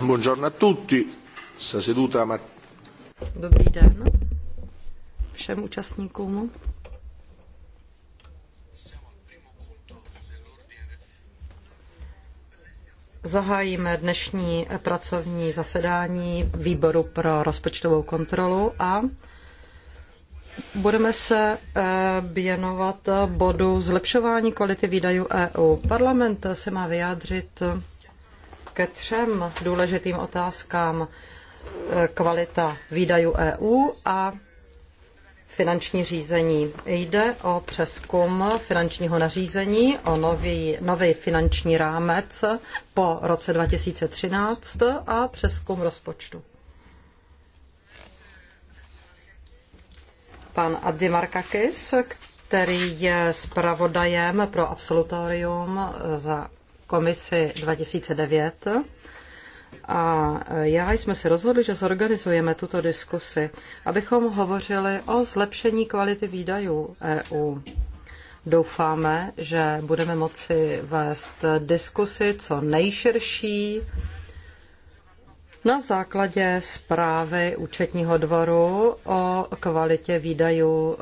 Buongiorno a tutti. Sta seduta Dobrý den všem účastníkům. Zahájíme dnešní pracovní zasedání výboru pro rozpočtovou kontrolu a Budeme se eh, věnovat bodu zlepšování kvality výdajů EU. Parlament se má vyjádřit ke třem důležitým otázkám eh, kvalita výdajů EU a finanční řízení. Jde o přeskum finančního nařízení, o nový, nový finanční rámec po roce 2013 a přeskum rozpočtu. pan Adimarkakis, který je zpravodajem pro absolutorium za komisi 2009. A já jsme se rozhodli, že zorganizujeme tuto diskusi, abychom hovořili o zlepšení kvality výdajů EU. Doufáme, že budeme moci vést diskusi co nejširší, na základě zprávy účetního dvoru o kvalitě výdajů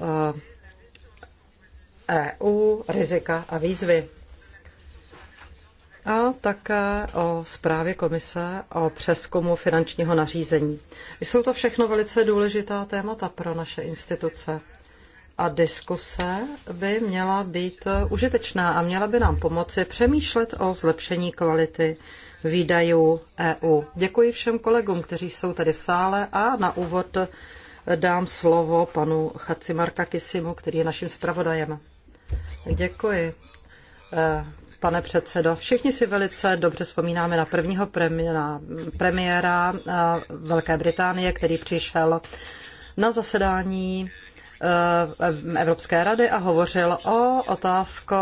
EU, eh, e rizika a výzvy. A také o zprávě komise o přeskumu finančního nařízení. Jsou to všechno velice důležitá témata pro naše instituce. A diskuse by měla být užitečná a měla by nám pomoci přemýšlet o zlepšení kvality výdajů EU. Děkuji všem kolegům, kteří jsou tady v sále a na úvod dám slovo panu Chacimarka Kisimu, který je naším zpravodajem. Děkuji. Eh, pane předsedo, všichni si velice dobře vzpomínáme na prvního premiéra eh, Velké Británie, který přišel na zasedání Eh, Evropské rady a hovořil o otázko,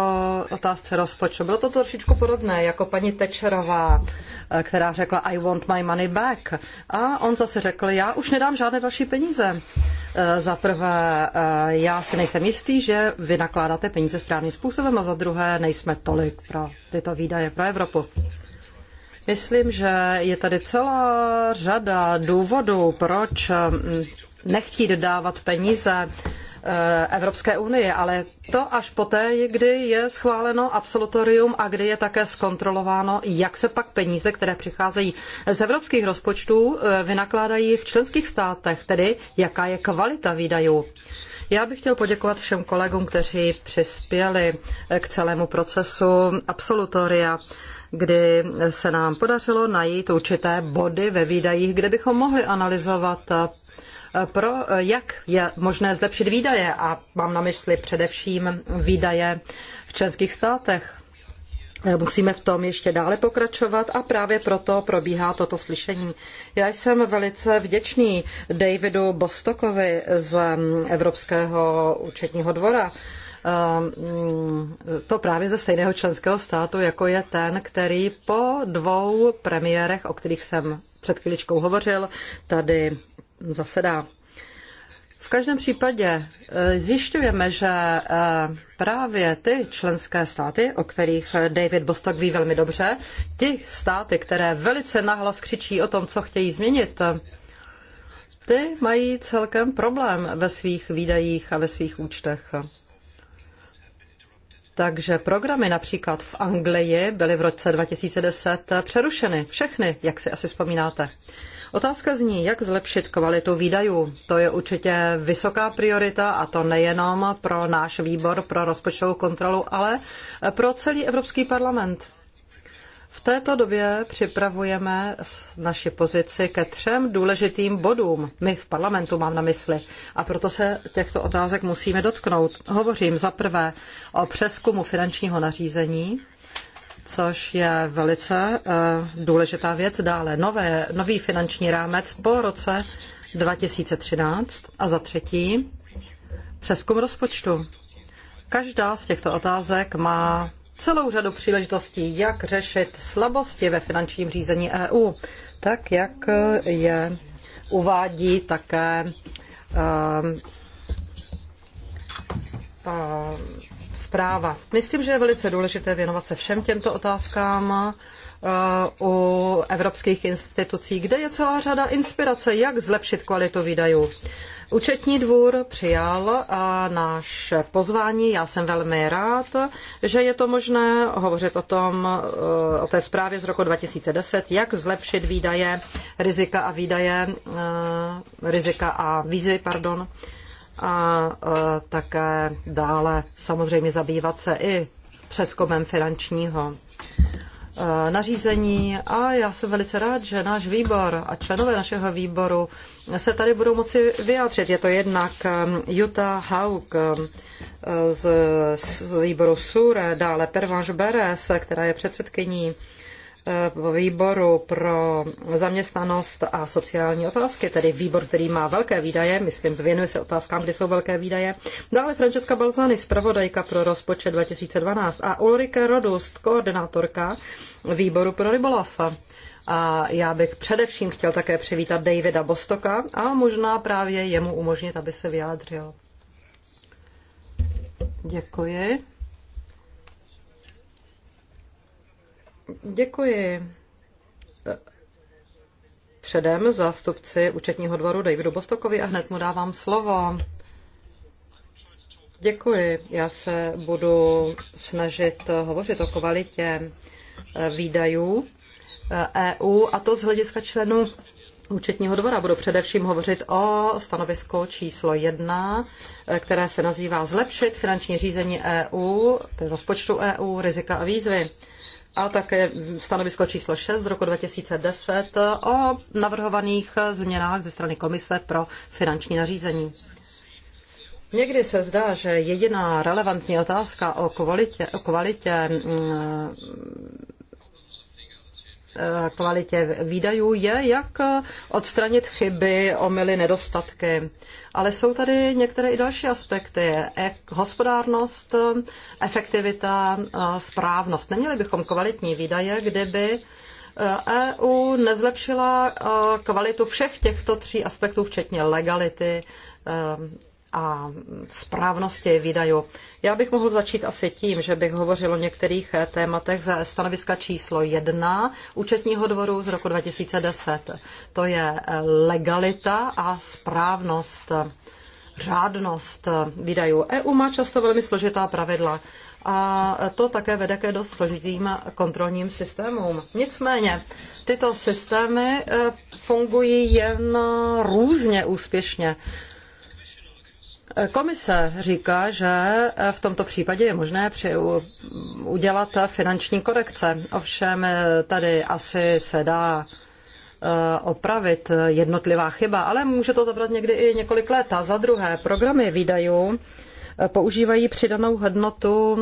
otázce rozpočtu. Bylo to trošičku podobné jako paní Tečerová, eh, která řekla I want my money back. A on zase řekl, já už nedám žádné další peníze. Eh, za prvé, já si nejsem jistý, že vy nakládáte peníze správným způsobem a za druhé, nejsme tolik pro tyto výdaje pro Evropu. Myslím, že je tady celá řada důvodů, proč hm, nechtít dávat peníze eh, Evropské unie, ale to až poté, kdy je schváleno absolutorium a kdy je také zkontrolováno, jak se pak peníze, které přicházejí z evropských rozpočtů, eh, vynakládají v členských státech, tedy jaká je kvalita výdajů. Já bych chtěl poděkovat všem kolegům, kteří přispěli eh, k celému procesu absolutoria kdy se nám podařilo najít určité body ve výdajích, kde bychom mohli analyzovat pro jak je možné zlepšit výdaje a mám na mysli především výdaje v členských státech. Musíme v tom ještě dále pokračovat a právě proto probíhá toto slyšení. Já jsem velice vděčný Davidu Bostokovi z Evropského účetního dvora. Ehm, to právě ze stejného členského státu, jako je ten, který po dvou premiérech, o kterých jsem před chviličkou hovořil, tady zasedá. V každém případě eh, zjišťujeme, že eh, právě ty členské státy, o kterých David Bostock ví velmi dobře, ty státy, které velice nahlas křičí o tom, co chtějí změnit, ty mají celkem problém ve svých výdajích a ve svých účtech. Takže programy například v Anglii byly v roce 2010 přerušeny. Všechny, jak si asi vzpomínáte. Otázka zní, jak zlepšit kvalitu výdajů. To je určitě vysoká priorita a to nejenom pro náš výbor pro rozpočtovou kontrolu, ale pro celý Evropský parlament. V této době připravujeme naši pozici ke třem důležitým bodům. My v parlamentu mám na mysli. A proto se těchto otázek musíme dotknout. Hovořím za prvé o přeskumu finančního nařízení, což je velice eh, důležitá věc. Dále nové, nový finanční rámec po roce 2013 a za třetí přeskum rozpočtu. Každá z těchto otázek má celou řadu příležitostí, jak řešit slabosti ve finančním řízení EU, tak jak je uvádí také uh, uh, zpráva. Myslím, že je velice důležité věnovat se všem těmto otázkám eh, u evropských institucí, kde je celá řada inspirace, jak zlepšit kvalitu výdajů. Účetní dvůr přijal eh, náš pozvání. Já jsem velmi rád, že je to možné hovořit o tom, eh, o té zprávě z roku 2010, jak zlepšit výdaje, rizika a výdaje, rizika a výzvy, pardon, a e, také dále samozřejmě zabývat se i přeskomem finančního e, nařízení a já jsem velice rád, že náš výbor a členové našeho výboru se tady budou moci vyjádřit. Je to jednak e, Jutta Haug z výboru SURE, dále Pervanš Beres, která je předsedkyní Eh, výboru pro zaměstnanost a sociální otázky, tedy výbor, který má velké výdaje, myslím, věnuje se otázkám, kde jsou velké výdaje. Dále Francesca Balzani, zpravodajka pro rozpočet 2012 a Ulrike Rodust, koordinátorka výboru pro rybolov. A já bych především chtěl také přivítat Davida Bostoka a možná právě jemu umožnit, aby se vyjádřil. Děkuji. Děkuji eh, předem zástupci účetního dvoru Davidu Bostokovi a hned mu dávám slovo. Děkuji. Já se budu snažit hovořit o kvalitě eh, výdajů EU eh, e a to z hlediska členů účetního dvora. Budu především hovořit o stanovisku číslo jedna, které se nazývá Zlepšit finanční řízení EU, rozpočtu EU, rizika a výzvy a také stanovisko číslo 6 z roku 2010 o navrhovaných změnách ze strany Komise pro finanční nařízení. Někdy se zdá, že jediná relevantní otázka o kvalitě, o kvalitě mm, kvalitě výdajů je, jak odstranit chyby, omily, nedostatky. Ale jsou tady některé i další aspekty. Hospodárnost, efektivita, správnost. Neměli bychom kvalitní výdaje, kdyby EU e nezlepšila e, kvalitu všech těchto tří aspektů, včetně legality, e, a správnosti výdajů. Já bych mohl začít asi tím, že bych hovořil o některých eh, tématech ze stanoviska číslo jedna účetního dvoru z roku 2010. To je eh, legalita a správnost, eh, řádnost výdajů. EU má často velmi složitá pravidla a to také vede ke dost složitým kontrolním systémům. Nicméně tyto systémy fungují jen různě úspěšně Komise říká, že v tomto případě je možné při udělat finanční korekce. Ovšem eh, tady asi se dá eh, opravit jednotlivá chyba, ale může to zabrat někdy i několik let. A za druhé, programy výdajů používají přidanou hodnotu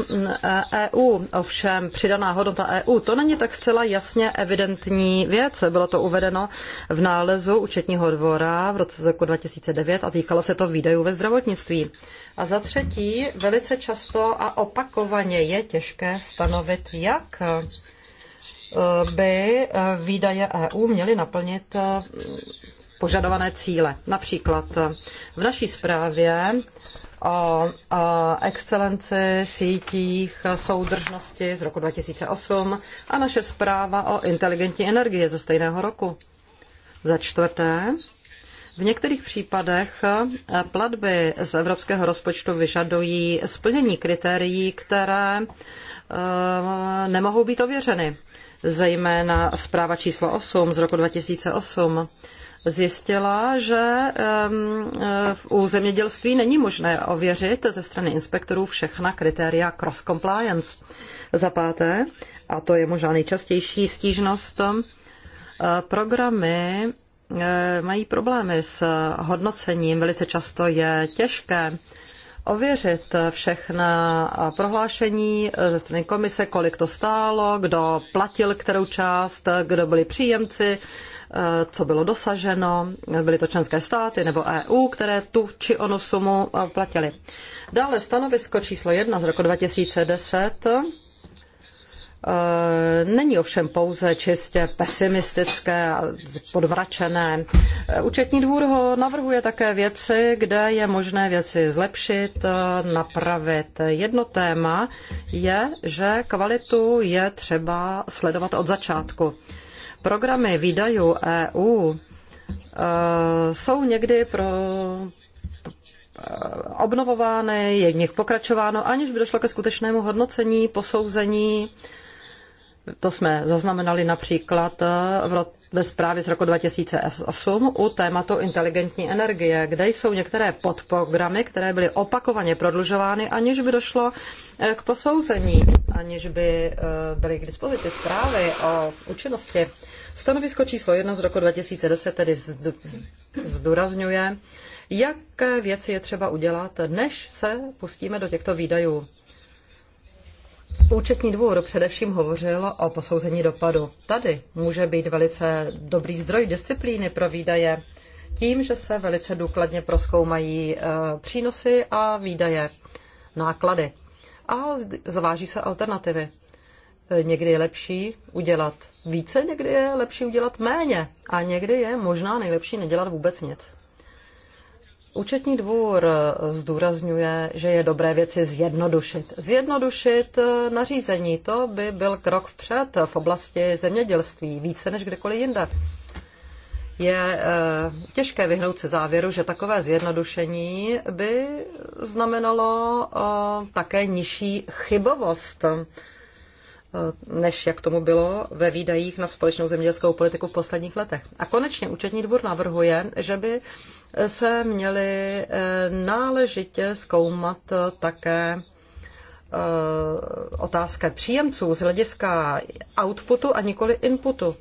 EU. Ovšem, přidaná hodnota EU, to není tak zcela jasně evidentní věc. Bylo to uvedeno v nálezu účetního dvora v roce 2009 a týkalo se to výdajů ve zdravotnictví. A za třetí, velice často a opakovaně je těžké stanovit, jak eh, by eh, výdaje EU měly naplnit eh, požadované cíle. Například v naší zprávě o excelenci sítích soudržnosti z roku 2008 a naše zpráva o inteligentní energie ze stejného roku. Za čtvrté, v některých případech platby z evropského rozpočtu vyžadují splnění kritérií, které eh, nemohou být ověřeny. Zejména zpráva číslo 8 z roku 2008 zjistila, že eh, u zemědělství není možné ověřit ze strany inspektorů všechna kritéria cross-compliance. Za páté, a to je možná nejčastější stížnost, eh, programy eh, mají problémy s hodnocením. Velice často je těžké ověřit všechna prohlášení ze strany komise, kolik to stálo, kdo platil kterou část, kdo byli příjemci, Eh, co bylo dosaženo, byly to členské státy nebo EU, které tu či onu sumu eh, platili. Dále stanovisko číslo 1 z roku 2010 eh, není ovšem pouze čistě pesimistické a podvračené. Účetní dvůr ho navrhuje také věci, kde je možné věci zlepšit, napravit. Jedno téma je, že kvalitu je třeba sledovat od začátku programy výdajů EU eh, jsou někdy pro eh, obnovovány, je v nich pokračováno, aniž by došlo ke skutečnému hodnocení, posouzení to jsme zaznamenali například eh, v ve zprávě z roku 2008 u tématu inteligentní energie, kde jsou některé podprogramy, které byly opakovaně prodlužovány, aniž by došlo eh, k posouzení, aniž by eh, byly k dispozici zprávy o účinnosti. Stanovisko číslo 1 z roku 2010 tedy zdůrazňuje, jaké věci je třeba udělat, než se pustíme do těchto výdajů. Účetní dvůr především hovořil o posouzení dopadu. Tady může být velice dobrý zdroj disciplíny pro výdaje tím, že se velice důkladně proskoumají eh, přínosy a výdaje, náklady. A zváží se alternativy. Eh, někdy je lepší udělat více, někdy je lepší udělat méně a někdy je možná nejlepší nedělat vůbec nic. Účetní dvůr zdůrazňuje, že je dobré věci zjednodušit. Zjednodušit eh, nařízení, to by byl krok vpřed v oblasti zemědělství, více než kdekoliv jinde. Je eh, těžké vyhnout se závěru, že takové zjednodušení by znamenalo eh, také nižší chybovost než jak tomu bylo ve výdajích na společnou zemědělskou politiku v posledních letech. A konečně účetní dvůr navrhuje, že by se měly eh, náležitě zkoumat také eh, otázka příjemců z hlediska outputu a nikoli inputu.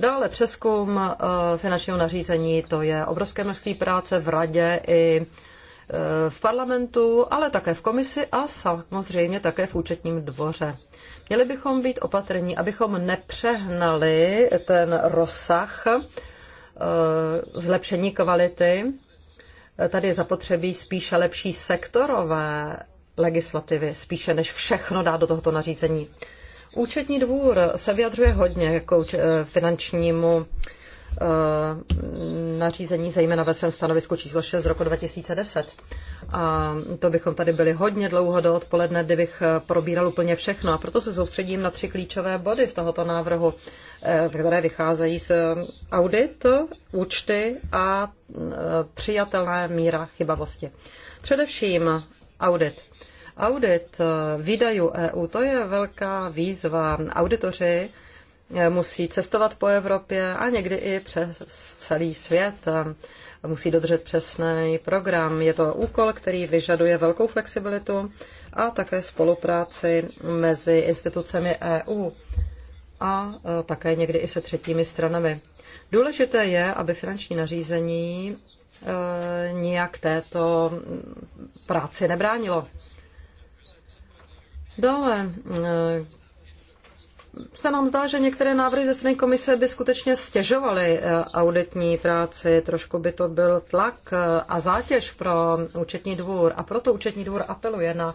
Dále přeskum eh, finančního nařízení, to je obrovské množství práce v radě i v parlamentu, ale také v komisi a samozřejmě také v účetním dvoře. Měli bychom být opatrní, abychom nepřehnali ten rozsah Eh, zlepšení kvality. Tady zapotřebí spíše lepší sektorové legislativy, spíše než všechno dá do tohoto nařízení. Účetní dvůr se vyjadřuje hodně jako finančnímu Eh, nařízení, zejména ve svém stanovisku číslo 6 z roku 2010. A to bychom tady byli hodně dlouho do odpoledne, kdybych eh, probíral úplně všechno. A proto se soustředím na tři klíčové body v tohoto návrhu, eh, které vycházejí z audit, účty a přijatelná míra chybavosti. Především audit. Audit výdajů EU, to je velká výzva. Auditoři musí cestovat po Evropě a někdy i přes celý svět. Musí dodržet přesný program. Je to úkol, který vyžaduje velkou flexibilitu a také spolupráci mezi institucemi EU a e, také někdy i se třetími stranami. Důležité je, aby finanční nařízení e, nijak této práci nebránilo. Dále e, se nám zdá, že některé návrhy ze strany komise by skutečně stěžovaly eh, auditní práci, trošku by to byl tlak eh, a zátěž pro účetní dvůr a proto účetní dvůr apeluje na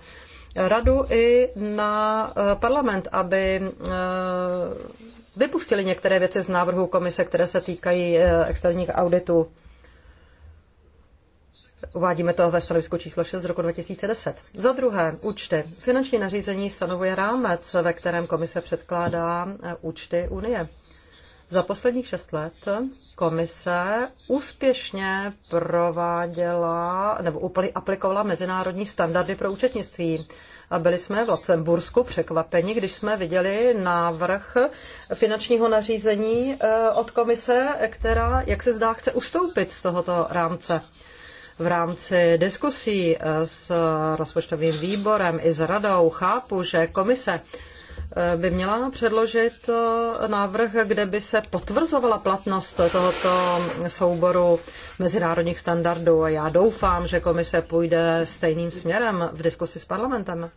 radu i na eh, parlament, aby vypustili některé věci z návrhu komise, které se týkají externích auditů. Uvádíme to ve stanovisku číslo 6 z roku 2010. Za druhé, účty. Finanční nařízení stanovuje rámec, ve kterém komise předkládá eh, účty Unie. Za posledních šest let komise úspěšně prováděla nebo úplně aplikovala mezinárodní standardy pro účetnictví. A byli jsme v Lucembursku překvapeni, když jsme viděli návrh finančního nařízení eh, od komise, která, jak se zdá, chce ustoupit z tohoto rámce v rámci diskusí eh, s rozpočtovým výborem i s radou chápu, že komise eh, by měla předložit eh, návrh, kde by se potvrzovala platnost tohoto souboru mezinárodních standardů. A já doufám, že komise půjde stejným směrem v diskusi s parlamentem.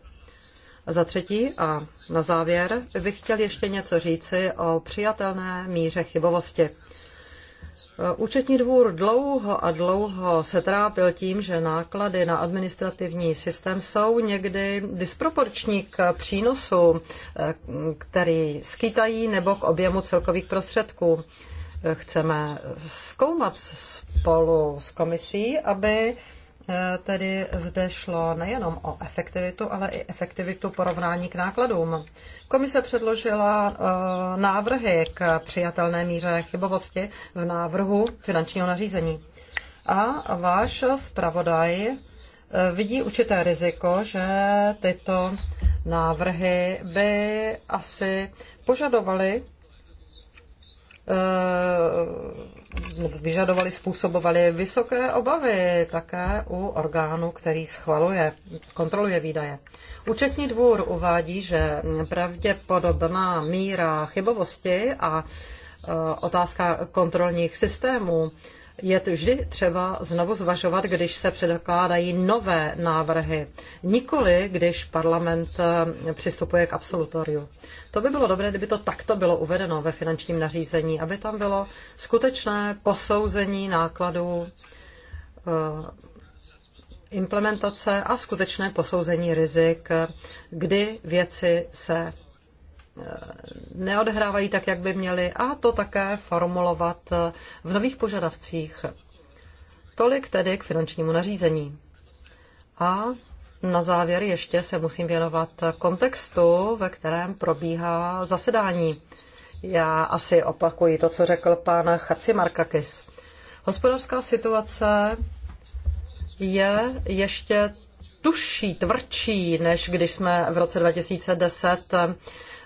Za třetí a na závěr bych chtěl ještě něco říci o přijatelné míře chybovosti. Eh, účetní dvůr dlouho a dlouho se trápil tím, že náklady na administrativní systém jsou někdy disproporční k přínosu, eh, který skýtají nebo k objemu celkových prostředků. Eh, chceme zkoumat spolu s komisí, aby Eh, tedy zde šlo nejenom o efektivitu, ale i efektivitu porovnání k nákladům. Komise předložila eh, návrhy k přijatelné míře chybovosti v návrhu finančního nařízení. A váš zpravodaj eh, vidí určité riziko, že tyto návrhy by asi požadovaly Eh, vyžadovali, způsobovali vysoké obavy také u orgánu, který schvaluje, kontroluje výdaje. Účetní dvůr uvádí, že pravděpodobná míra chybovosti a eh, otázka kontrolních systémů je vždy třeba znovu zvažovat, když se předkládají nové návrhy, nikoli když parlament eh, přistupuje k absolutoriu. To by bylo dobré, kdyby to takto bylo uvedeno ve finančním nařízení, aby tam bylo skutečné posouzení nákladů eh, implementace a skutečné posouzení rizik, eh, kdy věci se neodehrávají tak, jak by měly, a to také formulovat v nových požadavcích. Tolik tedy k finančnímu nařízení. A na závěr ještě se musím věnovat kontextu, ve kterém probíhá zasedání. Já asi opakuji to, co řekl pan Chaci Markakis. Hospodářská situace je ještě tuší, tvrdší, než když jsme v roce 2010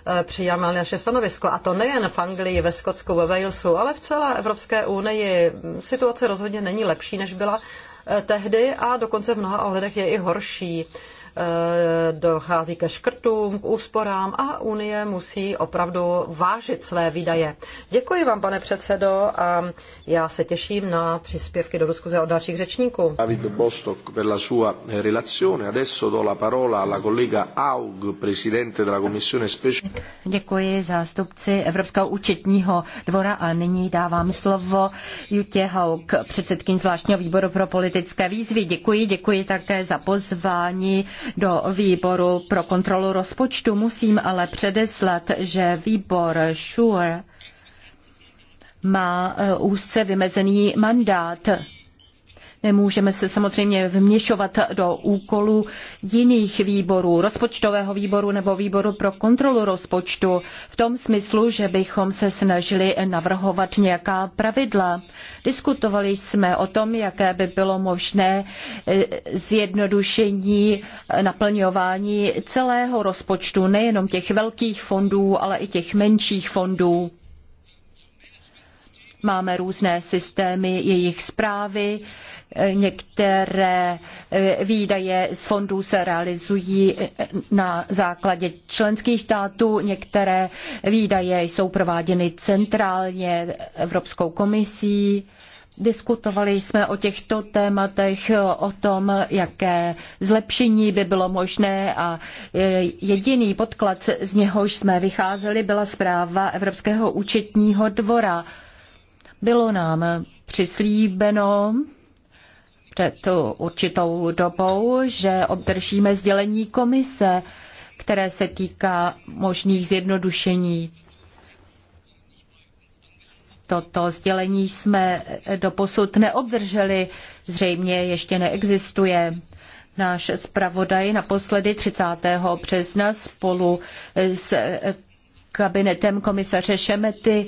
Eh, přijímal naše stanovisko. A to nejen v Anglii, ve Skotsku, ve Walesu, ale v celé Evropské unii. Situace rozhodně není lepší, než byla eh, tehdy a dokonce v mnoha ohledech je i horší. Eh, dochází ke škrtům, k úsporám a Unie musí opravdu vážit své výdaje. Děkuji vám, pane předsedo, a já se těším na příspěvky do diskuze od dalších řečníků. David Bostock per la sua eh, relazione. Adesso do la parola alla collega Aug, presidente della Commissione Speciale. Děkuji zástupci Evropského účetního dvora a nyní dávám slovo Jutě Haug, předsedkyni zvláštního výboru pro politické výzvy. Děkuji, děkuji také za pozvání do výboru pro kontrolu rozpočtu. Musím ale předeslat, že výbor SURE má e, úzce vymezený mandát Nemůžeme se samozřejmě vměšovat do úkolů jiných výborů, rozpočtového výboru nebo výboru pro kontrolu rozpočtu, v tom smyslu, že bychom se snažili navrhovat nějaká pravidla. Diskutovali jsme o tom, jaké by bylo možné e, zjednodušení e, naplňování celého rozpočtu, nejenom těch velkých fondů, ale i těch menších fondů. Máme různé systémy jejich zprávy, Některé e, výdaje z fondů se realizují e, na základě členských států, některé výdaje jsou prováděny centrálně Evropskou komisí. Diskutovali jsme o těchto tématech, o tom, jaké zlepšení by bylo možné a e, jediný podklad, z něhož jsme vycházeli, byla zpráva Evropského účetního dvora. Bylo nám přislíbeno, před určitou dobou, že obdržíme sdělení komise, které se týká možných zjednodušení. Toto sdělení jsme doposud neobdrželi, zřejmě ještě neexistuje. Náš zpravodaj naposledy 30. března spolu s kabinetem komisaře Šemety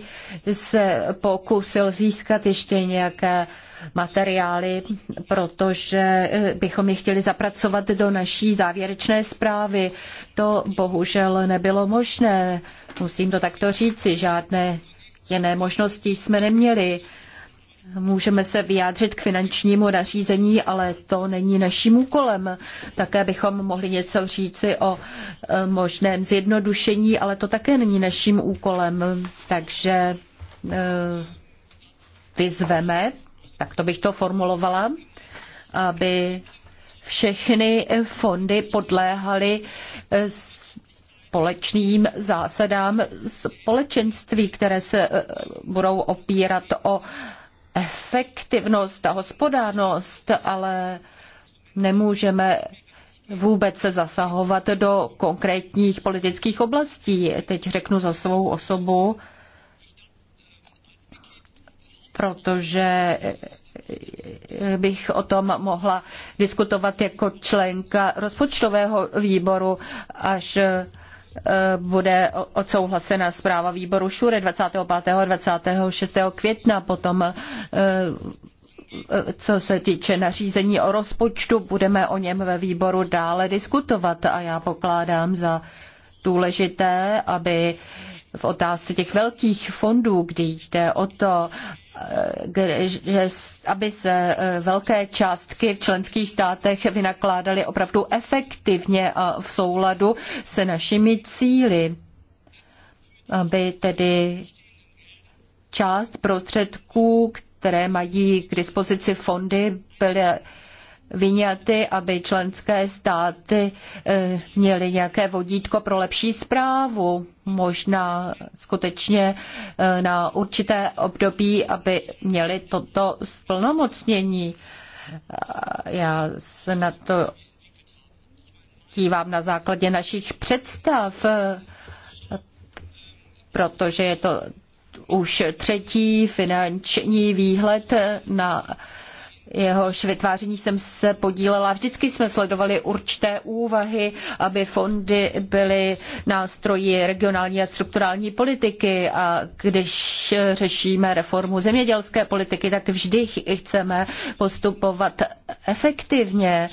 se pokusil získat ještě nějaké materiály, protože eh, bychom je chtěli zapracovat do naší závěrečné zprávy. To bohužel nebylo možné. Musím to takto říci, žádné jiné možnosti jsme neměli. Můžeme se vyjádřit k finančnímu nařízení, ale to není naším úkolem. Také bychom mohli něco říci o e, možném zjednodušení, ale to také není naším úkolem. Takže e, vyzveme, tak to bych to formulovala, aby všechny fondy podléhaly e, společným zásadám společenství, které se budou opírat o efektivnost a hospodárnost, ale nemůžeme vůbec se zasahovat do konkrétních politických oblastí. Teď řeknu za svou osobu, protože bych o tom mohla diskutovat jako členka rozpočtového výboru až Eh, bude odsouhlasena zpráva výboru Šure 25. a 26. května, potom eh, co se týče nařízení o rozpočtu, budeme o něm ve výboru dále diskutovat a já pokládám za důležité, aby v otázce těch velkých fondů, kdy jde o to, eh, že aby se eh, velké částky v členských státech vynakládaly opravdu efektivně a v souladu se našimi cíli, aby tedy část prostředků, které mají k dispozici fondy, byly vyňaty, aby členské státy eh, měly nějaké vodítko pro lepší zprávu, možná skutečně eh, na určité období, aby měly toto splnomocnění. Já se na to dívám na základě našich představ, eh, protože je to už třetí finanční výhled na jehož vytváření jsem se podílela. Vždycky jsme sledovali určité úvahy, aby fondy byly nástroji regionální a strukturální politiky a když řešíme reformu zemědělské politiky, tak vždy chceme postupovat efektivně.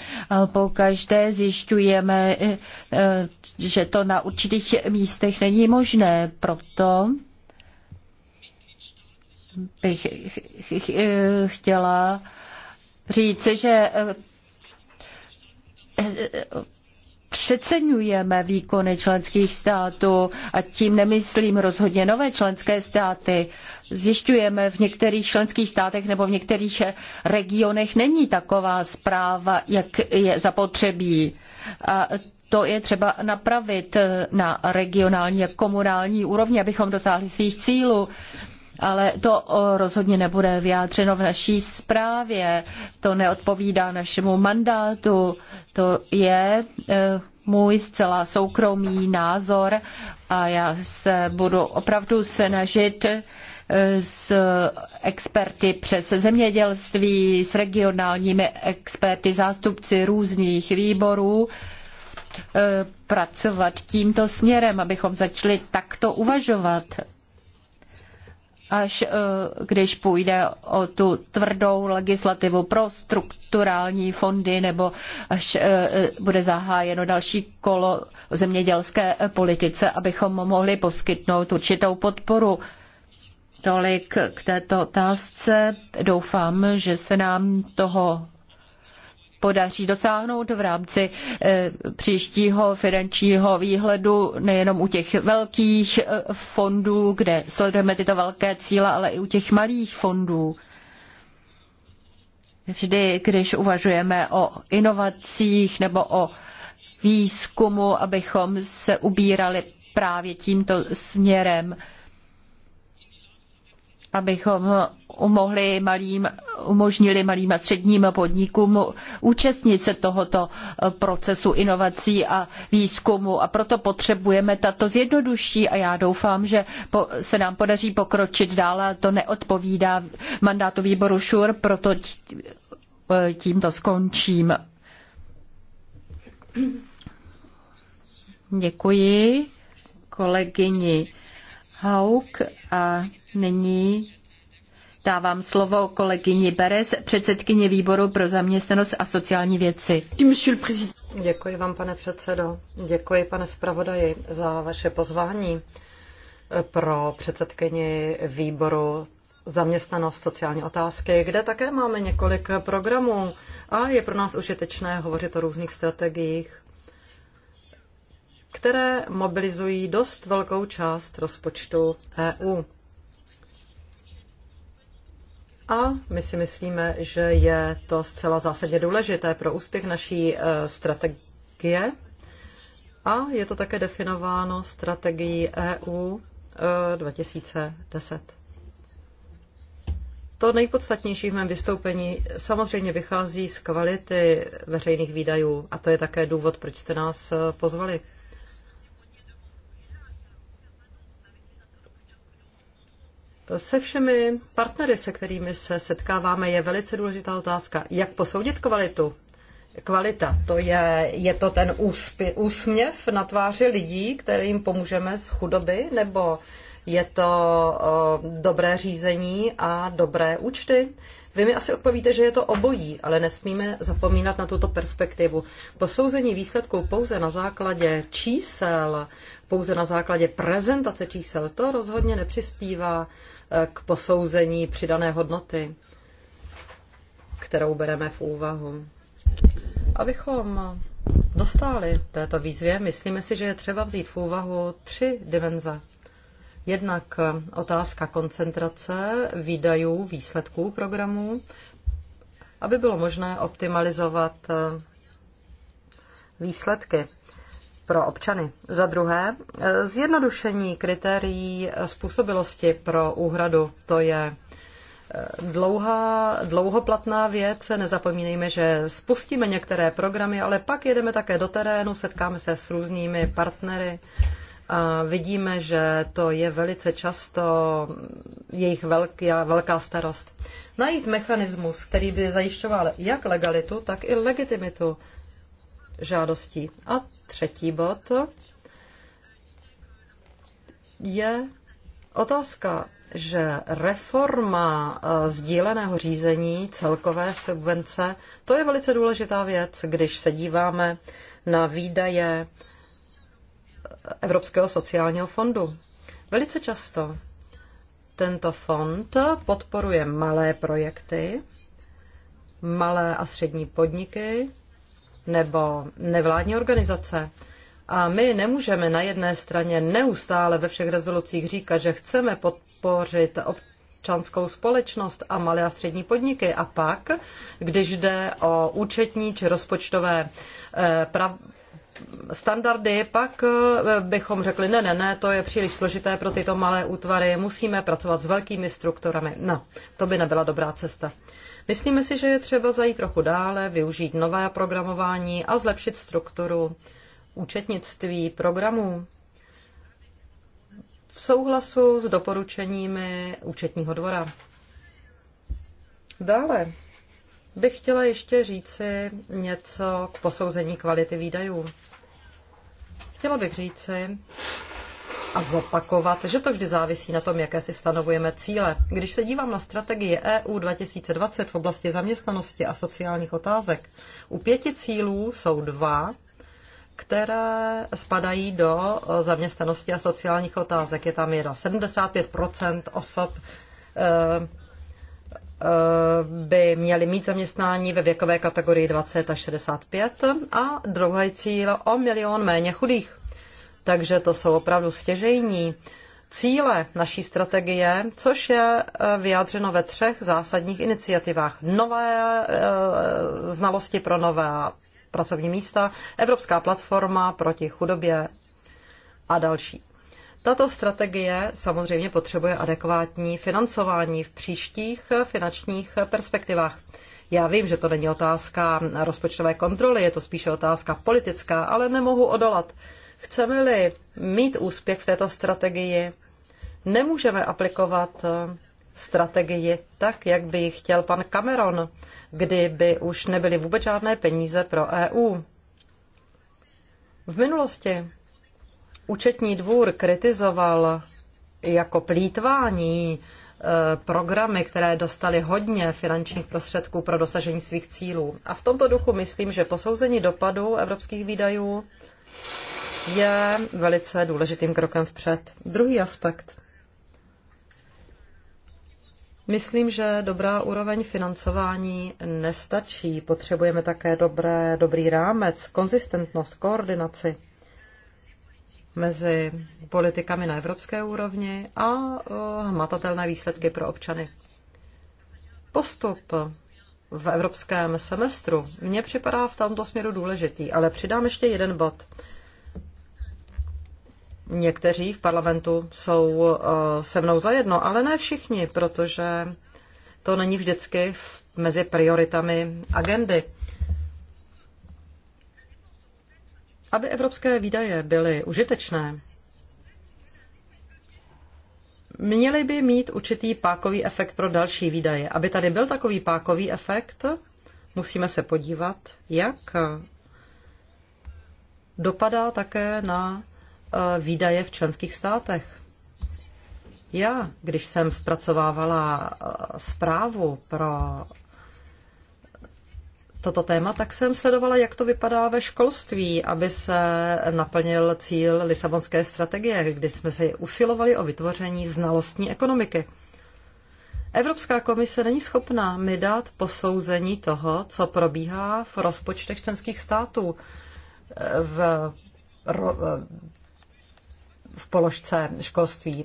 Po každé zjišťujeme, že to na určitých místech není možné, proto bych chtěla říci, že eh, eh, přeceňujeme výkony členských států a tím nemyslím rozhodně nové členské státy. Zjišťujeme v některých členských státech nebo v některých eh, regionech není taková zpráva, jak je zapotřebí. A to je třeba napravit na regionální a komunální úrovni, abychom dosáhli svých cílů ale to rozhodně nebude vyjádřeno v naší zprávě. To neodpovídá našemu mandátu. To je e, můj zcela soukromý názor a já se budu opravdu snažit e, s experty přes zemědělství, s regionálními experty, zástupci různých výborů, e, pracovat tímto směrem, abychom začali takto uvažovat až eh, když půjde o tu tvrdou legislativu pro strukturální fondy nebo až eh, bude zahájeno další kolo zemědělské eh, politice, abychom mohli poskytnout určitou podporu. Tolik k této otázce. Doufám, že se nám toho podaří dosáhnout v rámci e, příštího finančního výhledu nejenom u těch velkých e, fondů, kde sledujeme tyto velké cíle, ale i u těch malých fondů. Vždy, když uvažujeme o inovacích nebo o výzkumu, abychom se ubírali právě tímto směrem abychom umohli malým, umožnili malým a středním podnikům účastnit se tohoto procesu inovací a výzkumu. A proto potřebujeme tato zjednodušší a já doufám, že se nám podaří pokročit dále. To neodpovídá mandátu výboru ŠUR, proto tímto skončím. Děkuji kolegyni Hauk a nyní dávám slovo kolegyni Beres, předsedkyně výboru pro zaměstnanost a sociální věci. Děkuji vám, pane předsedo. Děkuji, pane zpravodaji, za vaše pozvání pro předsedkyni výboru zaměstnanost, sociální otázky, kde také máme několik programů a je pro nás užitečné hovořit o různých strategiích které mobilizují dost velkou část rozpočtu EU. A my si myslíme, že je to zcela zásadně důležité pro úspěch naší e, strategie. A je to také definováno strategií EU 2010. E, to nejpodstatnější v mém vystoupení samozřejmě vychází z kvality veřejných výdajů a to je také důvod, proč jste nás e, pozvali. se všemi partnery, se kterými se setkáváme, je velice důležitá otázka, jak posoudit kvalitu. Kvalita, to je, je to ten úspě, úsměv na tváři lidí, kterým pomůžeme z chudoby, nebo je to o, dobré řízení a dobré účty? Vy mi asi odpovíte, že je to obojí, ale nesmíme zapomínat na tuto perspektivu. Posouzení výsledků pouze na základě čísel pouze na základě prezentace čísel, to rozhodně nepřispívá eh, k posouzení přidané hodnoty, kterou bereme v úvahu. Abychom Dostali. této výzvě, myslíme si, že je třeba vzít v úvahu tři dimenze. Jednak eh, otázka koncentrace výdajů, výsledků programů, aby bylo možné optimalizovat eh, výsledky pro občany. Za druhé, e, zjednodušení kritérií způsobilosti pro úhradu. To je e, dlouhá, dlouhoplatná věc. Nezapomínejme, že spustíme některé programy, ale pak jedeme také do terénu, setkáme se s různými partnery. A vidíme, že to je velice často jejich velká, velká starost. Najít mechanismus, který by zajišťoval jak legalitu, tak i legitimitu žádostí. A třetí bod je otázka, že reforma eh, sdíleného řízení celkové subvence, to je velice důležitá věc, když se díváme na výdaje eh, Evropského sociálního fondu. Velice často tento fond podporuje malé projekty, malé a střední podniky, nebo nevládní organizace. A my nemůžeme na jedné straně neustále ve všech rezolucích říkat, že chceme podpořit občanskou společnost a malé a střední podniky. A pak, když jde o účetní či rozpočtové eh, standardy, pak eh, bychom řekli, ne, ne, ne, to je příliš složité pro tyto malé útvary, musíme pracovat s velkými strukturami. No, to by nebyla dobrá cesta. Myslíme si, že je třeba zajít trochu dále, využít nové programování a zlepšit strukturu účetnictví programů v souhlasu s doporučeními účetního dvora. Dále bych chtěla ještě říci něco k posouzení kvality výdajů. Chtěla bych říci a zopakovat, že to vždy závisí na tom, jaké si stanovujeme cíle. Když se dívám na strategii EU 2020 v oblasti zaměstnanosti a sociálních otázek, u pěti cílů jsou dva, které spadají do zaměstnanosti a sociálních otázek. Je tam jedna 75 osob eh, Eh, by měli mít zaměstnání ve věkové kategorii 20 až 65 a druhý cíl o milion méně chudých. Takže to jsou opravdu stěžejní cíle naší strategie, což je eh, vyjádřeno ve třech zásadních iniciativách. Nové eh, znalosti pro nová pracovní místa, Evropská platforma proti chudobě a další. Tato strategie samozřejmě potřebuje adekvátní financování v příštích finančních perspektivách. Já vím, že to není otázka rozpočtové kontroly, je to spíše otázka politická, ale nemohu odolat. Chceme-li mít úspěch v této strategii, nemůžeme aplikovat eh, strategii tak, jak by chtěl pan Cameron, kdyby už nebyly vůbec žádné peníze pro EU. V minulosti účetní dvůr kritizoval jako plítvání eh, programy, které dostaly hodně finančních prostředků pro dosažení svých cílů. A v tomto duchu myslím, že posouzení dopadu evropských výdajů je velice důležitým krokem vpřed. Druhý aspekt. Myslím, že dobrá úroveň financování nestačí. Potřebujeme také dobré, dobrý rámec, konzistentnost, koordinaci mezi politikami na evropské úrovni a eh, hmatatelné výsledky pro občany. Postup v evropském semestru mně připadá v tomto směru důležitý, ale přidám ještě jeden bod. Někteří v parlamentu jsou eh, se mnou zajedno, ale ne všichni, protože to není vždycky mezi prioritami agendy. Aby evropské výdaje byly užitečné, měly by mít určitý pákový efekt pro další výdaje. Aby tady byl takový pákový efekt, musíme se podívat, jak dopadá také na eh, výdaje v členských státech. Já, když jsem zpracovávala eh, zprávu pro toto téma, tak jsem sledovala, jak to vypadá ve školství, aby se naplnil cíl Lisabonské strategie, kdy jsme se usilovali o vytvoření znalostní ekonomiky. Evropská komise není schopná mi dát posouzení toho, co probíhá v rozpočtech členských států eh, v, eh, v položce školství.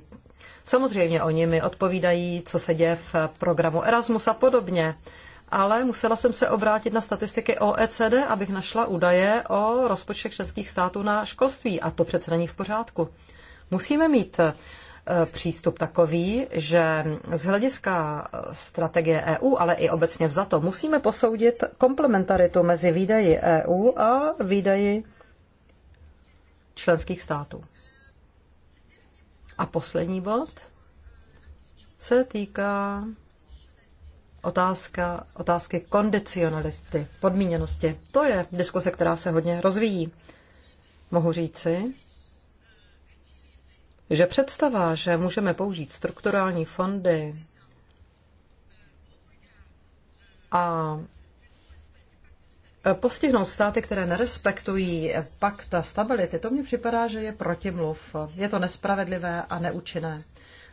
Samozřejmě oni mi odpovídají, co se děje v programu Erasmus a podobně, ale musela jsem se obrátit na statistiky OECD, abych našla údaje o rozpočtech členských států na školství a to přece není v pořádku. Musíme mít e, přístup takový, že z hlediska e, strategie EU, ale i obecně vzato, musíme posoudit komplementaritu mezi výdaji EU a výdaji členských států. A poslední bod se týká otázka, otázky kondicionalisty, podmíněnosti. To je diskuse, která se hodně rozvíjí. Mohu říci, že představa, že můžeme použít strukturální fondy a postihnout státy, které nerespektují pakta stability, to mně připadá, že je protimluv. Je to nespravedlivé a neúčinné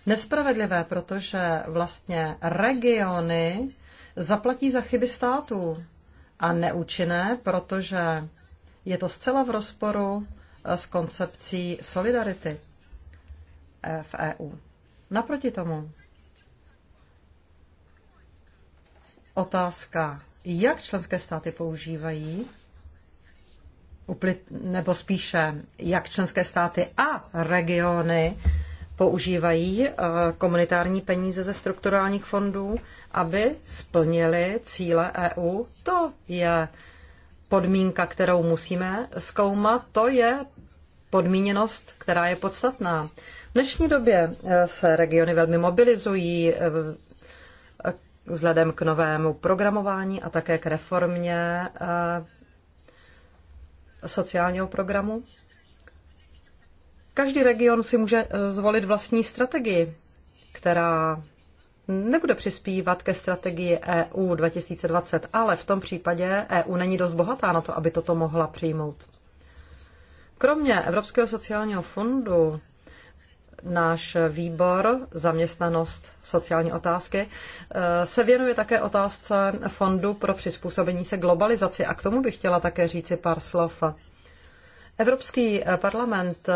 nespravedlivé, protože vlastně regiony zaplatí za chyby států a neúčinné, protože je to zcela v rozporu eh, s koncepcí solidarity eh, v EU. Naproti tomu otázka, jak členské státy používají nebo spíše jak členské státy a regiony používají eh, komunitární peníze ze strukturálních fondů, aby splnili cíle EU. To je podmínka, kterou musíme zkoumat, to je podmíněnost, která je podstatná. V dnešní době eh, se regiony velmi mobilizují eh, vzhledem k novému programování a také k reformě sociálního programu. Každý region si může eh, zvolit vlastní strategii, která nebude přispívat ke strategii EU 2020, ale v tom případě EU není dost bohatá na to, aby toto mohla přijmout. Kromě Evropského sociálního fondu náš výbor zaměstnanost sociální otázky eh, se věnuje také otázce fondu pro přizpůsobení se globalizaci a k tomu bych chtěla také říci pár slov. Evropský eh, parlament eh,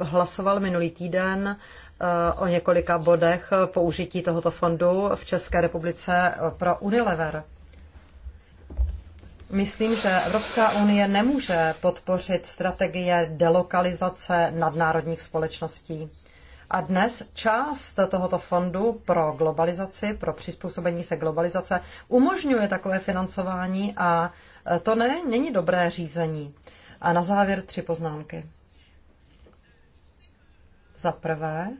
hlasoval minulý týden eh, o několika bodech použití tohoto fondu v České republice pro Unilever. Myslím, že Evropská unie nemůže podpořit strategie delokalizace nadnárodních společností. A dnes část tohoto fondu pro globalizaci, pro přizpůsobení se globalizace, umožňuje takové financování a to ne, není dobré řízení. A na závěr tři poznámky. Za prvé,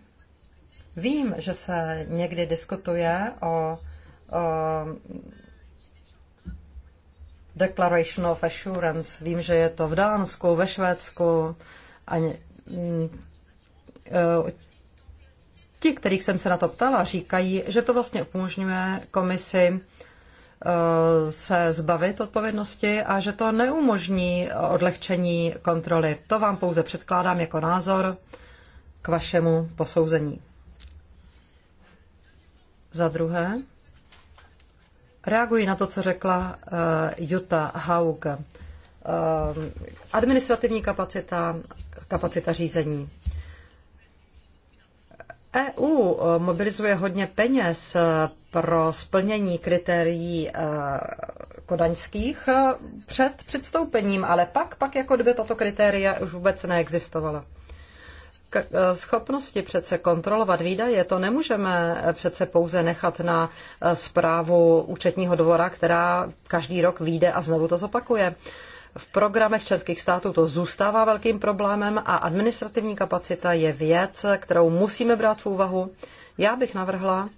vím, že se někdy diskutuje o, o Declaration of Assurance. Vím, že je to v Dánsku, ve Švédsku a mm, e, ti, kterých jsem se na to ptala, říkají, že to vlastně umožňuje komisi Eh, se zbavit odpovědnosti a že to neumožní odlehčení kontroly. To vám pouze předkládám jako názor k vašemu posouzení. Za druhé, reaguji na to, co řekla uh, Jutta Haug. Uh, administrativní kapacita, kapacita řízení. EU eh, mobilizuje hodně peněz eh, pro splnění kritérií eh, kodaňských před předstoupením, ale pak, pak jako kdyby tato kritéria už vůbec neexistovala. K schopnosti přece kontrolovat výdaje, to nemůžeme přece pouze nechat na zprávu účetního dvora, která každý rok vyjde a znovu to zopakuje. V programech členských států to zůstává velkým problémem a administrativní kapacita je věc, kterou musíme brát v úvahu. Já bych navrhla,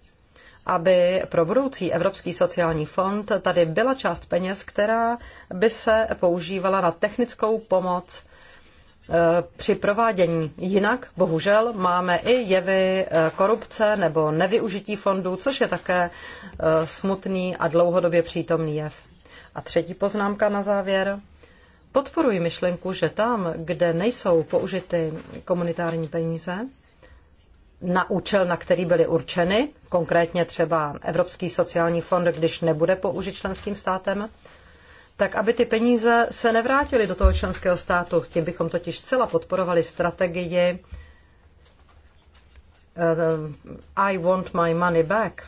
aby pro budoucí Evropský sociální fond tady byla část peněz, která by se používala na technickou pomoc eh, při provádění. Jinak, bohužel, máme i jevy eh, korupce nebo nevyužití fondů, což je také eh, smutný a dlouhodobě přítomný jev. A třetí poznámka na závěr. Podporuji myšlenku, že tam, kde nejsou použity komunitární peníze, na účel, na který byly určeny, konkrétně třeba Evropský sociální fond, když nebude použit členským státem, tak aby ty peníze se nevrátily do toho členského státu. Tím bychom totiž zcela podporovali strategii eh, I want my money back.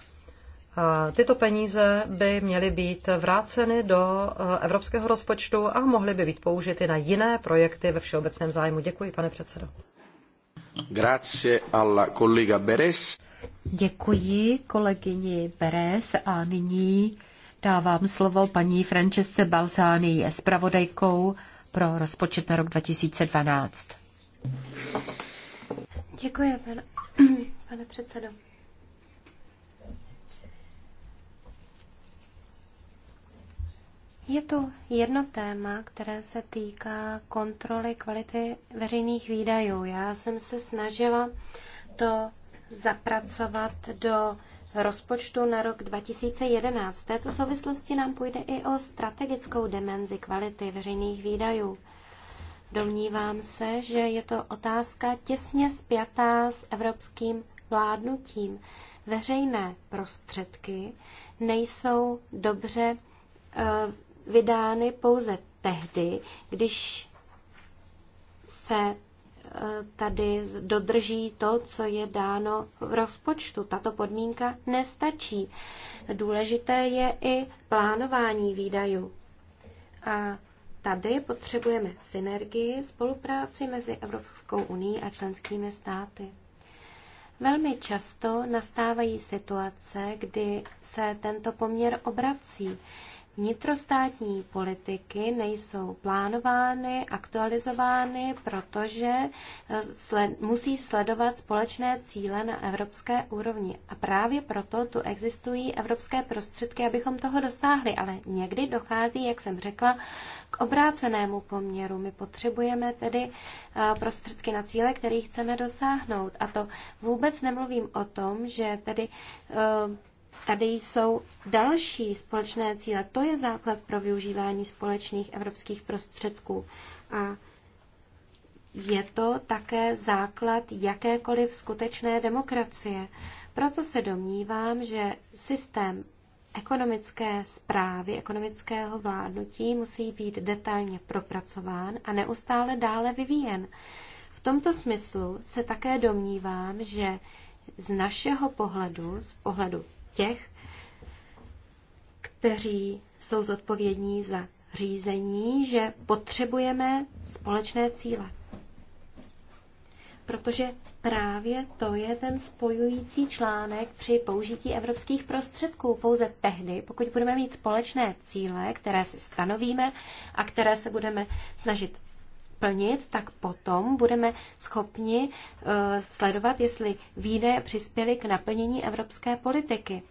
Tyto peníze by měly být vráceny do e, evropského rozpočtu a mohly by být použity na jiné projekty ve všeobecném zájmu. Děkuji, pane předsedo. Grazie alla collega Beres. Děkuji kolegyni Beres a nyní dávám slovo paní Francesce Balzány, je zpravodajkou pro rozpočet na rok 2012. Děkuji, pane, pane předsedo. Je tu jedno téma, které se týká kontroly kvality veřejných výdajů. Já jsem se snažila to zapracovat do rozpočtu na rok 2011. V této souvislosti nám půjde i o strategickou dimenzi kvality veřejných výdajů. Domnívám se, že je to otázka těsně spjatá s evropským vládnutím. Veřejné prostředky nejsou dobře eh, vydány pouze tehdy, když se e, tady dodrží to, co je dáno v rozpočtu. Tato podmínka nestačí. Důležité je i plánování výdajů. A tady potřebujeme synergii, spolupráci mezi Evropskou unii a členskými státy. Velmi často nastávají situace, kdy se tento poměr obrací vnitrostátní politiky nejsou plánovány, aktualizovány, protože eh, sled, musí sledovat společné cíle na evropské úrovni. A právě proto tu existují evropské prostředky, abychom toho dosáhli. Ale někdy dochází, jak jsem řekla, k obrácenému poměru. My potřebujeme tedy eh, prostředky na cíle, které chceme dosáhnout. A to vůbec nemluvím o tom, že tedy eh, tady jsou další společné cíle. To je základ pro využívání společných evropských prostředků. A je to také základ jakékoliv skutečné demokracie. Proto se domnívám, že systém ekonomické zprávy, ekonomického vládnutí musí být detailně propracován a neustále dále vyvíjen. V tomto smyslu se také domnívám, že z našeho pohledu, z pohledu těch, kteří jsou zodpovědní za řízení, že potřebujeme společné cíle. Protože právě to je ten spojující článek při použití evropských prostředků. Pouze tehdy, pokud budeme mít společné cíle, které si stanovíme a které se budeme snažit splnit, tak potom budeme schopni eh, sledovat, jestli výdaje přispěly k naplnění evropské politiky.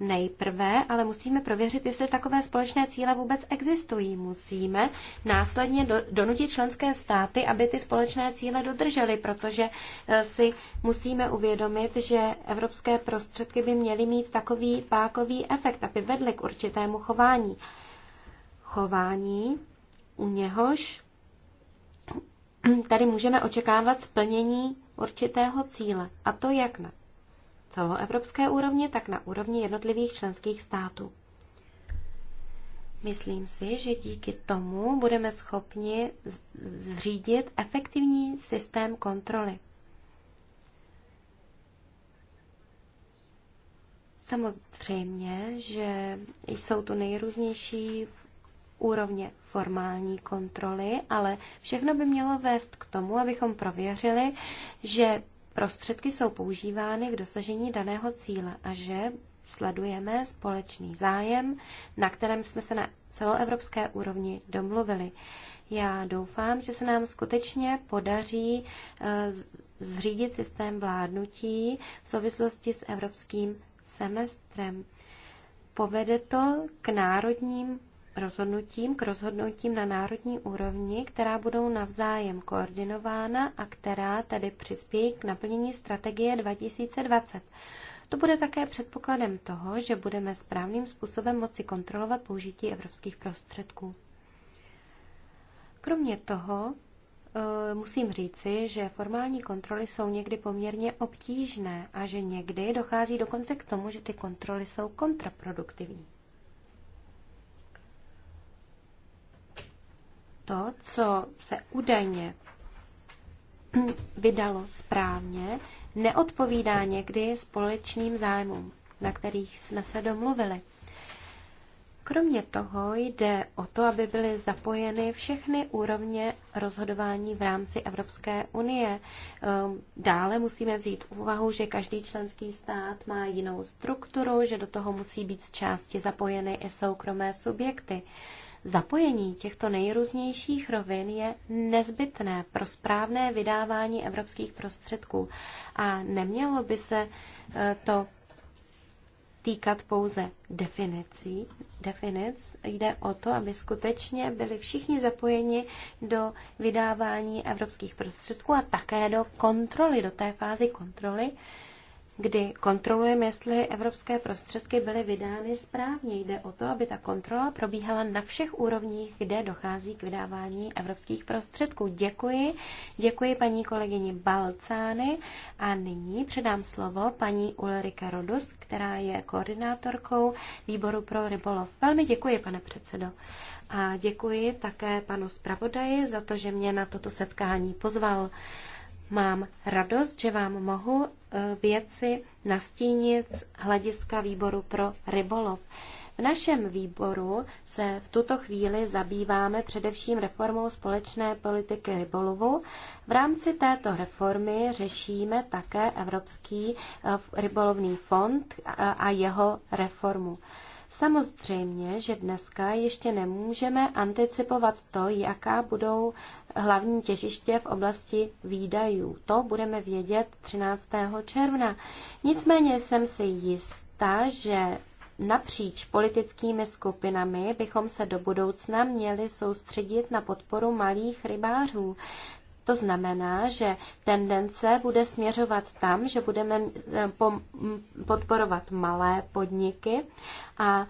Nejprve ale musíme prověřit, jestli takové společné cíle vůbec existují. Musíme následně do, donutit členské státy, aby ty společné cíle dodržely, protože eh, si musíme uvědomit, že evropské prostředky by měly mít takový pákový efekt, aby vedly k určitému chování. Chování, u něhož tady můžeme očekávat splnění určitého cíle, a to jak na celoevropské úrovni, tak na úrovni jednotlivých členských států. Myslím si, že díky tomu budeme schopni zřídit efektivní systém kontroly. Samozřejmě, že jsou tu nejrůznější úrovně formální kontroly, ale všechno by mělo vést k tomu, abychom prověřili, že prostředky jsou používány k dosažení daného cíle a že sledujeme společný zájem, na kterém jsme se na celoevropské úrovni domluvili. Já doufám, že se nám skutečně podaří eh, zřídit systém vládnutí v souvislosti s evropským semestrem. Povede to k národním rozhodnutím k rozhodnutím na národní úrovni, která budou navzájem koordinována a která tedy přispějí k naplnění strategie 2020. To bude také předpokladem toho, že budeme správným způsobem moci kontrolovat použití evropských prostředků. Kromě toho eh, musím říci, že formální kontroly jsou někdy poměrně obtížné a že někdy dochází dokonce k tomu, že ty kontroly jsou kontraproduktivní. to, co se údajně vydalo správně, neodpovídá někdy společným zájmům, na kterých jsme se domluvili. Kromě toho jde o to, aby byly zapojeny všechny úrovně rozhodování v rámci Evropské unie. Ehm, dále musíme vzít v úvahu, že každý členský stát má jinou strukturu, že do toho musí být z části zapojeny i soukromé subjekty. Zapojení těchto nejrůznějších rovin je nezbytné pro správné vydávání evropských prostředků a nemělo by se eh, to týkat pouze definicí. Definic jde o to, aby skutečně byli všichni zapojeni do vydávání evropských prostředků a také do kontroly, do té fázy kontroly, kdy kontrolujeme, jestli evropské prostředky byly vydány správně. Jde o to, aby ta kontrola probíhala na všech úrovních, kde dochází k vydávání evropských prostředků. Děkuji. Děkuji paní kolegyni Balcány a nyní předám slovo paní Ulrika Rodust, která je koordinátorkou výboru pro rybolov. Velmi děkuji, pane předsedo. A děkuji také panu zpravodaji za to, že mě na toto setkání pozval. Mám radost, že vám mohu eh, věci nastínit z hlediska výboru pro rybolov. V našem výboru se v tuto chvíli zabýváme především reformou společné politiky rybolovu. V rámci této reformy řešíme také Evropský eh, rybolovný fond eh, a jeho reformu. Samozřejmě, že dneska ještě nemůžeme anticipovat to, jaká budou hlavní těžiště v oblasti výdajů. To budeme vědět 13. června. Nicméně jsem si jistá, že napříč politickými skupinami bychom se do budoucna měli soustředit na podporu malých rybářů, to znamená, že tendence bude směřovat tam, že budeme eh, podporovat malé podniky a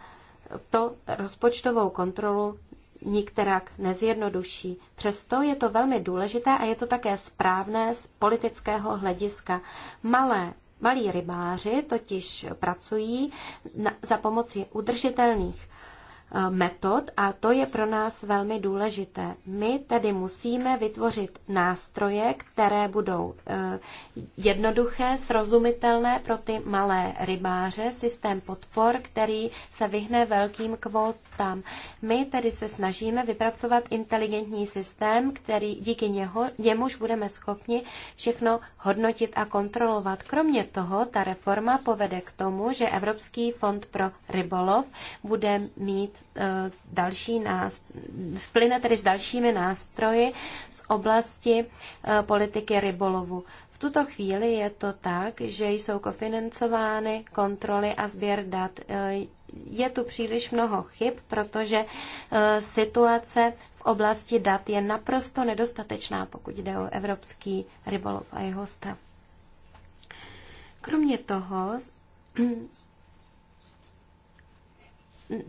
to rozpočtovou kontrolu nikterak nezjednoduší. Přesto je to velmi důležité a je to také správné z politického hlediska. Malé Malí rybáři totiž pracují na, za pomoci udržitelných Eh, metod a to je pro nás velmi důležité. My tedy musíme vytvořit nástroje, které budou eh, jednoduché, srozumitelné pro ty malé rybáře, systém podpor, který se vyhne velkým kvótám. My tedy se snažíme vypracovat inteligentní systém, který díky něho, němuž budeme schopni všechno hodnotit a kontrolovat. Kromě toho ta reforma povede k tomu, že Evropský fond pro rybolov bude mít Eh, další nástroj, splyne tedy s dalšími nástroji z oblasti eh, politiky rybolovu. V tuto chvíli je to tak, že jsou kofinancovány kontroly a sběr dat. Eh, je tu příliš mnoho chyb, protože situace v oblasti dat je naprosto nedostatečná, pokud jde o evropský rybolov a jeho stav. Kromě toho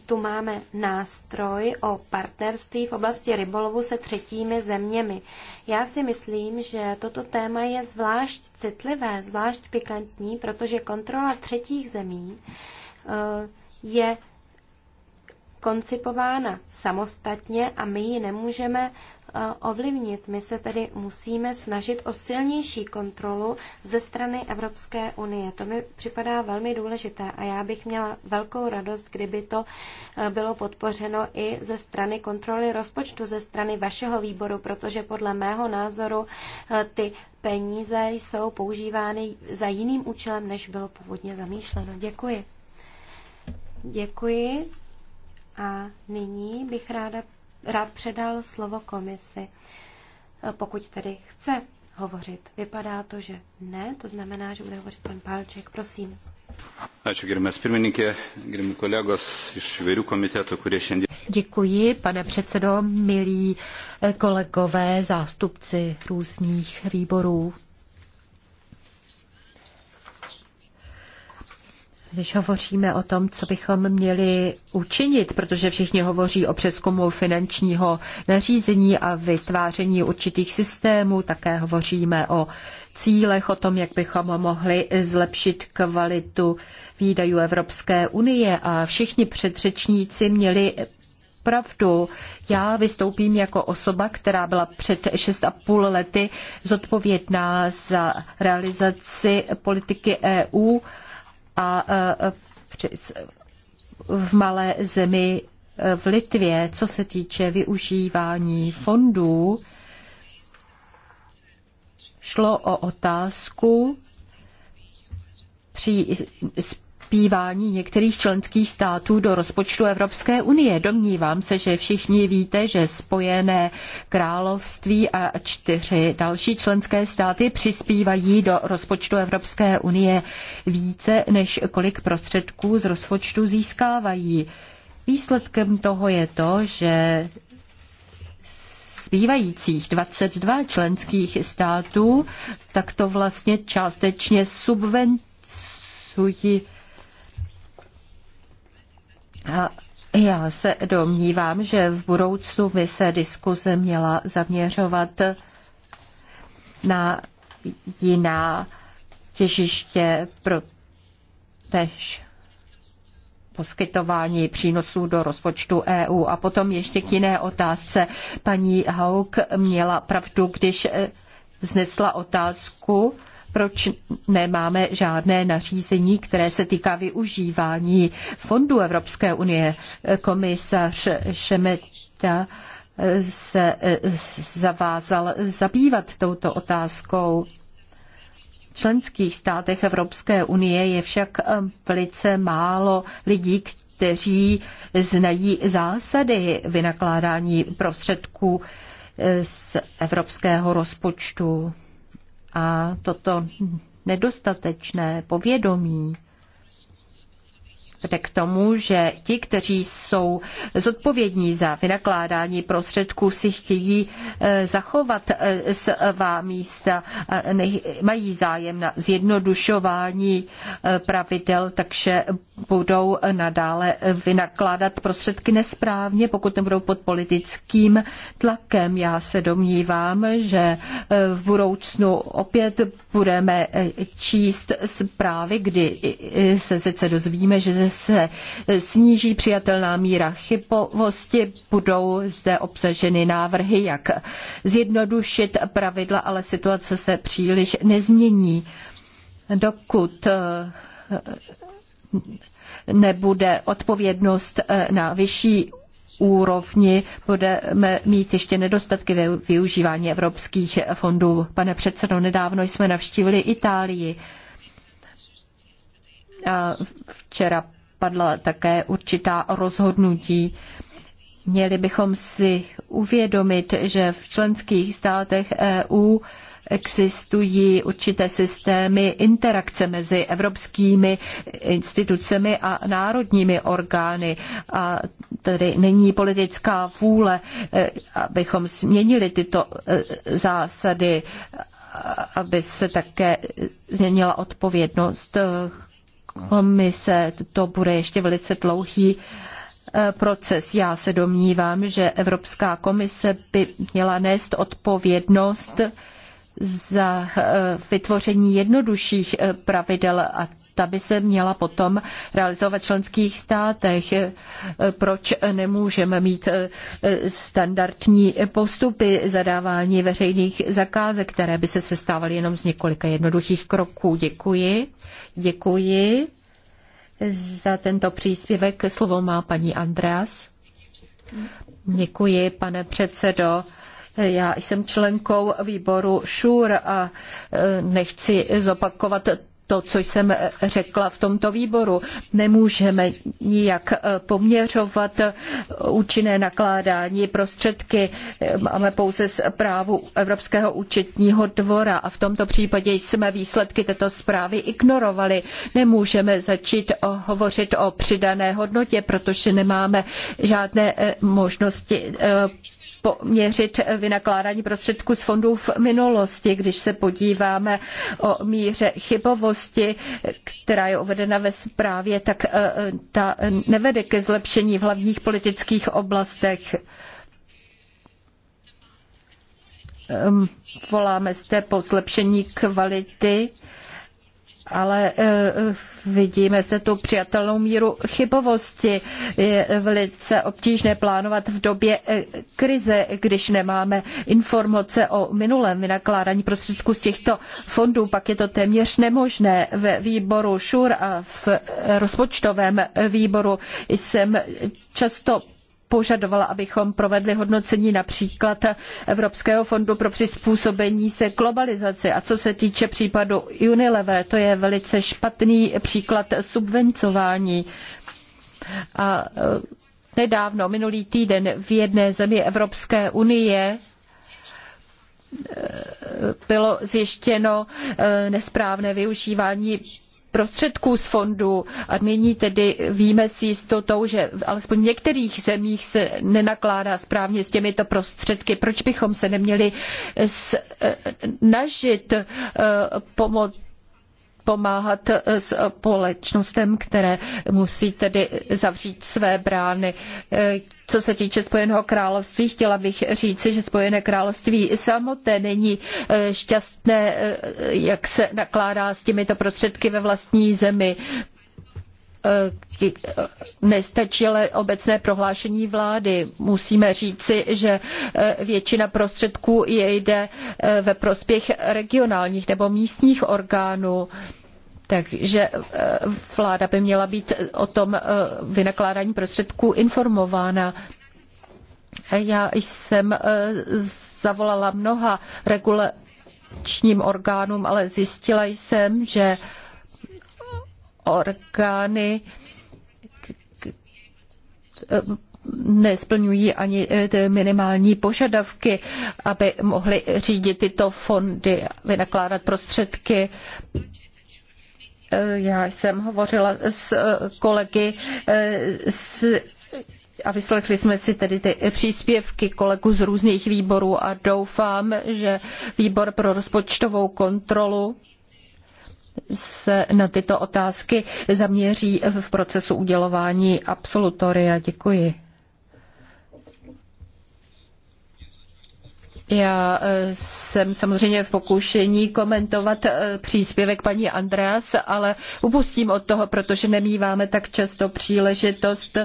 tu máme nástroj o partnerství v oblasti rybolovu se třetími zeměmi. Já si myslím, že toto téma je zvlášť citlivé, zvlášť pikantní, protože kontrola třetích zemí eh, je koncipována samostatně a my ji nemůžeme ovlivnit. My se tedy musíme snažit o silnější kontrolu ze strany Evropské unie. To mi připadá velmi důležité a já bych měla velkou radost, kdyby to e, bylo podpořeno i ze strany kontroly rozpočtu, ze strany vašeho výboru, protože podle mého názoru e, ty peníze jsou používány za jiným účelem, než bylo původně zamýšleno. Děkuji. Děkuji. A nyní bych ráda rád předal slovo komisi, pokud tedy chce hovořit. Vypadá to, že ne, to znamená, že bude hovořit pan Pálček. Prosím. Ačiū, gerbiamas pirmininkė, gerbiami kolegos iš įvairių komitetų, kurie šiandien. Děkuji, pane předsedo, milí kolegové, zástupci různých výborů. když hovoříme o tom, co bychom měli učinit, protože všichni hovoří o přeskumu finančního nařízení a vytváření určitých systémů, také hovoříme o cílech, o tom, jak bychom mohli zlepšit kvalitu výdajů Evropské unie a všichni předřečníci měli pravdu. Já vystoupím jako osoba, která byla před 6,5 lety zodpovědná za realizaci politiky EU a e, v malé zemi e, v Litvě, co se týče využívání fondů, šlo o otázku při přispívání některých členských států do rozpočtu Evropské unie. Domnívám se, že všichni víte, že Spojené království a čtyři další členské státy přispívají do rozpočtu Evropské unie více, než kolik prostředků z rozpočtu získávají. Výsledkem toho je to, že zbývajících 22 členských států, tak to vlastně částečně subvencují já se domnívám, že v budoucnu by se diskuze měla zaměřovat na jiná těžiště pro tež poskytování přínosů do rozpočtu EU. A potom ještě k jiné otázce. Paní Haug měla pravdu, když vznesla otázku, proč nemáme žádné nařízení, které se týká využívání fondů Evropské unie. Komisař Šemeta se eh, zavázal zabývat touto otázkou. V členských státech Evropské unie je však eh, velice málo lidí, kteří znají zásady vynakládání prostředků eh, z evropského rozpočtu. A toto nedostatečné povědomí vede k tomu, že ti, kteří jsou zodpovědní za vynakládání prostředků, si chtějí eh, zachovat eh, svá místa, mají zájem na zjednodušování eh, pravidel, takže budou nadále vynakládat prostředky nesprávně, pokud nebudou pod politickým tlakem. Já se domnívám, že v budoucnu opět budeme číst zprávy, kdy se sice dozvíme, že se sníží přijatelná míra chybovosti, budou zde obsaženy návrhy, jak zjednodušit pravidla, ale situace se příliš nezmění. Dokud eh, nebude odpovědnost eh, na vyšší úrovni budeme mít ještě nedostatky ve využívání evropských fondů. Pane předsedo, nedávno jsme navštívili Itálii. A včera padla také určitá rozhodnutí. Měli bychom si uvědomit, že v členských státech EU existují určité systémy interakce mezi evropskými institucemi a národními orgány. A tedy není politická vůle, eh, abychom změnili tyto eh, zásady, aby se také změnila odpovědnost komise. To bude ještě velice dlouhý eh, proces. Já se domnívám, že Evropská komise by měla nést odpovědnost za eh, vytvoření jednodušších eh, pravidel a ta by se měla potom realizovat v členských státech. Proč nemůžeme mít eh, standardní postupy zadávání veřejných zakázek, které by se sestávaly jenom z několika jednoduchých kroků? Děkuji. Děkuji za tento příspěvek. Slovo má paní Andreas. Děkuji, pane předsedo. Já jsem členkou výboru ŠUR a eh, nechci zopakovat to, co jsem řekla v tomto výboru. Nemůžeme nijak eh, poměřovat eh, účinné nakládání prostředky. Máme pouze zprávu Evropského účetního dvora a v tomto případě jsme výsledky této zprávy ignorovali. Nemůžeme začít hovořit o přidané hodnotě, protože nemáme žádné eh, možnosti poměřit vynakládání prostředků z fondů v minulosti, když se podíváme o míře chybovosti, která je uvedena ve zprávě, tak eh, ta nevede ke zlepšení v hlavních politických oblastech ehm, voláme zde po zlepšení kvality ale eh, vidíme se tu přijatelnou míru chybovosti. Je velice obtížné plánovat v době eh, krize, když nemáme informace o minulém vynakládání prostředků z těchto fondů, pak je to téměř nemožné. Ve výboru ŠUR a v eh, rozpočtovém výboru jsem často požadovala, abychom provedli hodnocení například Evropského fondu pro přizpůsobení se globalizaci. A co se týče případu Unilever, to je velice špatný příklad subvencování. A e, nedávno, minulý týden, v jedné zemi Evropské unie e, bylo zjištěno e, nesprávné využívání prostředků z fondu. A nyní tedy víme s jistotou, že alespoň v některých zemích se nenakládá správně s těmito prostředky. Proč bychom se neměli eh, snažit eh, pomoct pomáhat eh, společnostem, které musí tedy zavřít své brány. Eh, co se týče Spojeného království, chtěla bych říci, že Spojené království samotné není eh, šťastné, jak se nakládá s těmito prostředky ve vlastní zemi. Eh, nestačily obecné prohlášení vlády. Musíme říci, že eh, většina prostředků je jde eh, ve prospěch regionálních nebo místních orgánů. Takže vláda by měla být o tom vynakládání prostředků informována. Já jsem zavolala mnoha regulačním orgánům, ale zjistila jsem, že orgány nesplňují ani eh, ty minimální požadavky, aby mohly řídit tyto fondy, vynakládat prostředky. Eh, já jsem hovořila s eh, kolegy s a vyslechli jsme si tedy ty příspěvky kolegů z různých výborů a doufám, že výbor pro rozpočtovou kontrolu se na tyto otázky zaměří v procesu udělování absolutoria. Děkuji. Já eh, jsem samozřejmě v pokušení komentovat eh, příspěvek paní Andreas, ale upustím od toho, protože nemýváme tak často příležitost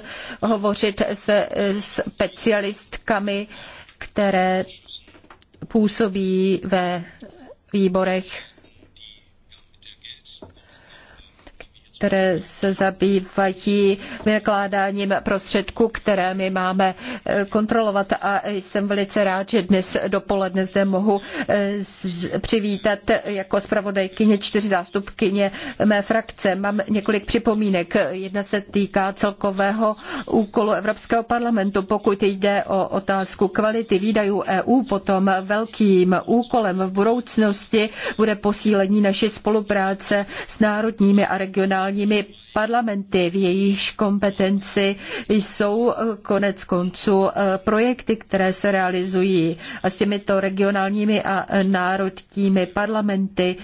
hovořit se eh, specialistkami, které působí ve výborech které se zabývají vynakládáním prostředků, které my máme eh, kontrolovat. A jsem velice rád, že dnes dopoledne zde mohu eh, přivítat jako zpravodajkyně čtyři zástupkyně mé frakce. Mám několik připomínek. Jedna se týká celkového úkolu Evropského parlamentu. Pokud jde o otázku kvality výdajů EU, potom velkým úkolem v budoucnosti bude posílení naší spolupráce s národními a regionálními regionálními parlamenty, v jejichž kompetenci jsou eh, konec konců eh, projekty, které se realizují a s těmito regionálními a eh, národními parlamenty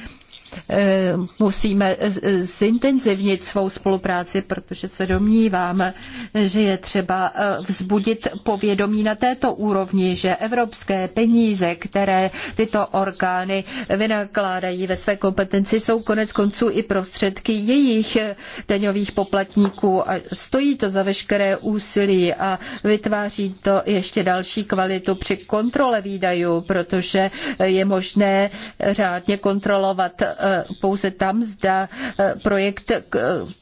musíme zintenzivnit svou spolupráci, protože se domníváme, že je třeba e, vzbudit povědomí na této úrovni, že evropské peníze, které tyto orgány vynakládají ve své kompetenci, jsou konec konců i prostředky jejich e, daňových poplatníků a stojí to za veškeré úsilí a vytváří to ještě další kvalitu při kontrole výdajů, protože je možné řádně kontrolovat Eh, pouze tam, zda eh, projekt eh,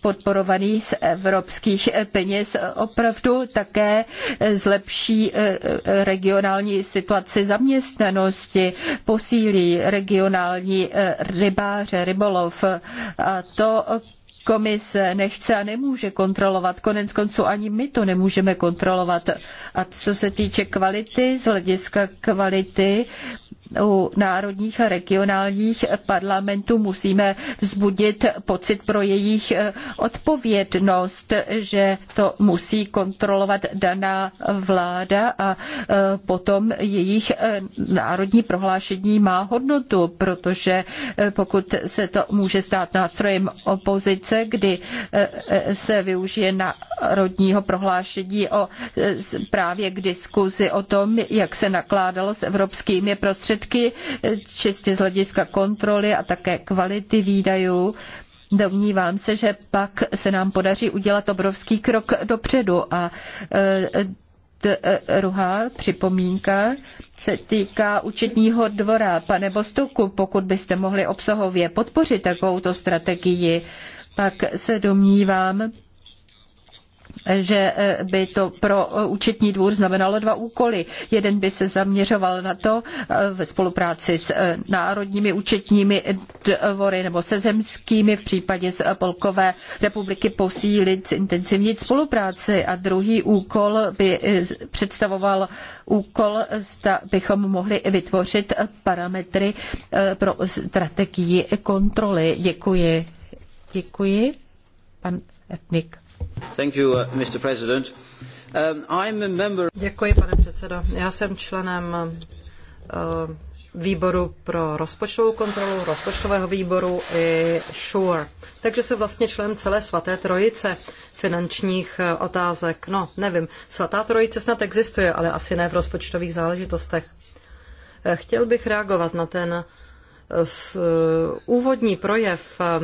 podporovaný z evropských peněz opravdu také zlepší regionální situaci zaměstnanosti, posílí regionální rybáře, rybolov. A to komise nechce a nemůže kontrolovat. Konec konců ani my to nemůžeme kontrolovat. A co se týče kvality, z hlediska kvality, u národních a regionálních parlamentů musíme vzbudit pocit pro jejich eh, odpovědnost, že to musí kontrolovat daná vláda a eh, potom jejich eh, národní prohlášení má hodnotu, protože pokud se to může stát nástrojem opozice, kdy se využije národního prohlášení o právě k diskuzi o tom, jak se nakládalo s evropskými prostředky, prostředky eh, čistě z hlediska kontroly a také kvality výdajů. Domnívám se, že pak se nám podaří udělat obrovský krok dopředu a eh, eh, druhá připomínka se týká účetního dvora. Pane Bostoku, pokud byste mohli obsahově podpořit takovouto strategii, pak se domnívám, že eh, by to pro eh, účetní dvůr znamenalo dva úkoly. Jeden by se zaměřoval na to eh, ve spolupráci s národními účetními dvory nebo se zemskými v případě z Polkové republiky posílit, intenzivnit spolupráci. A druhý úkol by představoval úkol, zda bychom mohli vytvořit parametry pro strategii kontroly. Děkuji. Děkuji. Pan Epnik. Uh, um, Děkuji, pane předsedo. Já jsem členem uh, výboru pro rozpočtovou kontrolu, rozpočtového výboru i SURE. Takže jsem vlastně členem celé svaté trojice finančních uh, otázek. No, nevím, svatá trojice snad existuje, ale asi ne v rozpočtových záležitostech. Chtěl bych reagovat na ten Eh, úvodní projev eh,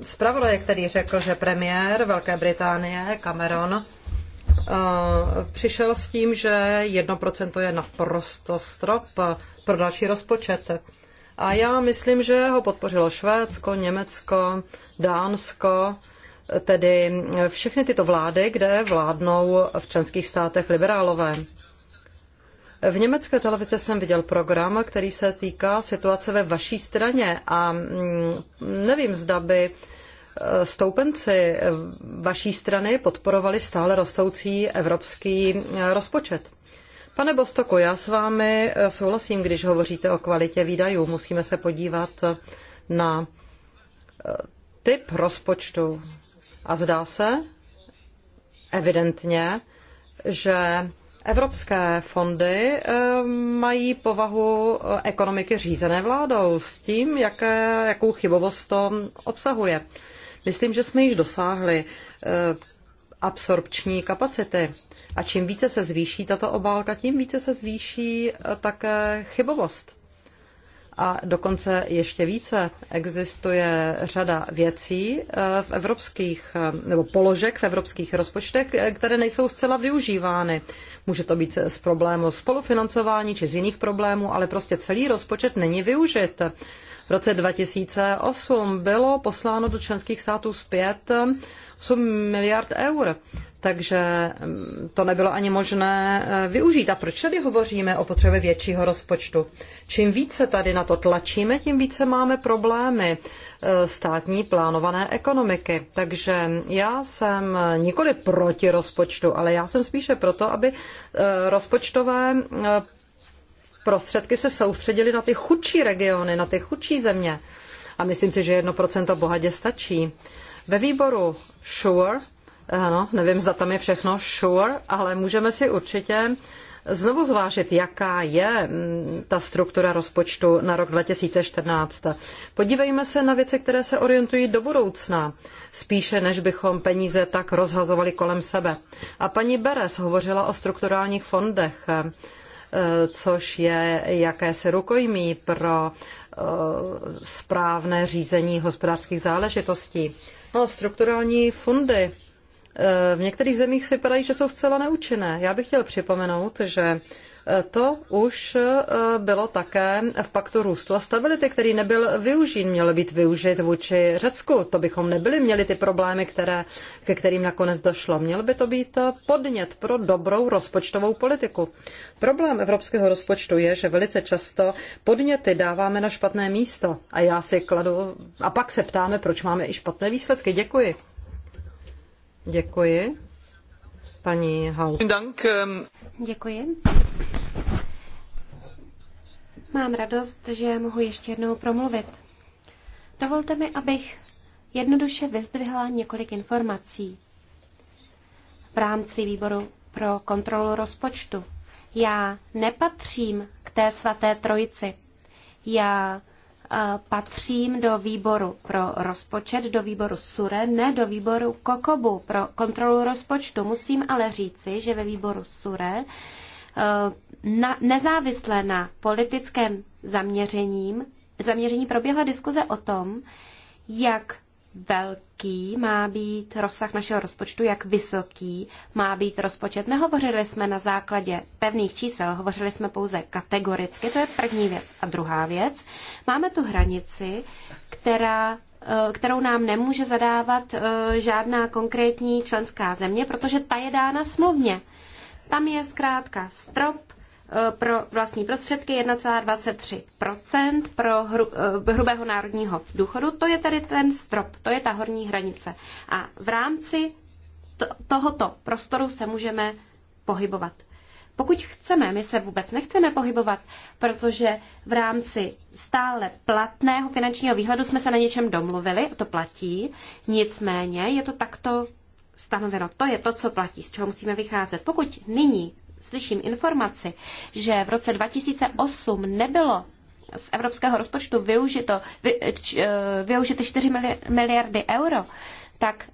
zpravodaje, který řekl, že premiér Velké Británie Cameron eh, přišel s tím, že 1% je naprosto strop pro další rozpočet. A já myslím, že ho podpořilo Švédsko, Německo, Dánsko, tedy všechny tyto vlády, kde vládnou v členských státech liberálové. V německé televizi jsem viděl program, který se týká situace ve vaší straně a mm, nevím, zda by e, stoupenci e, vaší strany podporovali stále rostoucí evropský e, rozpočet. Pane Bostoku, já s vámi souhlasím, když hovoříte o kvalitě výdajů. Musíme se podívat na typ rozpočtu. A zdá se evidentně, že Evropské fondy eh, mají povahu eh, ekonomiky řízené vládou s tím, jaké, jakou chybovost to obsahuje. Myslím, že jsme již dosáhli eh, absorpční kapacity. A čím více se zvýší tato obálka, tím více se zvýší také chybovost a dokonce ještě více existuje řada věcí eh, v evropských, eh, nebo položek v evropských rozpočtech, eh, které nejsou zcela využívány. Může to být z problému spolufinancování či z jiných problémů, ale prostě celý rozpočet není využit. V roce 2008 bylo posláno do členských států zpět 8 miliard eur. Takže mm, to nebylo ani možné eh, využít. A proč tady hovoříme o potřebě většího rozpočtu? Čím více tady na to tlačíme, tím více máme problémy eh, státní plánované ekonomiky. Takže já jsem nikoli proti rozpočtu, ale já jsem spíše proto, aby eh, rozpočtové prostředky se soustředily na ty chudší regiony, na ty chudší země. A myslím si, že jedno procento bohatě stačí. Ve výboru SURE, ano, nevím, zda tam je všechno SURE, ale můžeme si určitě znovu zvážit, jaká je mm, ta struktura rozpočtu na rok 2014. Podívejme se na věci, které se orientují do budoucna, spíše než bychom peníze tak rozhazovali kolem sebe. A paní Beres hovořila o strukturálních fondech eh, což je jakési rukojmí pro eh, správné řízení hospodářských záležitostí. No, strukturální fondy e, v některých zemích se vypadají, že jsou zcela neúčinné. Já bych chtěl připomenout, že to už eh, bylo také v paktu růstu a stability, který nebyl využít, měl být využit vůči Řecku. To bychom nebyli měli ty problémy, které, ke kterým nakonec došlo. Měl by to být podnět pro dobrou rozpočtovou politiku. Problém evropského rozpočtu je, že velice často podněty dáváme na špatné místo a já si kladu a pak se ptáme, proč máme i špatné výsledky. Děkuji. Děkuji. Paní Hau. Ähm. Děkuji. Mám radost, že mohu ještě jednou promluvit. Dovolte mi, abych jednoduše vyzdvihla několik informací. V rámci výboru pro kontrolu rozpočtu já nepatřím k té svaté trojici. Já eh, patřím do výboru pro rozpočet, do výboru SURE, ne do výboru KOKOBu pro kontrolu rozpočtu. Musím ale říci, že ve výboru SURE Eh, na, nezávisle na politickém zaměřením, zaměření proběhla diskuze o tom, jak velký má být rozsah našeho rozpočtu, jak vysoký má být rozpočet. Nehovořili jsme na základě pevných čísel, hovořili jsme pouze kategoricky, to je první věc. A druhá věc, máme tu hranici, která eh, kterou nám nemůže zadávat eh, žádná konkrétní členská země, protože ta je dána smluvně. Tam je zkrátka strop e, pro vlastní prostředky 1,23 pro hru, e, hrubého národního důchodu. To je tedy ten strop, to je ta horní hranice. A v rámci to, tohoto prostoru se můžeme pohybovat. Pokud chceme, my se vůbec nechceme pohybovat, protože v rámci stále platného finančního výhledu jsme se na něčem domluvili, to platí, nicméně je to takto stanoveno. To je to, co platí, z čeho musíme vycházet. Pokud nyní slyším informaci, že v roce 2008 nebylo z evropského rozpočtu využito, vy, č, e, využity 4 miliardy euro, tak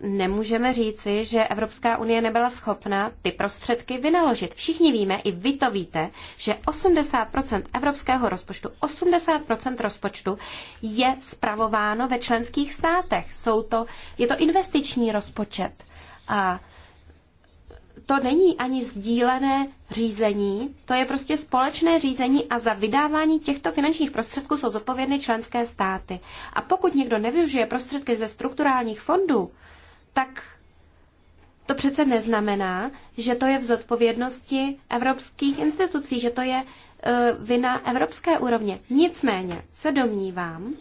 nemůžeme říci, že Evropská unie nebyla schopna ty prostředky vynaložit. Všichni víme, i vy to víte, že 80% evropského rozpočtu, 80% rozpočtu je spravováno ve členských státech. Jsou to, je to investiční rozpočet. A to není ani sdílené řízení, to je prostě společné řízení a za vydávání těchto finančních prostředků jsou zodpovědny členské státy. A pokud někdo nevyužije prostředky ze strukturálních fondů, tak to přece neznamená, že to je v zodpovědnosti evropských institucí, že to je e, vina evropské úrovně. Nicméně se domnívám,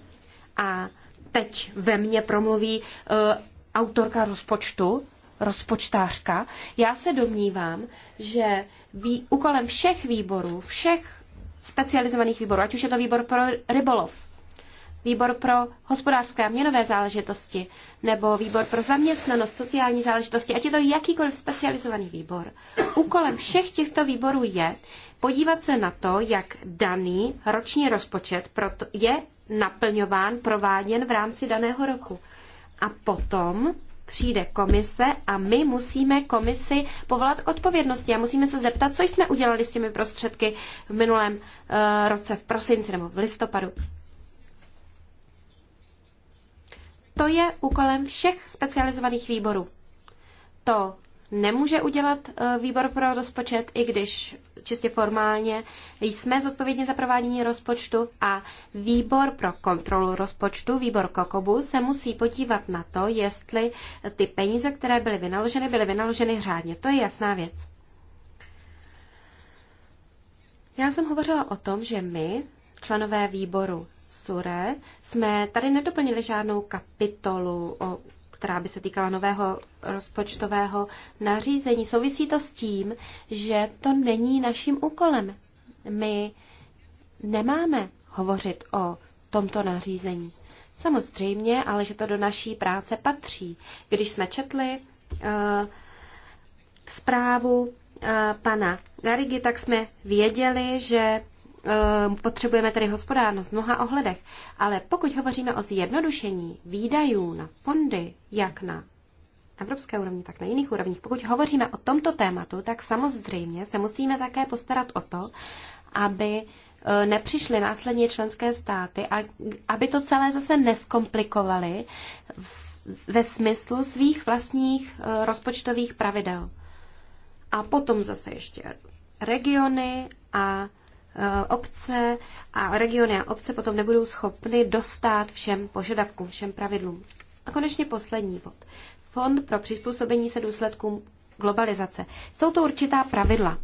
a teď ve mně promluví e, autorka rozpočtu, rozpočtářka, já se domnívám, že úkolem všech výborů, všech specializovaných výborů, ať už je to výbor pro rybolov, výbor pro hospodářské a měnové záležitosti nebo výbor pro zaměstnanost, sociální záležitosti, ať je to jakýkoliv specializovaný výbor. Úkolem všech těchto výborů je podívat se na to, jak daný roční rozpočet je naplňován, prováděn v rámci daného roku. A potom přijde komise a my musíme komisi povolat k odpovědnosti a musíme se zeptat, co jsme udělali s těmi prostředky v minulém uh, roce, v prosinci nebo v listopadu. To je úkolem všech specializovaných výborů. To nemůže udělat eh, výbor pro rozpočet, i když čistě formálně jsme zodpovědní za provádění rozpočtu a výbor pro kontrolu rozpočtu, výbor Kokobu, se musí podívat na to, jestli ty peníze, které byly vynaloženy, byly vynaloženy řádně. To je jasná věc. Já jsem hovořila o tom, že my, členové výboru SURE jsme tady nedoplnili žádnou kapitolu, o, která by se týkala nového rozpočtového nařízení. Souvisí to s tím, že to není naším úkolem. My nemáme hovořit o tomto nařízení. Samozřejmě, ale že to do naší práce patří. Když jsme četli uh, zprávu uh, pana Garigy, tak jsme věděli, že Ehm, potřebujeme tedy hospodárnost v mnoha ohledech, ale pokud hovoříme o zjednodušení výdajů na fondy, jak na evropské úrovni, tak na jiných úrovních, pokud hovoříme o tomto tématu, tak samozřejmě se musíme také postarat o to, aby e, nepřišly následně členské státy a aby to celé zase neskomplikovaly ve smyslu svých vlastních e, rozpočtových pravidel. A potom zase ještě regiony a Eh, obce a regiony a obce potom nebudou schopny dostat všem požadavkům, všem pravidlům. A konečně poslední bod. Fond pro přizpůsobení se důsledkům globalizace. Jsou to určitá pravidla,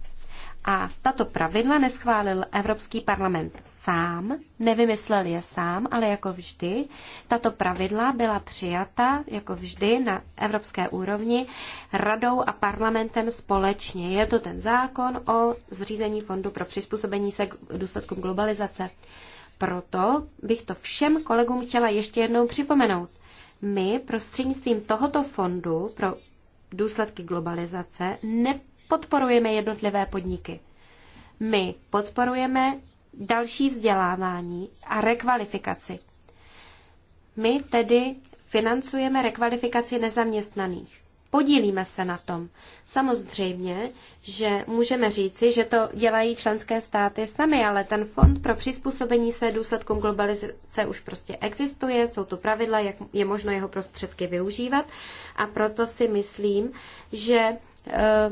a tato pravidla neschválil Evropský parlament sám, nevymyslel je sám, ale jako vždy, tato pravidla byla přijata, jako vždy, na evropské úrovni radou a parlamentem společně. Je to ten zákon o zřízení fondu pro přizpůsobení se důsledkům globalizace. Proto bych to všem kolegům chtěla ještě jednou připomenout. My prostřednictvím tohoto fondu pro důsledky globalizace ne podporujeme jednotlivé podniky. My podporujeme další vzdělávání a rekvalifikaci. My tedy financujeme rekvalifikaci nezaměstnaných. Podílíme se na tom. Samozřejmě, že můžeme říci, že to dělají členské státy sami, ale ten fond pro přizpůsobení se důsledkům globalizace už prostě existuje, jsou to pravidla, jak je možno jeho prostředky využívat a proto si myslím, že eh,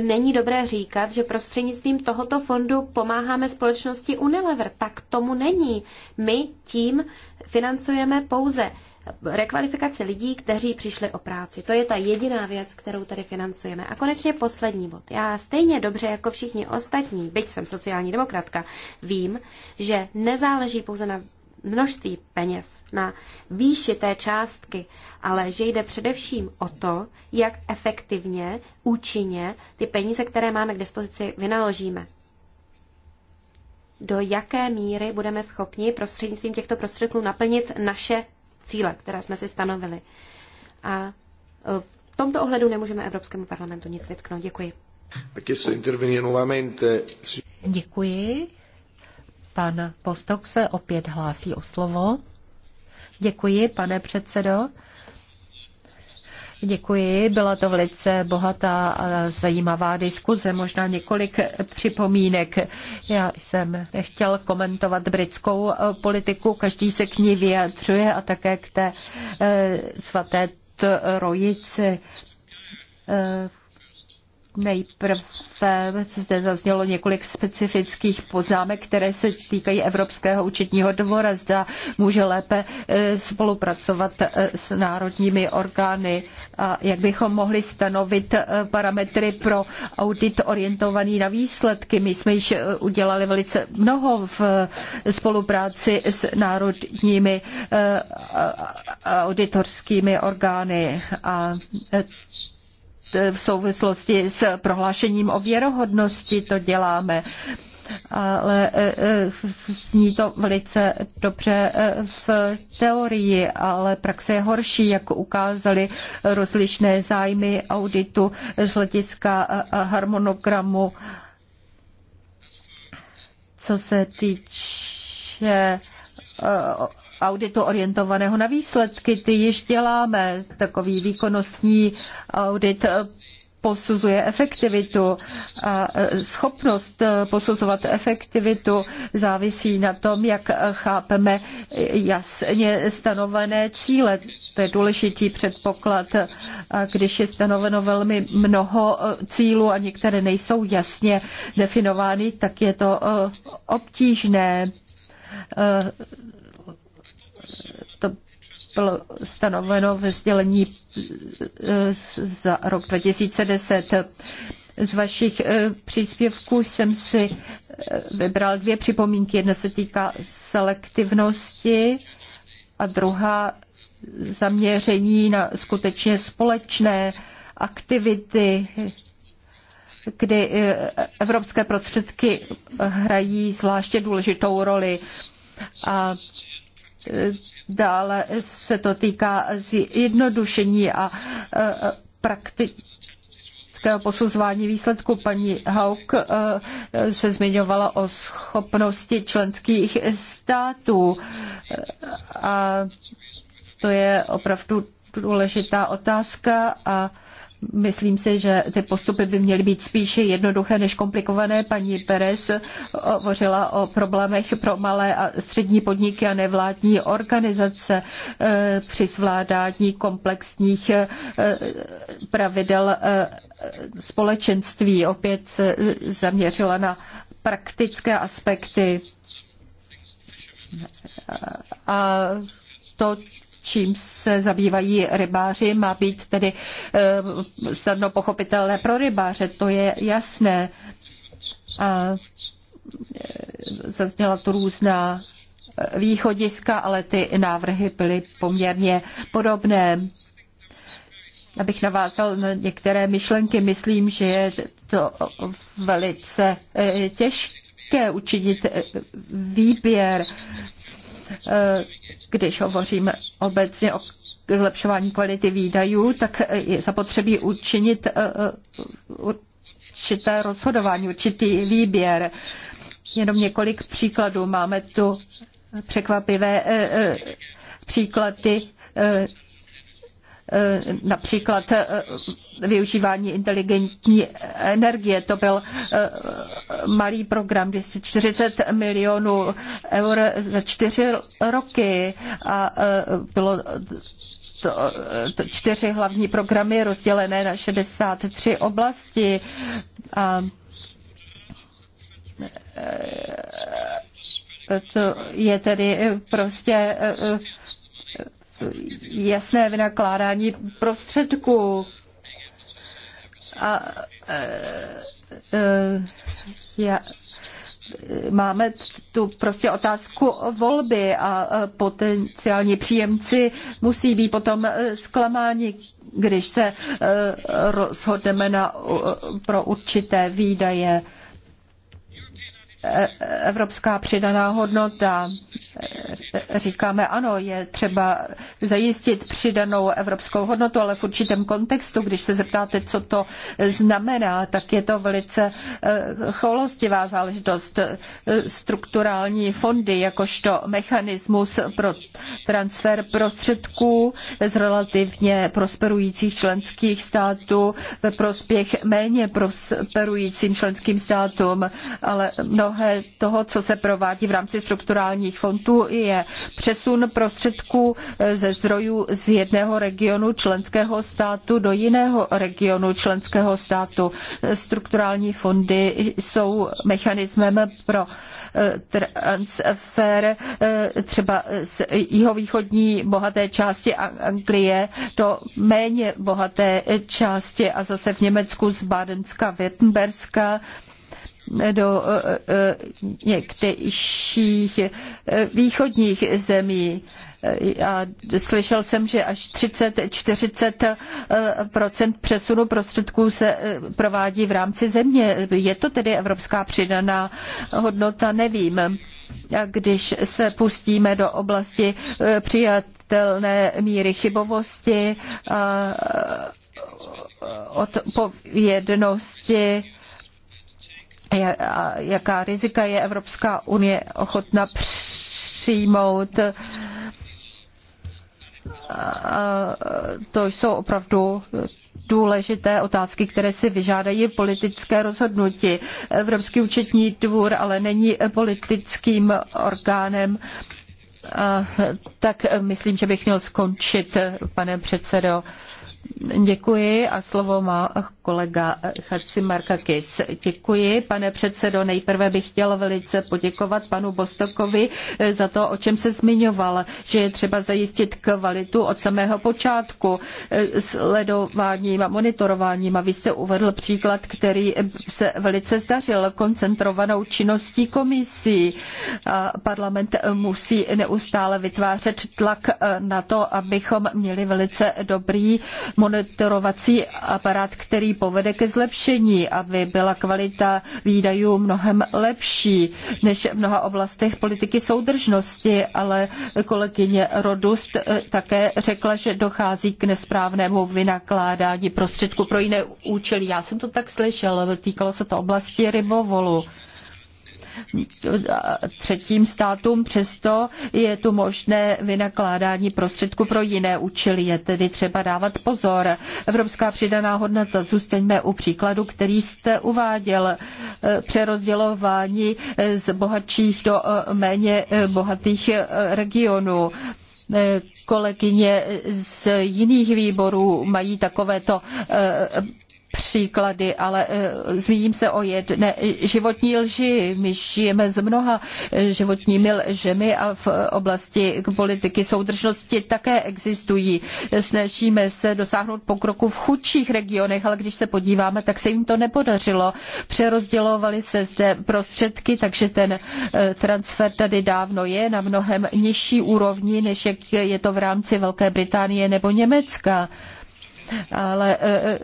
není dobré říkat, že prostřednictvím tohoto fondu pomáháme společnosti Unilever. Tak tomu není. My tím financujeme pouze rekvalifikaci lidí, kteří přišli o práci. To je ta jediná věc, kterou tady financujeme. A konečně poslední bod. Já stejně dobře jako všichni ostatní, byť jsem sociální demokratka, vím, že nezáleží pouze na množství peněz, na výši té částky, ale že jde především o to, jak efektivně, účinně ty peníze, které máme k dispozici, vynaložíme. Do jaké míry budeme schopni prostřednictvím těchto prostředků naplnit naše cíle, které jsme si stanovili. A e, v tomto ohledu nemůžeme Evropskému parlamentu nic vytknout. Děkuji. Děkuji. Pan Postok se opět hlásí o slovo. Děkuji, pane předsedo. Děkuji, byla to velice bohatá a zajímavá diskuze, možná několik připomínek. Já jsem nechtěl komentovat britskou eh, politiku, každý se k ní vyjadřuje a také k té eh, svaté trojici eh, Nejprve zde zaznělo několik specifických poznámek, které se týkají Evropského účetního dvora. Zda může lépe eh, spolupracovat eh, s národními orgány a jak bychom mohli stanovit eh, parametry pro audit orientovaný na výsledky. My jsme již udělali velice mnoho v spolupráci s národními auditorskými orgány a v souvislosti s prohlášením o věrohodnosti to děláme ale e, e, zní to velice dobře e, v teorii, ale praxe je horší, jak ukázaly rozlišné zájmy auditu z hlediska harmonogramu. Co se týče auditu orientovaného na výsledky. Ty již děláme. Takový výkonnostní audit eh, posuzuje efektivitu a eh, schopnost eh, posuzovat efektivitu závisí na tom, jak chápeme jasně stanovené cíle. To je důležitý předpoklad, když je stanoveno velmi mnoho cílů a některé nejsou jasně definovány, tak je to obtížné to bylo stanoveno ve sdělení eh, za rok 2010. Z vašich eh, příspěvků jsem si eh, vybral dvě připomínky. Jedna se týká selektivnosti a druhá zaměření na skutečně společné aktivity, kdy evropské prostředky hrají zvláště důležitou roli. A Dále se to týká zjednodušení a e, praktického posuzování výsledku. Paní Hauk e, se zmiňovala o schopnosti členských států e, a to je opravdu důležitá otázka a Myslím si, že ty postupy by měly být spíše jednoduché než komplikované. Paní Perez hovořila o problémech pro malé a střední podniky a nevládní organizace eh, při zvládání komplexních eh, pravidel eh, společenství. Opět se zaměřila na praktické aspekty. A to, čím se zabývají rybáři, má být tedy eh, snadno pochopitelné pro rybáře, to je jasné. A eh, zazněla tu různá eh, východiska, ale ty návrhy byly poměrně podobné. Abych navázal na některé myšlenky, myslím, že je to velice těžké učinit výběr Eh, když hovoříme obecně o zlepšování kvality výdajů, tak eh, je zapotřebí učinit eh, určité rozhodování, určitý výběr. Jenom několik příkladů. Máme tu překvapivé příklady například využívání inteligentní energie. To byl eh, malý program 240 milionů eur za čtyři roky a eh, bylo to, to čtyři hlavní programy rozdělené na 63 oblasti. A, eh, to je tedy prostě jasné vynakládání prostředků. A, e, e, já, máme tu prostě otázku volby a e, potenciální příjemci musí být potom zklamáni, když se rozhodneme na, pro určité výdaje evropská přidaná hodnota. Říkáme, ano, je třeba zajistit přidanou evropskou hodnotu, ale v určitém kontextu, když se zeptáte, co to znamená, tak je to velice eh, choulostivá záležitost. Strukturální fondy jakožto mechanismus pro transfer prostředků z relativně prosperujících členských států ve prospěch méně prosperujícím členským státům, ale mnoho mnohé toho, co se provádí v rámci strukturálních fondů, je přesun prostředků eh, ze zdrojů z jedného regionu členského státu do jiného regionu členského státu. Strukturální fondy jsou mechanismem pro eh, transfer eh, třeba z jihovýchodní bohaté části Anglie do méně bohaté části a zase v Německu z Bádenska, Württemberska do eh, eh, některých eh, východních zemí. A slyšel jsem, že až 30-40 přesunu prostředků se provádí v rámci země. Je to tedy evropská přidaná hodnota? Nevím. A když se pustíme do oblasti přijatelné míry chybovosti, odpovědnosti, jaká rizika je Evropská unie ochotna přijmout. To jsou opravdu důležité otázky, které si vyžádají politické rozhodnutí. Evropský účetní dvůr ale není politickým orgánem, tak myslím, že bych měl skončit, pane předsedo. Děkuji a slovo má kolega Chaci Markakis. Děkuji, pane předsedo. Nejprve bych chtěla velice poděkovat panu Bostokovi za to, o čem se zmiňoval, že je třeba zajistit kvalitu od samého počátku sledováním a monitorováním. A vy jste uvedl příklad, který se velice zdařil koncentrovanou činností komisí. A parlament musí neustále vytvářet tlak na to, abychom měli velice dobrý monitorovací aparát, který povede ke zlepšení, aby byla kvalita výdajů mnohem lepší než v mnoha oblastech politiky soudržnosti, ale kolegyně Rodust eh, také řekla, že dochází k nesprávnému vynakládání prostředků pro jiné účely. Já jsem to tak slyšel, týkalo se to oblasti rybovolu třetím státům, přesto je tu možné vynakládání prostředků pro jiné účely. Je tedy třeba dávat pozor. Evropská přidaná hodnota, zůstaňme u příkladu, který jste uváděl, eh, přerozdělování eh, z bohatších do eh, méně bohatých regionů kolegyně z jiných výborů mají takovéto příklady, ale eh, zmíním se o jedné životní lži. My žijeme s mnoha eh, životními lžemi a v oblasti politiky soudržnosti také existují. Snažíme se dosáhnout pokroku v chudších regionech, ale když se podíváme, tak se jim to nepodařilo. Přerozdělovaly se zde prostředky, takže ten eh, transfer tady dávno je na mnohem nižší úrovni, než jak je to v rámci Velké Británie nebo Německa ale e, e,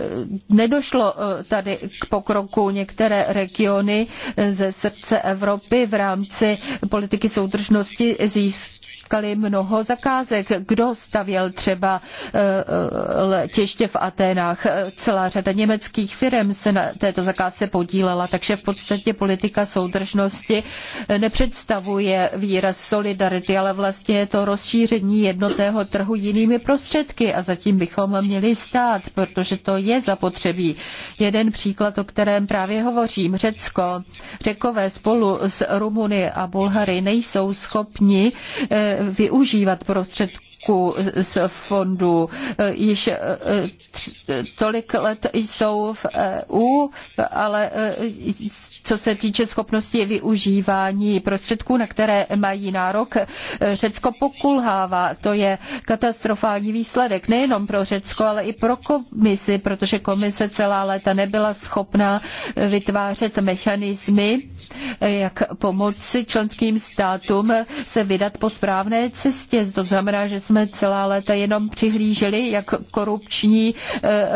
nedošlo e, tady k pokroku. Některé regiony ze srdce Evropy v rámci politiky soudržnosti získaly získali mnoho zakázek. Kdo stavěl třeba eh, eh, letiště v Aténách? Celá řada německých firm se na této zakázce podílela, takže v podstatě politika soudržnosti nepředstavuje výraz solidarity, ale vlastně je to rozšíření jednotného trhu jinými prostředky a zatím bychom měli stát, protože to je zapotřebí. Jeden příklad, o kterém právě hovořím, Řecko. Řekové spolu s Rumuny a Bulhary nejsou schopni eh, využívat prostředků z fondu. Již eh, tolik let jsou v EU, ale eh, co se týče schopnosti využívání prostředků, na které mají nárok, eh, Řecko pokulhává. To je katastrofální výsledek nejenom pro Řecko, ale i pro komisi, protože komise celá léta nebyla schopna vytvářet mechanismy, eh, jak pomoci členským státům se vydat po správné cestě. To znamená, že jsme celá léta jenom přihlíželi, jak korupční eh,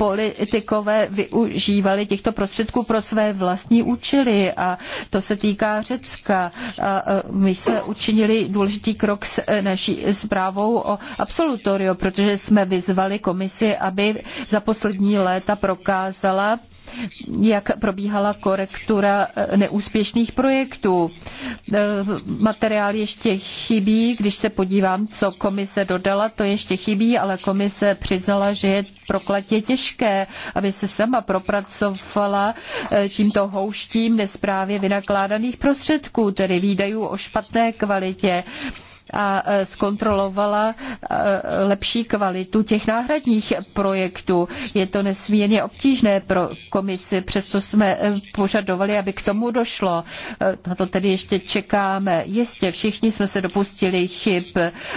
politikové využívali těchto prostředků pro své vlastní účely a to se týká Řecka. A my jsme učinili důležitý krok s e, naší zprávou o absolutoriu, protože jsme vyzvali komisi, aby za poslední léta prokázala, jak probíhala korektura eh, neúspěšných projektů. Eh, materiál ještě chybí, když se podívám, co komise dodala, to ještě chybí, ale komise přiznala, že je prokletě těžké, aby se sama propracovala eh, tímto houštím nesprávě vynakládaných prostředků, tedy výdajů o špatné kvalitě a e, zkontrolovala e, lepší kvalitu těch náhradních projektů. Je to nesmírně obtížné pro komisi, přesto jsme e, požadovali, aby k tomu došlo. Na to tedy ještě čekáme. Jistě, všichni jsme se dopustili chyb.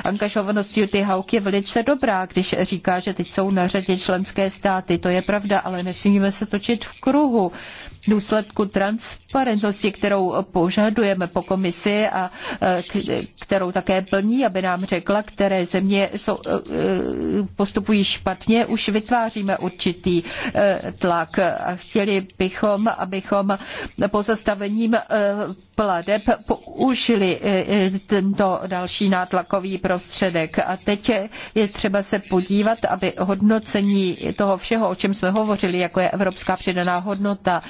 Angažovanost Juty Hauk je velice dobrá, když říká, že teď jsou na řadě členské státy. To je pravda, ale nesmíme se točit v kruhu důsledku transparentnosti, kterou požadujeme po komisi a e, kterou také plní, aby nám řekla, které země jsou, e, postupují špatně, už vytváříme určitý e, tlak a chtěli bychom, abychom pozastavením pladeb použili tento další nátlakový prostředek. A teď je třeba se podívat, aby hodnocení toho všeho, o čem jsme hovořili, jako je evropská přidaná hodnota,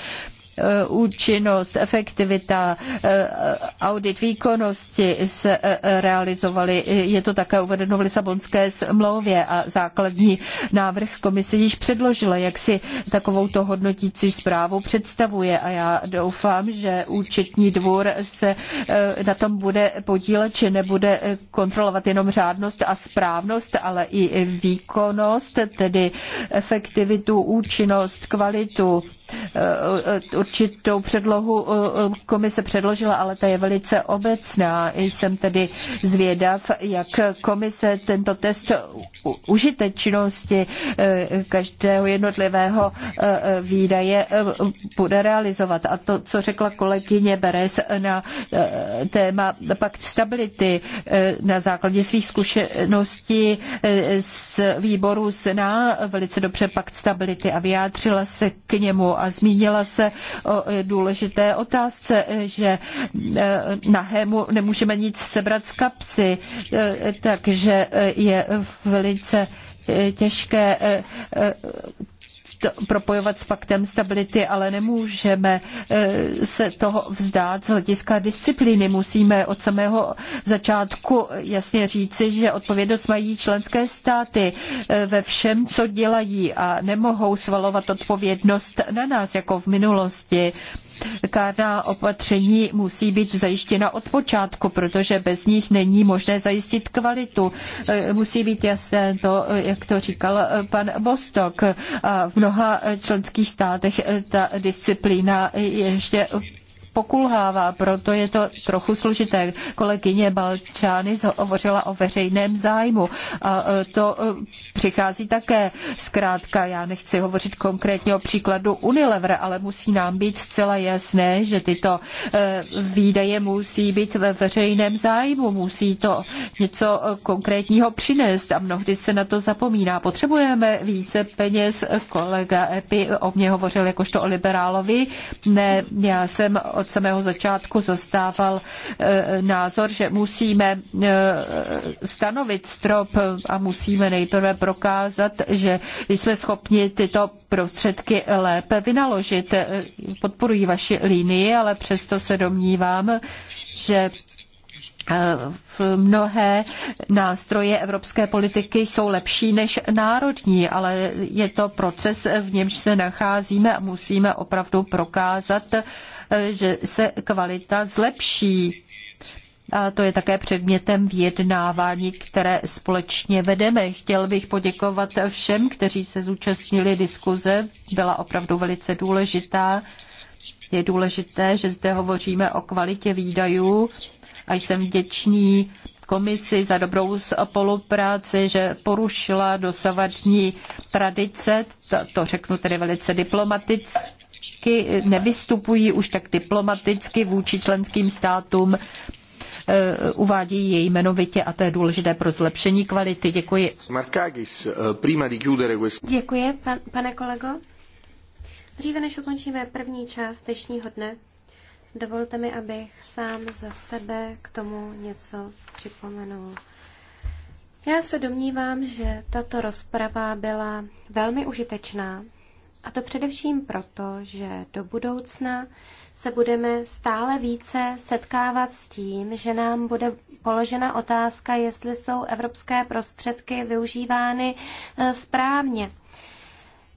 Eh, účinnost, efektivita, eh, audit výkonnosti se eh, realizovaly. Je to také uvedeno v Lisabonské smlouvě a základní návrh komise již předložila, jak si takovouto hodnotící zprávu představuje a já doufám, že účetní dvůr se na tom bude podílet, že nebude kontrolovat jenom řádnost a správnost, ale i výkonnost, tedy efektivitu, účinnost, kvalitu Eh, určitou předlohu eh, komise předložila, ale ta je velice obecná. Jsem tedy zvědav, jak komise tento test užitečnosti eh, každého jednotlivého výdaje bude realizovat. A to, co řekla kolegyně Beres na téma pakt stability na základě svých zkušeností z výboru Sena, velice dobře pakt stability a vyjádřila se k němu a zmínila se o e, důležité otázce, e, že e, nahému nemůžeme nic sebrat z kapsy, takže je velice těžké propojovat s paktem stability, ale nemůžeme eh, se toho vzdát z hlediska disciplíny. Musíme od samého začátku jasně říci, že odpovědnost mají členské státy eh, ve všem, co dělají a nemohou svalovat odpovědnost na nás, jako v minulosti. Kárná opatření musí být zajištěna od počátku, protože bez nich není možné zajistit kvalitu. E, musí být jasné to, e, jak to říkal e, pan Bostok. A v mnoha členských státech ta disciplína ještě pokulhává, proto je to trochu složité. Kolegyně Balčány hovořila o veřejném zájmu a e, to e, přichází také zkrátka. Já nechci hovořit konkrétně o příkladu Unilever, ale musí nám být zcela jasné, že tyto e, výdaje musí být ve veřejném zájmu, musí to něco konkrétního přinést a mnohdy se na to zapomíná. Potřebujeme více peněz, kolega Epi o mě hovořil jakožto o liberálovi, ne, já jsem o od samého začátku zastával eh, názor, že musíme eh, stanovit strop a musíme nejprve prokázat, že jsme schopni tyto prostředky lépe vynaložit. Eh, podporuji vaši línii, ale přesto se domnívám, že v mnohé nástroje evropské politiky jsou lepší než národní, ale je to proces, v němž se nacházíme a musíme opravdu prokázat, Eh, že se kvalita zlepší. A to je také předmětem vyjednávání, které společně vedeme. Chtěl bych poděkovat všem, kteří se zúčastnili diskuze. Byla opravdu velice důležitá. Je důležité, že zde hovoříme o kvalitě výdajů a jsem vděčný komisi za dobrou spolupráci, že porušila dosavadní tradice, to, to řeknu tedy velice diplomaticky, špičky nevystupují už tak diplomaticky vůči členským státům, eh, uvádějí jej jmenovitě a to je důležité pro zlepšení kvality. Děkuji. Eh, Děkuji, pan, pane kolego. Dříve než ukončíme první část dnešního dne, dovolte mi, abych sám za sebe k tomu něco připomenul. Já se domnívám, že tato rozprava byla velmi užitečná a to především proto, že do budoucna se budeme stále více setkávat s tím, že nám bude položena otázka, jestli jsou evropské prostředky využívány eh, správně.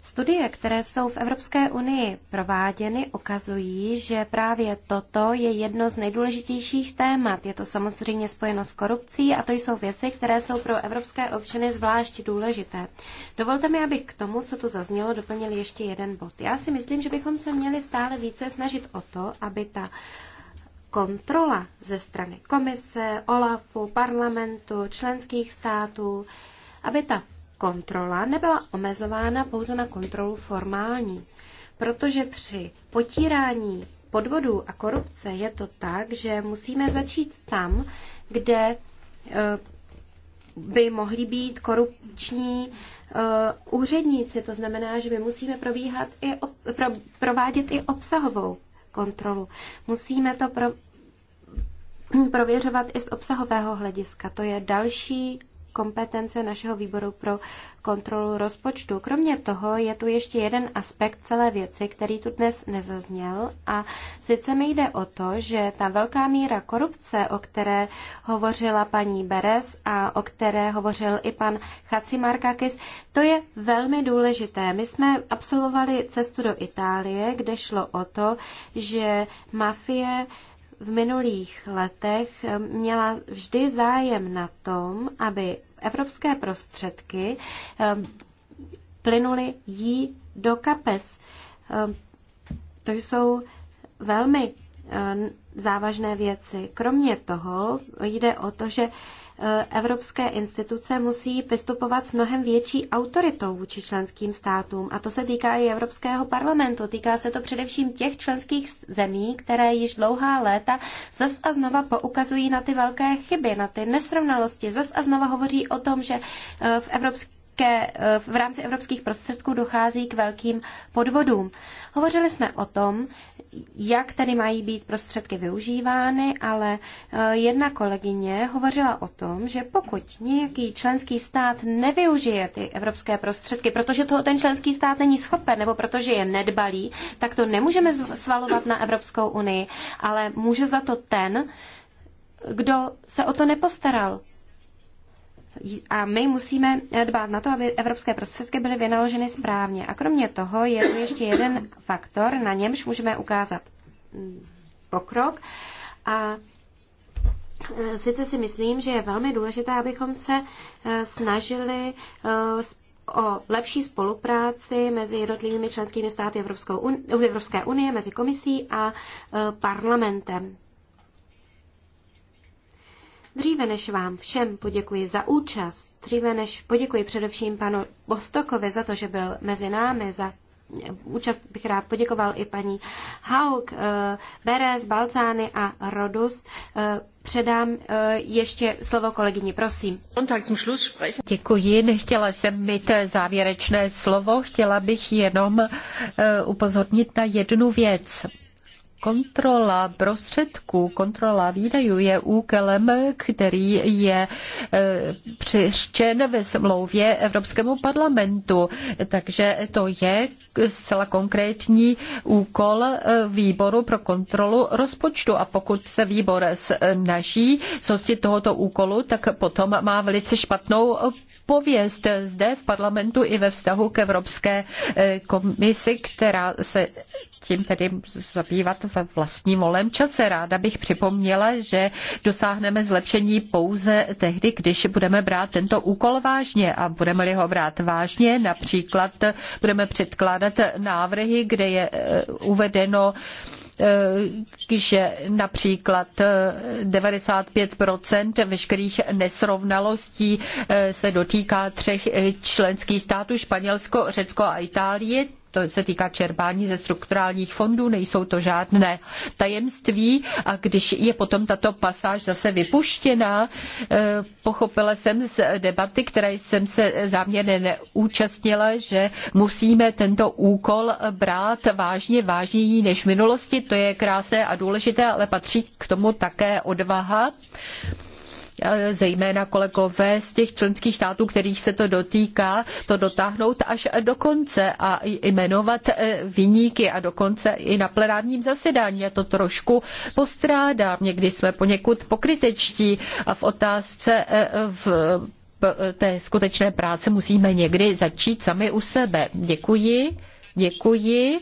Studie, které jsou v Evropské unii prováděny, ukazují, že právě toto je jedno z nejdůležitějších témat. Je to samozřejmě spojeno s korupcí a to jsou věci, které jsou pro evropské občany zvlášť důležité. Dovolte mi, abych k tomu, co tu zaznělo, doplnil ještě jeden bod. Já si myslím, že bychom se měli stále více snažit o to, aby ta kontrola ze strany komise, OLAFu, parlamentu, členských států, aby ta kontrola nebyla omezována pouze na kontrolu formální, protože při potírání podvodů a korupce je to tak, že musíme začít tam, kde eh, by mohli být korupční eh, úředníci. To znamená, že my musíme probíhat i provádět i obsahovou kontrolu. Musíme to pro, prověřovat i z obsahového hlediska. To je další kompetence našeho výboru pro kontrolu rozpočtu. Kromě toho je tu ještě jeden aspekt celé věci, který tu dnes nezazněl a sice mi jde o to, že ta velká míra korupce, o které hovořila paní Beres a o které hovořil i pan Chacimarkakis, to je velmi důležité. My jsme absolvovali cestu do Itálie, kde šlo o to, že mafie v minulých letech měla vždy zájem na tom, aby evropské prostředky ehm, plynuly jí do kapes. Ehm, to jsou velmi ehm, závažné věci. Kromě toho jde o to, že Eh, evropské instituce musí vystupovat s mnohem větší autoritou vůči členským státům. A to se týká i Evropského parlamentu. Týká se to především těch členských zemí, které již dlouhá léta zas a znova poukazují na ty velké chyby, na ty nesrovnalosti. Zas a znova hovoří o tom, že eh, v Evropské v rámci evropských prostředků dochází k velkým podvodům. Hovořili jsme o tom, jak tedy mají být prostředky využívány, ale eh, jedna kolegyně hovořila o tom, že pokud nějaký členský stát nevyužije ty evropské prostředky, protože toho ten členský stát není schopen nebo protože je nedbalý, tak to nemůžeme svalovat na Evropskou unii, ale může za to ten, kdo se o to nepostaral, a my musíme dbát na to, aby evropské prostředky byly vynaloženy správně. A kromě toho je tu ještě jeden faktor, na němž můžeme ukázat pokrok. A e, sice si myslím, že je velmi důležité, abychom se e, snažili e, o lepší spolupráci mezi jednotlivými členskými státy Evropské unie, mezi komisí a parlamentem. Dříve než vám všem poděkuji za účast, dříve než poděkuji především panu Bostokovi za to, že byl mezi námi, za účast bych rád poděkoval i paní Haug, eh, Beres, Balcány a Rodus. Eh, předám eh, ještě slovo kolegyni, prosím. Děkuji, nechtěla jsem mít závěrečné slovo, chtěla bych jenom upozornit na jednu věc kontrola prostředků, kontrola výdajů je úkelem, který je e, přištěn ve smlouvě Evropskému parlamentu. Takže to je zcela konkrétní úkol e, výboru pro kontrolu rozpočtu. A pokud se výbor snaží zhostit tohoto úkolu, tak potom má velice špatnou pověst zde v parlamentu i ve vztahu k Evropské eh, komisi, která se tím tedy zabývat ve vlastním volem čase. Ráda bych připomněla, že dosáhneme zlepšení pouze tehdy, když budeme brát tento úkol vážně a budeme-li ho brát vážně, například budeme předkládat návrhy, kde je eh, uvedeno, Eh, že například 95% eh, veškerých nesrovnalostí eh, se dotýká třech členských států, Španělsko, Řecko a Itálie, to se týká čerpání ze strukturálních fondů, nejsou to žádné tajemství a když je potom tato pasáž zase vypuštěna, eh, pochopila jsem z debaty, které jsem se záměrně neúčastnila, že musíme tento úkol brát vážně, vážněji než v minulosti, to je krásné a důležité, ale patří k tomu také odvaha zejména kolegové z těch členských států, kterých se to dotýká, to dotáhnout až do konce a jmenovat e, vyníky a dokonce i na plenárním zasedání. Já to trošku postrádám. Někdy jsme poněkud pokrytečtí a v otázce e, v té skutečné práce musíme někdy začít sami u sebe. Děkuji, děkuji.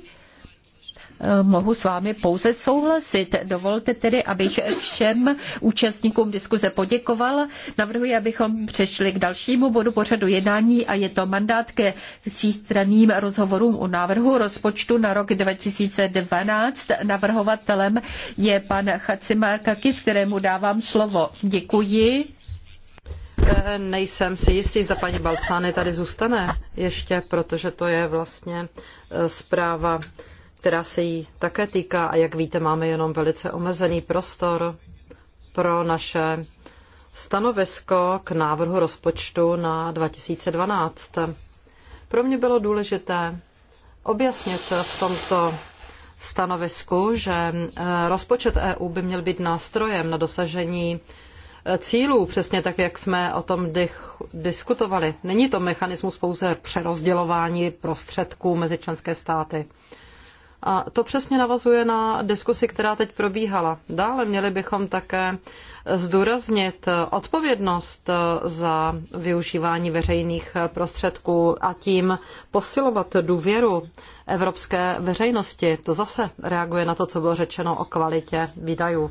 Eh, mohu s vámi pouze souhlasit. Dovolte tedy, abych všem účastníkům diskuze poděkoval. Navrhuji, abychom přešli k dalšímu bodu pořadu jednání a je to mandát ke třístranným rozhovorům o návrhu rozpočtu na rok 2012. Navrhovatelem je pan Chacimar Kakis, kterému dávám slovo. Děkuji. Eh, nejsem si jistý, zda paní Balcány tady zůstane ještě, protože to je vlastně eh, zpráva která se jí také týká a jak víte, máme jenom velice omezený prostor pro naše stanovisko k návrhu rozpočtu na 2012. Pro mě bylo důležité objasnit v tomto stanovisku, že eh, rozpočet EU by měl být nástrojem na dosažení eh, cílů, přesně tak, jak jsme o tom diskutovali. Není to mechanismus pouze přerozdělování prostředků mezi členské státy. A to přesně navazuje na diskusi, která teď probíhala. Dále měli bychom také zdůraznit odpovědnost eh, za využívání veřejných eh, prostředků a tím posilovat důvěru evropské veřejnosti. To zase reaguje na to, co bylo řečeno o kvalitě výdajů.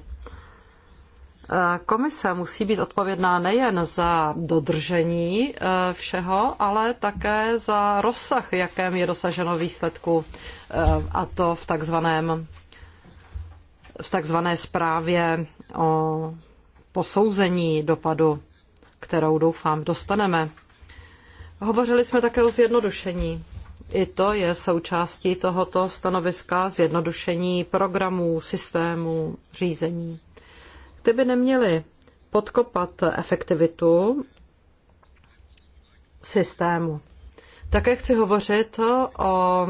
Komise musí být odpovědná nejen za dodržení e, všeho, ale také za rozsah, jakém je dosaženo výsledku, e, a to v takzvaném v takzvané zprávě o posouzení dopadu, kterou doufám dostaneme. Hovořili jsme také o zjednodušení. I to je součástí tohoto stanoviska zjednodušení programů, systémů, řízení. Ty by neměly podkopat efektivitu systému. Také chci hovořit o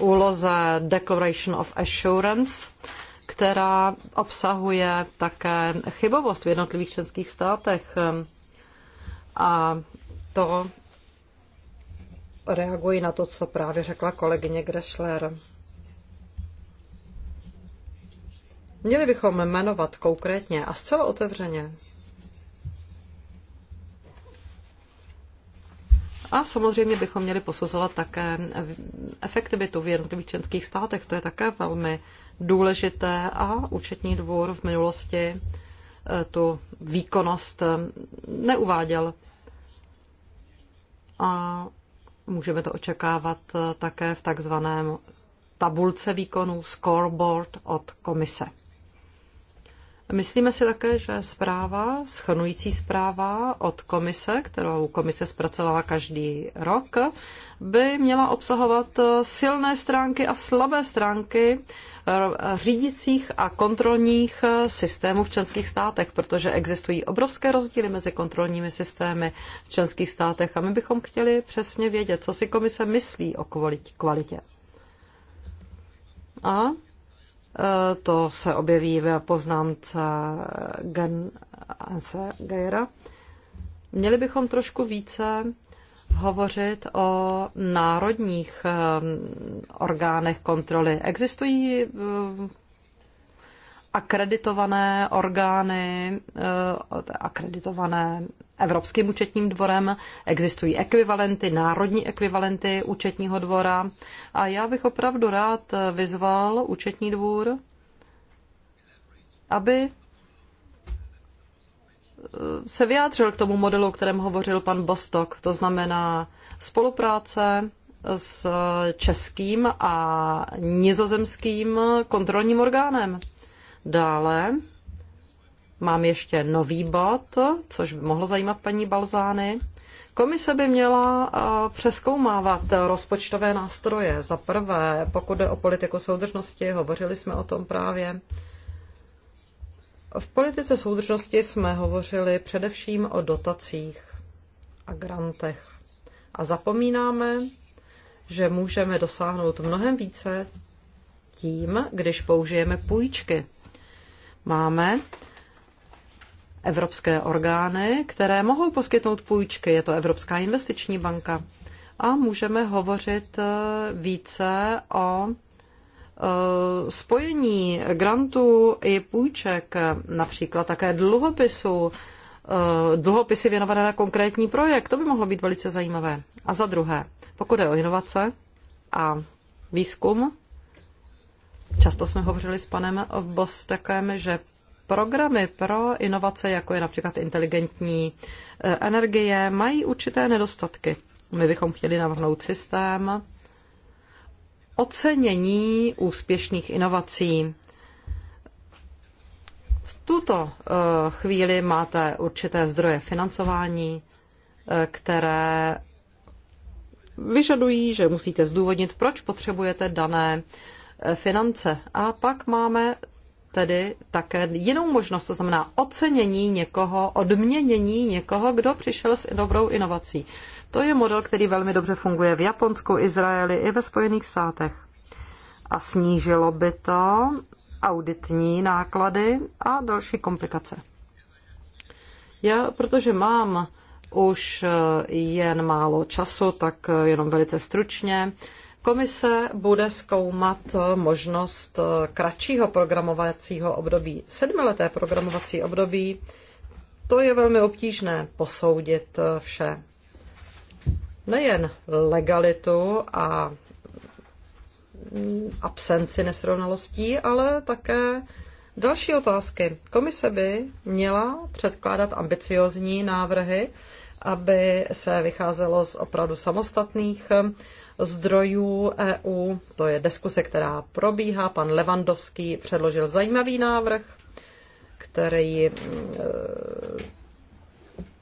úloze Declaration of Assurance, která obsahuje také chybovost v jednotlivých členských státech. A to reaguji na to, co právě řekla kolegyně Grešler. Měli bychom jmenovat konkrétně a zcela otevřeně. A samozřejmě bychom měli posuzovat také efektivitu v jednotlivých členských státech. To je také velmi důležité a účetní dvůr v minulosti eh, tu výkonnost eh, neuváděl. A můžeme to očekávat eh, také v takzvaném tabulce výkonů scoreboard od komise. Myslíme si také, že zpráva, schrnující zpráva od komise, kterou komise zpracovala každý rok, by měla obsahovat eh, silné stránky a slabé stránky eh, řídicích a kontrolních eh, systémů v členských státech, protože existují obrovské rozdíly mezi kontrolními systémy v členských státech a my bychom chtěli přesně vědět, co si komise myslí o kvalitě. A to se objeví ve poznámce Ganse Geira. Měli bychom trošku více hovořit o národních eh, orgánech kontroly. Existují eh, akreditované orgány, eh, akreditované Evropským účetním dvorem, existují ekvivalenty, národní ekvivalenty účetního dvora. A já bych opravdu rád vyzval účetní dvůr, aby eh, se vyjádřil k tomu modelu, o kterém hovořil pan Bostok, to znamená spolupráce s českým a nizozemským kontrolním orgánem. Dále mám ještě nový bod, což by mohlo zajímat paní Balzány. Komise by měla eh, přeskoumávat rozpočtové nástroje. Za prvé, pokud jde o politiku soudržnosti, hovořili jsme o tom právě. V politice soudržnosti jsme hovořili především o dotacích a grantech. A zapomínáme, že můžeme dosáhnout mnohem více tím, když použijeme půjčky. Máme evropské orgány, které mohou poskytnout půjčky. Je to Evropská investiční banka. A můžeme hovořit eh, více o eh, spojení grantů i půjček, například také dluhopisů, eh, dluhopisy věnované na konkrétní projekt. To by mohlo být velice zajímavé. A za druhé, pokud je o inovace a výzkum, Často jsme hovořili s panem Bostekem, že programy pro inovace, jako je například inteligentní e, energie, mají určité nedostatky. My bychom chtěli navrhnout systém ocenění úspěšných inovací. V tuto e, chvíli máte určité zdroje financování, e, které vyžadují, že musíte zdůvodnit, proč potřebujete dané finance. A pak máme tedy také jinou možnost, to znamená ocenění někoho, odměnění někoho, kdo přišel s dobrou inovací. To je model, který velmi dobře funguje v Japonsku, Izraeli i ve Spojených státech. A snížilo by to auditní náklady a další komplikace. Já, protože mám už eh, jen málo času, tak jenom velice stručně. Uh, Komise bude zkoumat eh, možnost eh, kratšího programovacího období. Sedmileté programovací období, to je velmi obtížné posoudit eh, vše. Nejen legalitu a mm, absenci nesrovnalostí, ale také další otázky. Komise by měla předkládat ambiciozní návrhy, aby se vycházelo z opravdu samostatných zdrojů EU. To je diskuse, která probíhá. Pan Levandovský předložil zajímavý návrh, který mm, e,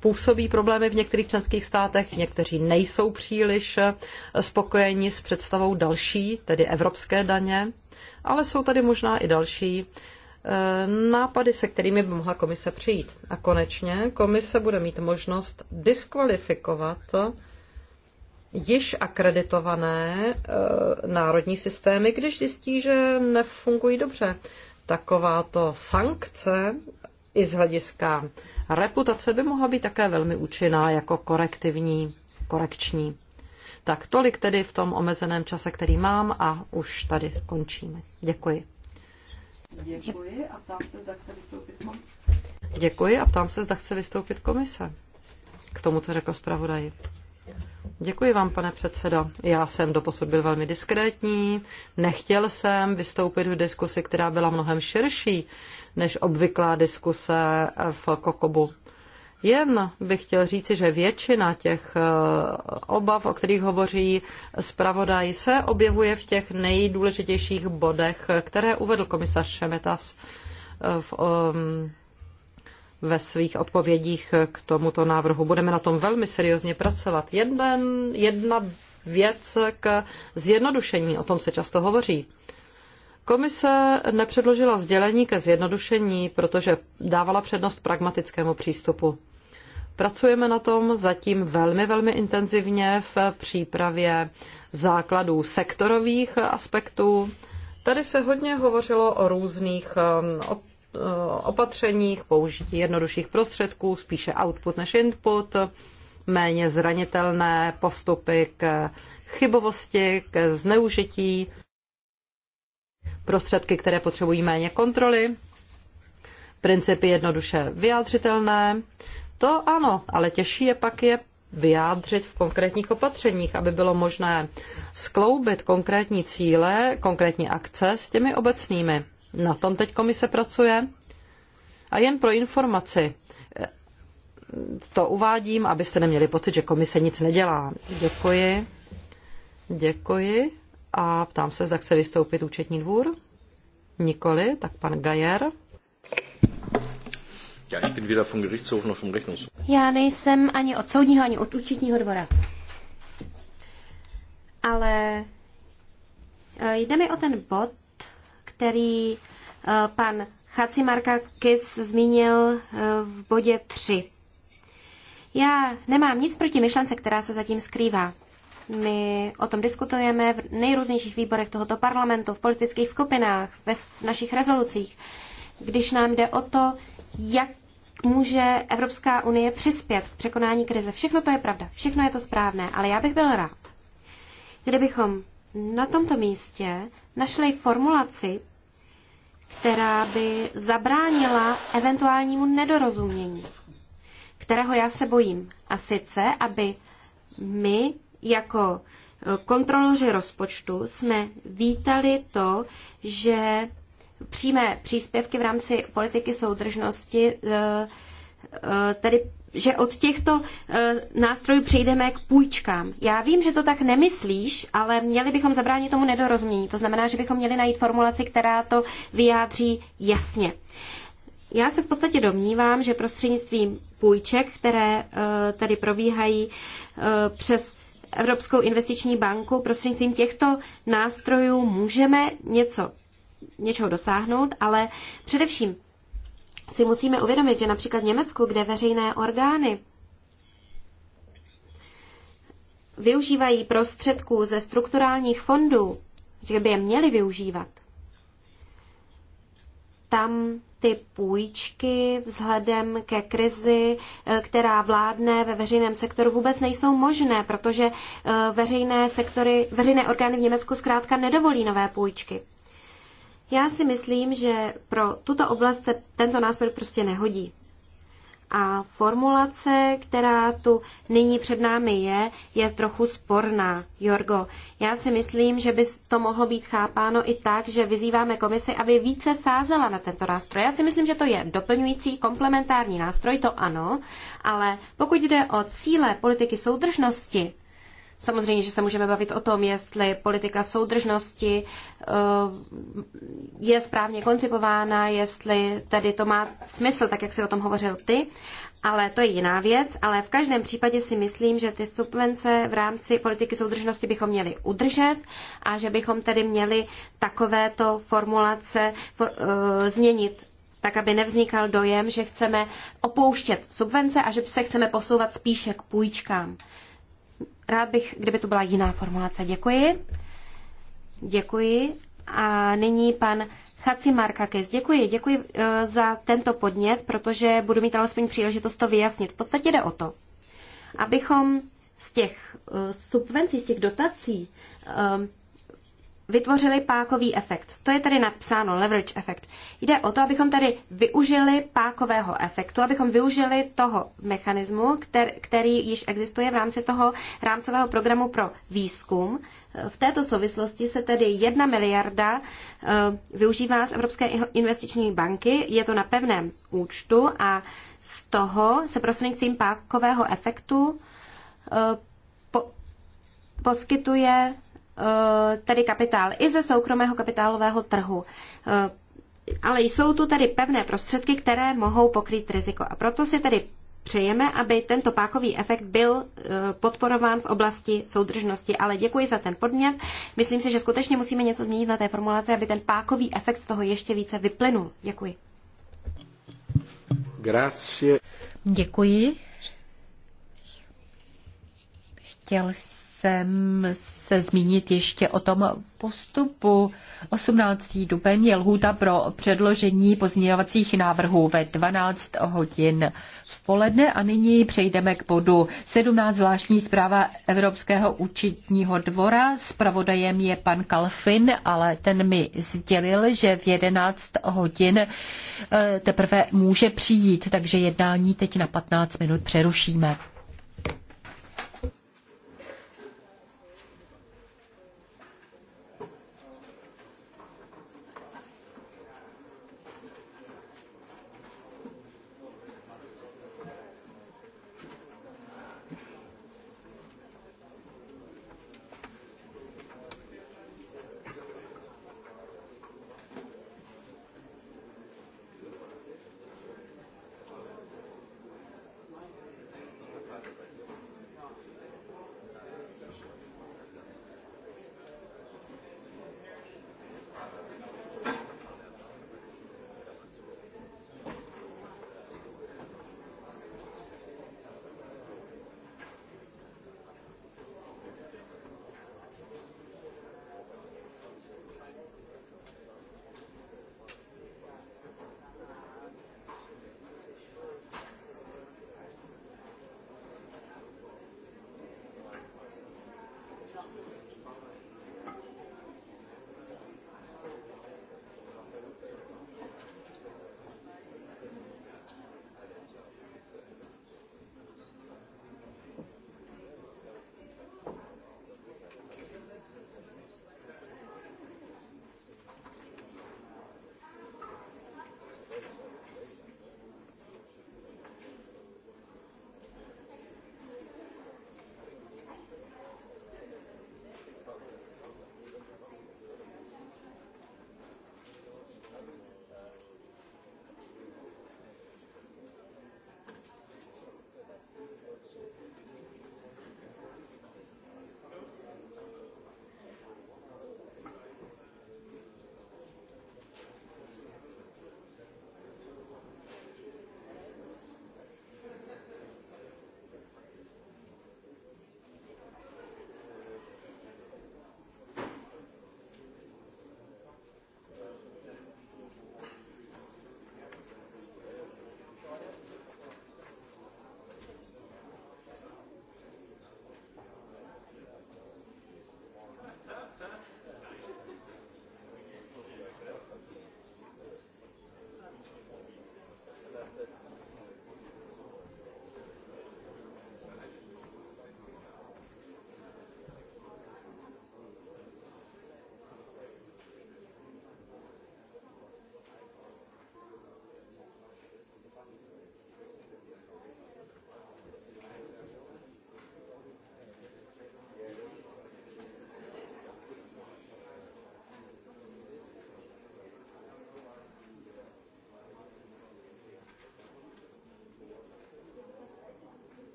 působí problémy v některých členských státech, někteří nejsou příliš e, spokojeni s představou další, tedy evropské daně, ale jsou tady možná i další e, nápady, se kterými by mohla komise přijít. A konečně komise bude mít možnost diskvalifikovat již akreditované eh, národní systémy, když zjistí, že nefungují dobře. Takováto sankce i z hlediska reputace by mohla být také velmi účinná jako korektivní, korekční. Tak tolik tedy v tom omezeném čase, který mám a už tady končíme. Děkuji. Děkuji a ptám se, zda chce vystoupit komise. Děkuji a ptám se, zda chce vystoupit komise. K tomu, co řekl zpravodaj. Děkuji vám, pane předsedo. Já jsem doposud byl velmi diskrétní, nechtěl jsem vystoupit v diskusi, která byla mnohem širší než obvyklá diskuse v Kokobu. Jen bych chtěl říci, že většina těch eh, obav, o kterých hovoří zpravodaj, se objevuje v těch nejdůležitějších bodech, které uvedl komisař Šemetas eh, v ehm, ve svých odpovědích k tomuto návrhu. Budeme na tom velmi seriózně pracovat. Jeden, jedna věc k zjednodušení, o tom se často hovoří. Komise nepředložila sdělení ke zjednodušení, protože dávala přednost pragmatickému přístupu. Pracujeme na tom zatím velmi, velmi intenzivně v přípravě základů sektorových aspektů. Tady se hodně hovořilo o různých um, Eh, opatřeních, použití jednodušších prostředků, spíše output než input, méně zranitelné postupy k chybovosti, k zneužití, prostředky, které potřebují méně kontroly, principy jednoduše vyjádřitelné. To ano, ale těžší je pak je vyjádřit v konkrétních opatřeních, aby bylo možné skloubit konkrétní cíle, konkrétní akce s těmi obecnými. Na tom teď komise pracuje. A jen pro informaci, to uvádím, abyste neměli pocit, že komise nic nedělá. Děkuji. Děkuji. A ptám se, zda chce vystoupit účetní dvůr. Nikoli, tak pan Gajer. Já nejsem ani od soudního, ani od účetního dvora. Ale eh, jde mi o ten bod, který eh, pan Chacimarkakis zmínil eh, v bodě 3. Já nemám nic proti myšlence, která se zatím skrývá. My o tom diskutujeme v nejrůznějších výborech tohoto parlamentu, v politických skupinách, ve našich rezolucích, když nám jde o to, jak může Evropská unie přispět k překonání krize. Všechno to je pravda, všechno je to správné, ale já bych byl rád, kdybychom na tomto místě našli formulaci, která by zabránila eventuálnímu nedorozumění, kterého já se bojím. A sice, aby my jako kontroloři rozpočtu jsme vítali to, že přímé příspěvky v rámci politiky soudržnosti eh, eh, tedy že od těchto eh, nástrojů přejdeme k půjčkám. Já vím, že to tak nemyslíš, ale měli bychom zabránit tomu nedorozumění. To znamená, že bychom měli najít formulaci, která to vyjádří jasně. Já se v podstatě domnívám, že prostřednictvím půjček, které eh, tady probíhají eh, přes Evropskou investiční banku, prostřednictvím těchto nástrojů můžeme něco něčeho dosáhnout, ale především si musíme uvědomit, že například v Německu, kde veřejné orgány využívají prostředků ze strukturálních fondů, že by je měli využívat, tam ty půjčky vzhledem ke krizi, eh, která vládne ve veřejném sektoru, vůbec nejsou možné, protože eh, veřejné, sektory, veřejné orgány v Německu zkrátka nedovolí nové půjčky. Já si myslím, že pro tuto oblast se tento nástroj prostě nehodí. A formulace, která tu nyní před námi je, je trochu sporná, Jorgo. Já si myslím, že by to mohlo být chápáno i tak, že vyzýváme komisi, aby více sázela na tento nástroj. Já si myslím, že to je doplňující, komplementární nástroj, to ano, ale pokud jde o cíle politiky soudržnosti, Samozřejmě, že se můžeme bavit o tom, jestli politika soudržnosti eh, je správně koncipována, jestli tedy to má smysl, tak jak si o tom hovořil ty, ale to je jiná věc. Ale v každém případě si myslím, že ty subvence v rámci politiky soudržnosti bychom měli udržet a že bychom tedy měli takovéto formulace for, uh, změnit tak aby nevznikal dojem, že chceme opouštět subvence a že se chceme posouvat spíše k půjčkám rád bych, kdyby tu byla jiná formulace. Děkuji. Děkuji. A nyní pan Chaci Markakis. Děkuji, děkuji eh, za tento podnět, protože budu mít alespoň příležitost to vyjasnit. V podstatě jde o to, abychom z těch eh, subvencí, z těch dotací eh, vytvořili pákový efekt. To je tady napsáno, leverage efekt. Jde o to, abychom tady využili pákového efektu, abychom využili toho mechanismu, který, který již existuje v rámci toho rámcového programu pro výzkum. V této souvislosti se tedy jedna miliarda eh, využívá z Evropské investiční banky, je to na pevném účtu a z toho se prostřednictvím pákového efektu eh, poskytuje Eh, tedy kapitál i ze soukromého kapitálového trhu. Eh, ale jsou tu tedy pevné prostředky, které mohou pokrýt riziko. A proto si tedy přejeme, aby tento pákový efekt byl eh, podporován v oblasti soudržnosti. Ale děkuji za ten podnět. Myslím si, že skutečně musíme něco změnit na té formulaci, aby ten pákový efekt z toho ještě více vyplynul. Děkuji. Grazie. Děkuji. Chtěl jsem jsem se zmínit ještě o tom postupu. 18. duben je lhůta pro předložení pozměňovacích návrhů ve 12 hodin v poledne a nyní přejdeme k bodu 17. zvláštní zpráva Evropského účetního dvora. Spravodajem je pan Kalfin, ale ten mi sdělil, že v 11 hodin eh, teprve může přijít, takže jednání teď na 15 minut přerušíme.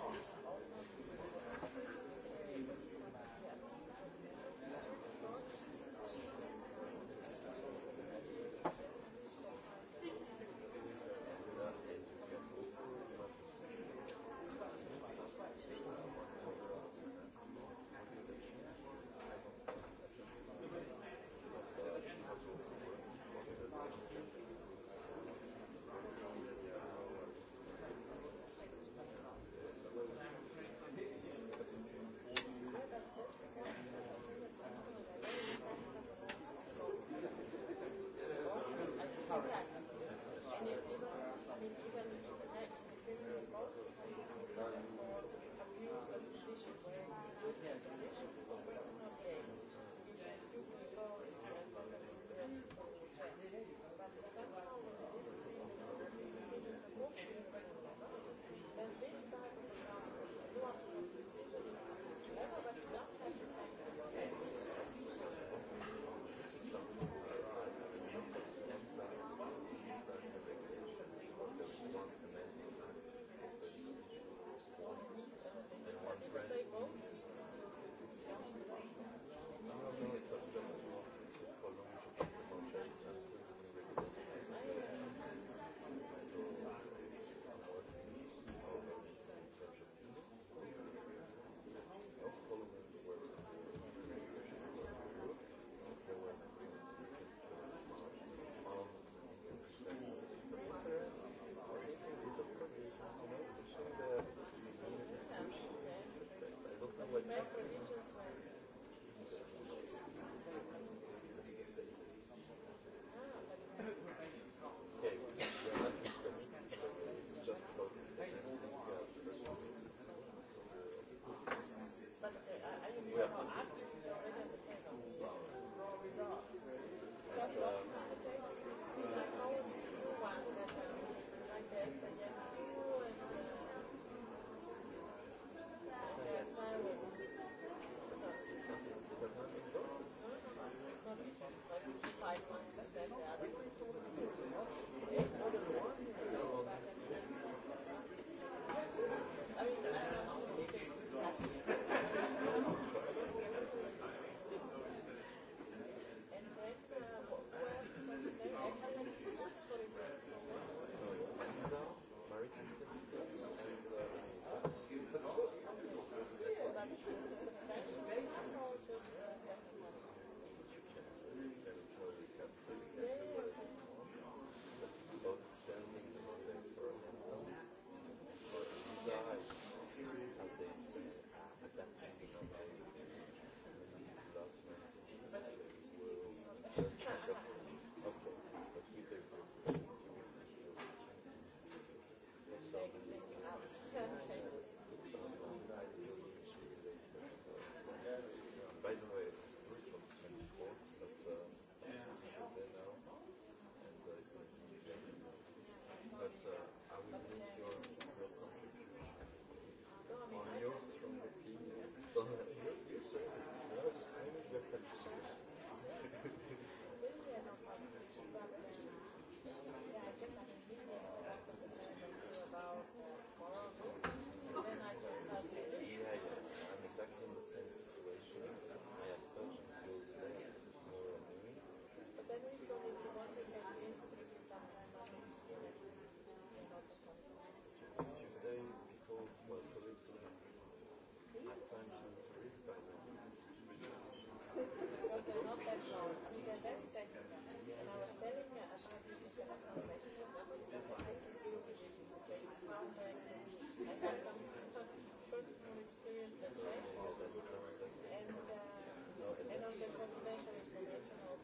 Ale on se... Thank you.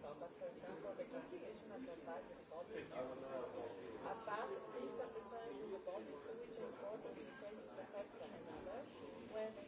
also, but for example, the classification of the advisory bodies is about these are designed in the bodies which is important because it affects another, where they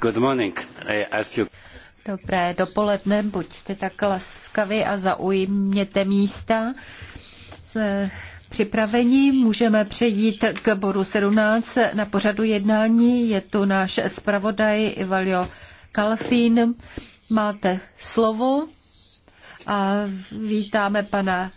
Good morning. I ask you... Dobré dopoledne, buďte tak laskavi a zaujměte místa. Jsme připraveni, můžeme přejít k bodu 17 na pořadu jednání. Je tu náš zpravodaj Ivalio Kalfín. Máte slovo a vítáme pana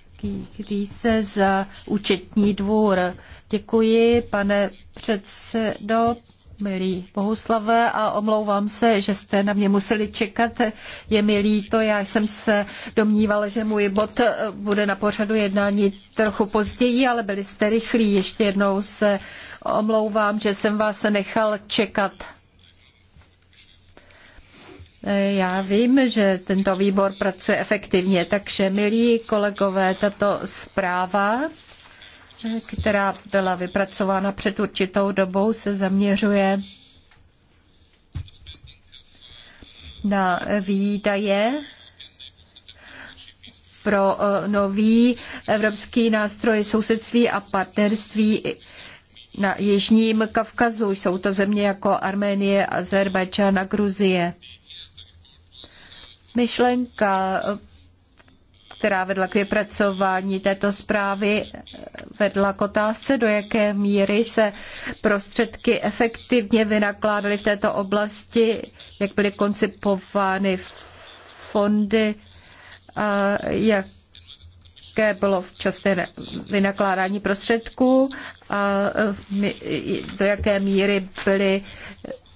Kýrise za účetní dvůr. Děkuji, pane předsedo, Milí Bohuslave, a omlouvám se, že jste na mě museli čekat. Je mi líto, já jsem se domnívala, že můj bod eh, bude na pořadu jednání trochu později, ale byli jste rychlí. Ještě jednou se omlouvám, že jsem vás nechal čekat. Eh, já vím, že tento výbor pracuje efektivně, takže milí kolegové, tato zpráva která byla vypracována před určitou dobou, se zaměřuje na výdaje pro eh, nový evropský nástroj sousedství a partnerství na Jižním Kavkazu. Jsou to země jako Arménie, Azerbajdžán a Gruzie. Myšlenka která vedla k vypracování této zprávy, vedla k otázce, do jaké míry se prostředky efektivně vynakládaly v této oblasti, jak byly koncipovány fondy, a jak jaké bylo včasné vynakládání prostředků, a do jaké míry byly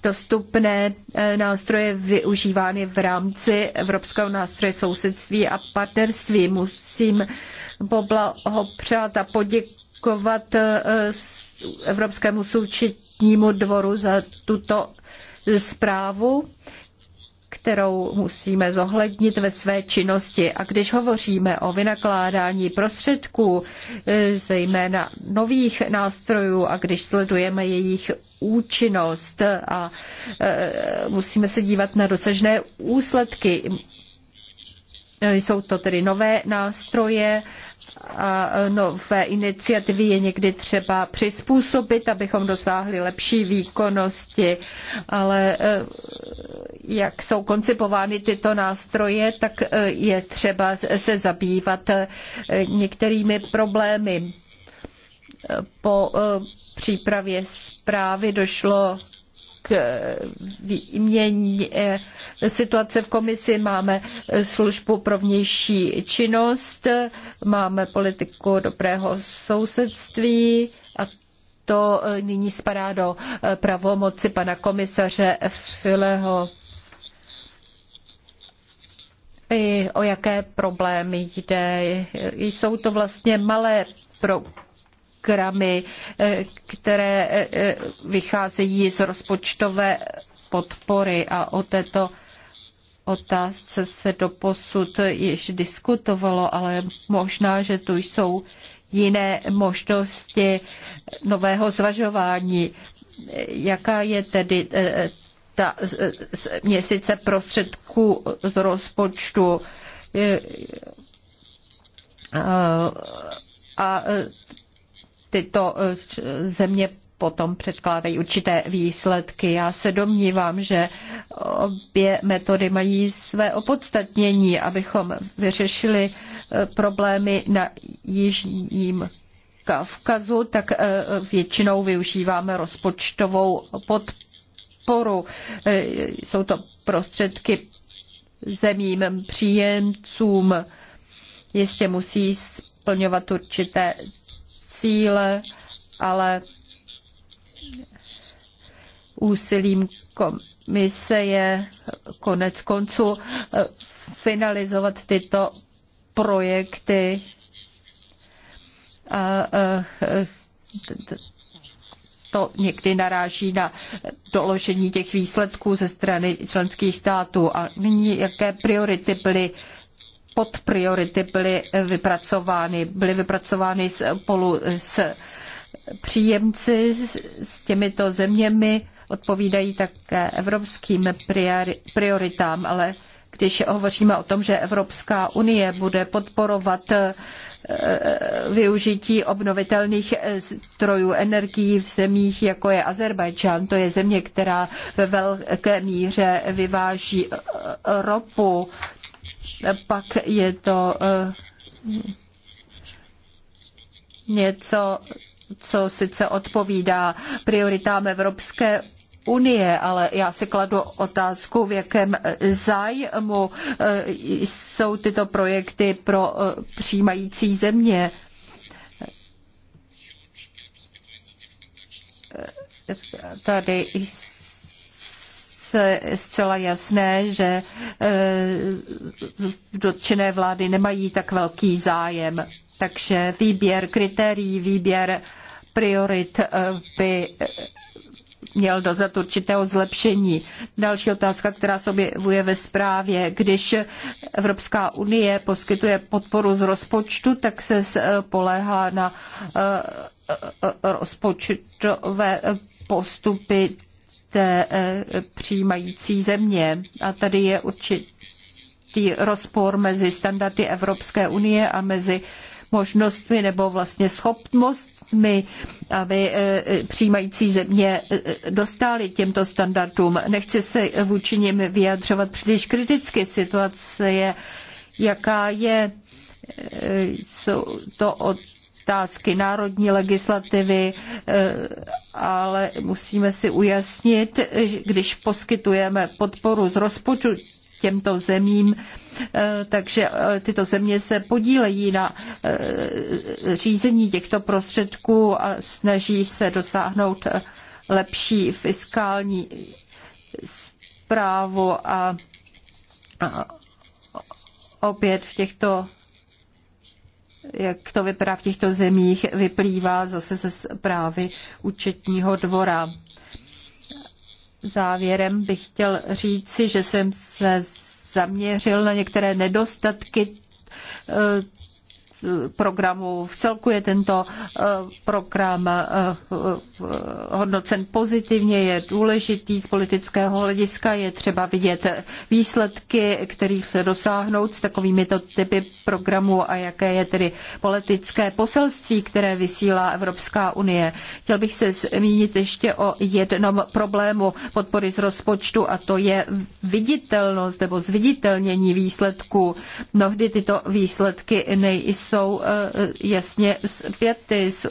dostupné eh, nástroje využívány v rámci Evropského nástroje sousedství a partnerství. Musím poblahopřát a poděkovat eh, Evropskému součetnímu dvoru za tuto zprávu kterou musíme zohlednit ve své činnosti. A když hovoříme o vynakládání prostředků, eh, zejména nových nástrojů, a když sledujeme jejich účinnost a e, musíme se dívat na dosažné úsledky. Jsou to tedy nové nástroje, a nové iniciativy je někdy třeba přizpůsobit, abychom dosáhli lepší výkonnosti, ale e, jak jsou koncipovány tyto nástroje, tak e, je třeba se zabývat některými problémy. Po eh, přípravě zprávy došlo k eh, výměně eh, situace v komisi. Máme službu pro vnější činnost, máme politiku dobrého sousedství a to nyní spadá do pravomoci pana komisaře Fileho. I o jaké problémy jde? Jsou to vlastně malé problémy programy, eh, které eh, vycházejí z rozpočtové podpory a o této otázce se doposud již diskutovalo, ale možná, že tu jsou jiné možnosti nového zvažování. Jaká je tedy eh, ta měsíce prostředků z rozpočtu a tyto eh, země potom předkládají určité výsledky. Já se domnívám, že obě metody mají své opodstatnění, abychom vyřešili eh, problémy na jižním Kavkazu, tak eh, většinou využíváme rozpočtovou podporu. Jsou to prostředky zemím příjemcům. Jistě musí splňovat určité síle, ale úsilím komise je konec konců eh, finalizovat tyto projekty a eh, to někdy naráží na doložení těch výsledků ze strany členských států. A nyní, jaké priority byly pod byly vypracovány. Byly vypracovány spolu s příjemci, s těmito zeměmi, odpovídají také evropským prioritám, ale když hovoříme o tom, že Evropská unie bude podporovat eh, využití obnovitelných eh, zdrojů energií v zemích, jako je Azerbajdžán. To je země, která ve velké míře vyváží eh, ropu pak je to eh, něco, co sice odpovídá prioritám Evropské unie, ale já si kladu otázku, v jakém zájmu eh, jsou tyto projekty pro eh, přijímající země. Tady je zcela jasné, že eh, dotčené vlády nemají tak velký zájem. Takže výběr kritérií, výběr priorit eh, by měl dozat určitého zlepšení. Další otázka, která se objevuje ve zprávě. Když Evropská unie poskytuje podporu z rozpočtu, tak se eh, poléhá na rozpočtové postupy té e, přijímající země. A tady je určitý rozpor mezi standardy Evropské unie a mezi možnostmi nebo vlastně schopnostmi, aby e, přijímající země e, dostály těmto standardům. Nechci se vůči nim vyjadřovat příliš kriticky. Situace je, jaká je. Jsou to od otázky národní legislativy, eh, ale musíme si ujasnit, když poskytujeme podporu z rozpočtu těmto zemím, eh, takže eh, tyto země se podílejí na řízení těchto prostředků a snaží se dosáhnout lepší fiskální zprávu a opět v těchto jak to vypadá v těchto zemích, vyplývá zase ze zprávy účetního dvora. Závěrem bych chtěl říci, že jsem se zaměřil na některé nedostatky eh, programu. V celku je tento eh, program eh, eh, hodnocen pozitivně, je důležitý z politického hlediska, je třeba vidět výsledky, kterých se dosáhnout s takovými typy programu a jaké je tedy politické poselství, které vysílá Evropská unie. Chtěl bych se zmínit ještě o jednom problému podpory z rozpočtu a to je viditelnost nebo zviditelnění výsledků. Mnohdy tyto výsledky nejsou jsou eh, jasně zpěty s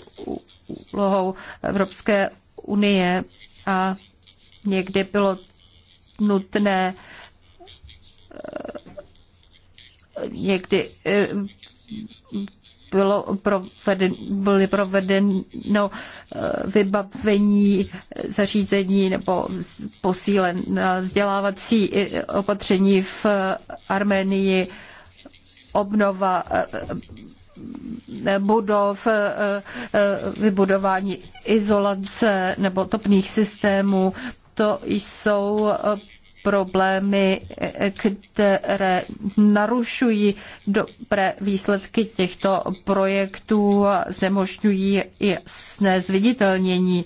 úlohou Evropské unie a někdy bylo nutné eh, někdy eh, bylo proveden, byly provedeno vybavení zařízení nebo posílen vzdělávací opatření v Arménii obnova eh, eh, budov, eh, vybudování izolace nebo topných systémů. To jsou problémy, které narušují dobré výsledky těchto projektů a znemožňují jasné zviditelnění.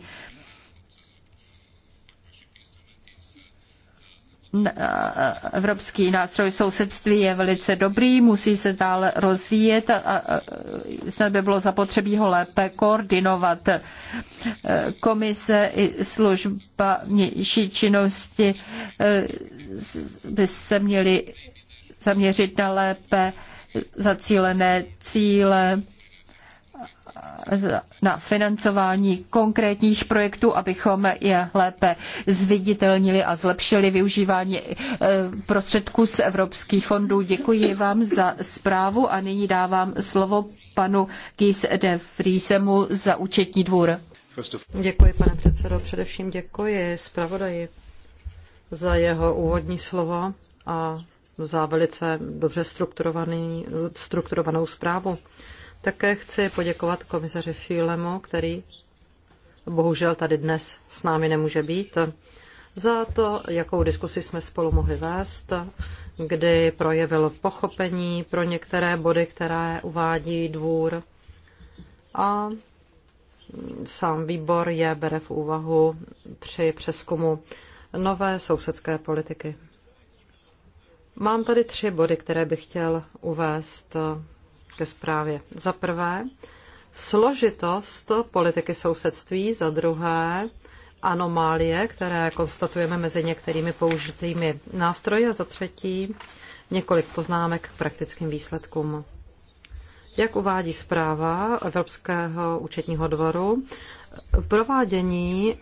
Eh, evropský nástroj sousedství je velice dobrý, musí se dále rozvíjet a snad by bylo zapotřebí ho lépe koordinovat. Eh, komise i služba vnější činnosti eh, by se měly zaměřit na lépe zacílené cíle na financování konkrétních projektů, abychom je lépe zviditelnili a zlepšili využívání eh, prostředků z evropských fondů. Děkuji vám za zprávu a nyní dávám slovo panu Gis de Friesemu za účetní dvůr. Děkuji, pane předsedo. Především děkuji zpravodaji za jeho úvodní slova a za velice dobře strukturovanou zprávu. Také chci poděkovat komisaři Fílemu, který bohužel tady dnes s námi nemůže být, za to, jakou diskusi jsme spolu mohli vést, kdy projevil pochopení pro některé body, které uvádí dvůr. A sám výbor je bere v úvahu při přeskumu nové sousedské politiky. Mám tady tři body, které bych chtěl uvést ke zprávě. Za prvé, složitost politiky sousedství, za druhé, anomálie, které konstatujeme mezi některými použitými nástroji a za třetí několik poznámek k praktickým výsledkům. Jak uvádí zpráva Evropského účetního dvoru, provádění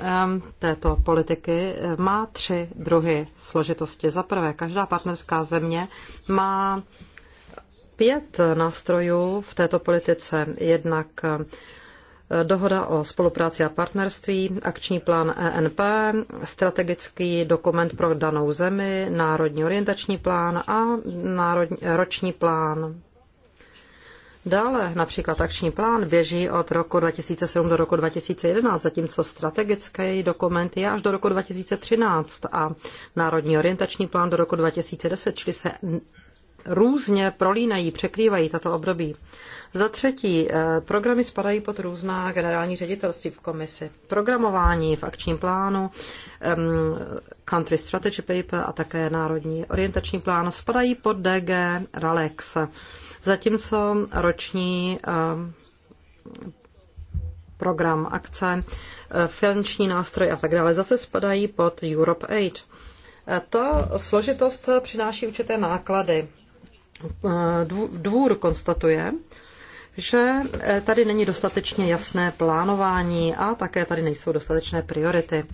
této politiky eh, má tři druhy složitosti. Za prvé, každá partnerská země má pět nástrojů v této politice. Jednak eh, dohoda o spolupráci a partnerství, akční plán ENP, strategický dokument pro danou zemi, národní orientační plán a národní, roční plán. Dále například akční plán běží od roku 2007 do roku 2011, zatímco strategický dokument je až do roku 2013 a národní orientační plán do roku 2010, čili se různě prolínají, překrývají tato období. Za třetí, eh, programy spadají pod různá generální ředitelství v komisi. Programování v akčním plánu, Country Strategy Paper a také Národní orientační plán spadají pod DG RALEX. Zatímco roční program akce, eh, finanční nástroj a tak dále zase spadají pod Europe Aid. Eh, to složitost přináší určité náklady. Eh, dvůr konstatuje, že eh, tady není dostatečně jasné plánování a také tady nejsou dostatečné priority.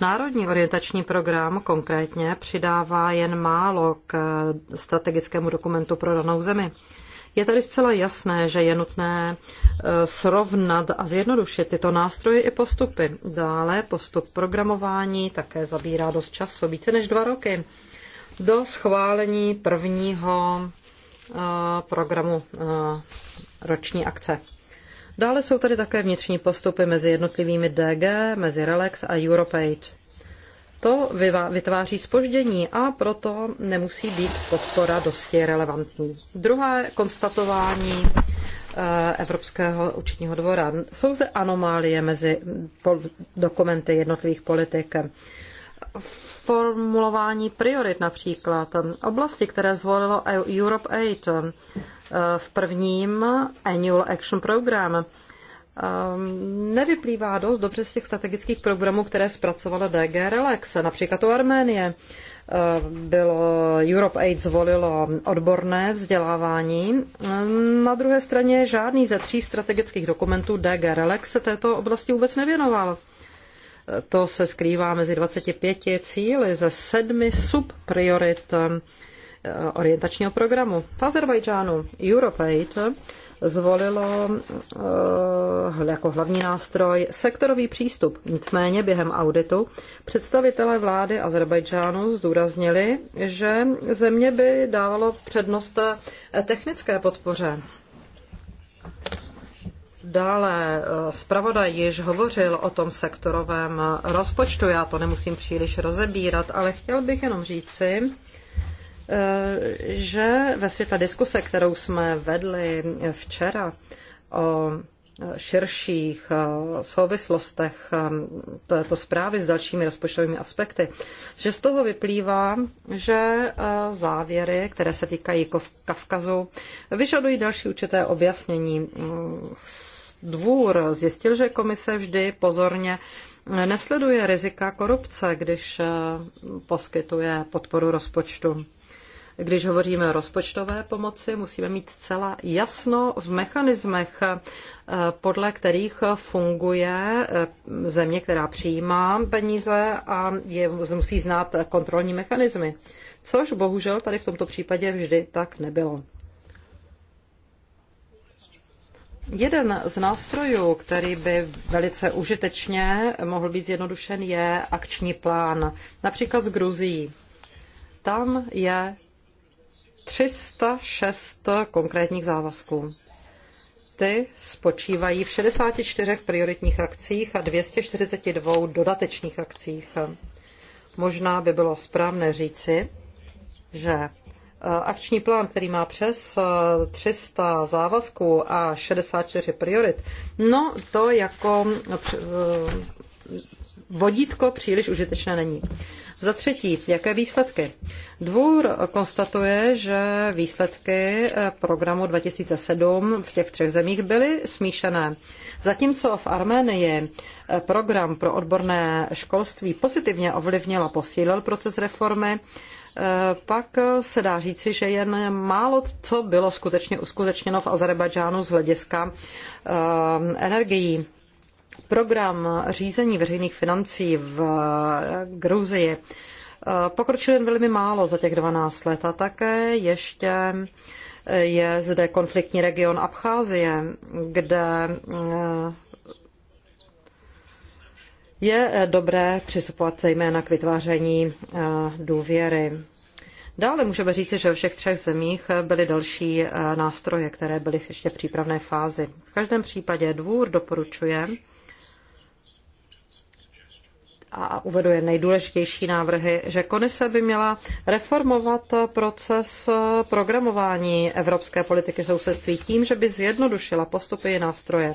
Národní orientační program konkrétně přidává jen málo k eh, strategickému dokumentu pro danou zemi. Je tady zcela jasné, že je nutné srovnat a zjednodušit tyto nástroje i postupy. Dále postup programování také zabírá dost času, více než dva roky, do schválení prvního programu roční akce. Dále jsou tady také vnitřní postupy mezi jednotlivými DG, mezi Relax a EuroPage. To vytváří spoždění a proto nemusí být podpora dosti relevantní. Druhé konstatování e, Evropského účetního dvora. Jsou zde anomálie mezi dokumenty jednotlivých politik formulování priorit například. Oblasti, které zvolilo e Europe Aid eh, v prvním Annual Action Program, eh, nevyplývá dost dobře z těch strategických programů, které zpracovala DG Relax, například u Arménie. Eh, bylo, Europe Aid zvolilo odborné vzdělávání. Na druhé straně žádný ze tří strategických dokumentů DG Relax se této oblasti vůbec nevěnoval. To se skrývá mezi 25 cíly ze sedmi subpriorit eh, orientačního programu. V Azerbajdžánu EuroPaid zvolilo eh, jako hlavní nástroj sektorový přístup. Nicméně během auditu představitelé vlády Azerbajdžánu zdůraznili, že země by dávalo přednost eh, technické podpoře Dále eh, zpravodaj již hovořil o tom sektorovém rozpočtu, já to nemusím příliš rozebírat, ale chtěl bych jenom říci, eh, že ve světa diskuse, kterou jsme vedli včera o širších eh, souvislostech této zprávy s dalšími rozpočtovými aspekty, že z toho vyplývá, že závěry, které se týkají Kavkazu, vyžadují další určité objasnění. Mm, dvůr zjistil, že komise vždy pozorně nesleduje rizika korupce, když eh, poskytuje podporu rozpočtu. Když hovoříme o rozpočtové pomoci, musíme mít zcela jasno v mechanismech, eh, podle kterých funguje eh, země, která přijímá peníze a je, musí znát kontrolní mechanismy. Což bohužel tady v tomto případě vždy tak nebylo. Jeden z nástrojů, který by velice užitečně mohl být zjednodušen, je akční plán. Například z Gruzií. Tam je 306 konkrétních závazků. Ty spočívají v 64 prioritních akcích a 242 dodatečných akcích. Možná by bylo správné říci, že Eh, akční plán, který má přes 300 eh, závazků a 64 priorit, no to jako eh, vodítko příliš užitečné není. Za třetí, jaké výsledky? Dvůr konstatuje, že výsledky programu 2007 v těch třech zemích byly smíšené. Zatímco v Arménii program pro odborné školství pozitivně ovlivnil a posílil proces reformy, pak se dá říci, že jen málo co bylo skutečně uskutečněno v Azerbajdžánu z hlediska eh, energií. Program řízení veřejných financí v eh, Gruzii eh, pokročil jen velmi málo za těch 12 let a také ještě je zde konfliktní region Abcházie, kde je eh, dobré přistupovat zejména k vytváření eh, důvěry. Dále můžeme říci, že ve všech třech zemích eh, byly další nástroje, které byly v ještě přípravné fázi. V každém případě dvůr doporučuje a uvedu je nejdůležitější návrhy, že komise by měla reformovat proces programování evropské politiky sousedství tím, že by zjednodušila postupy i nástroje.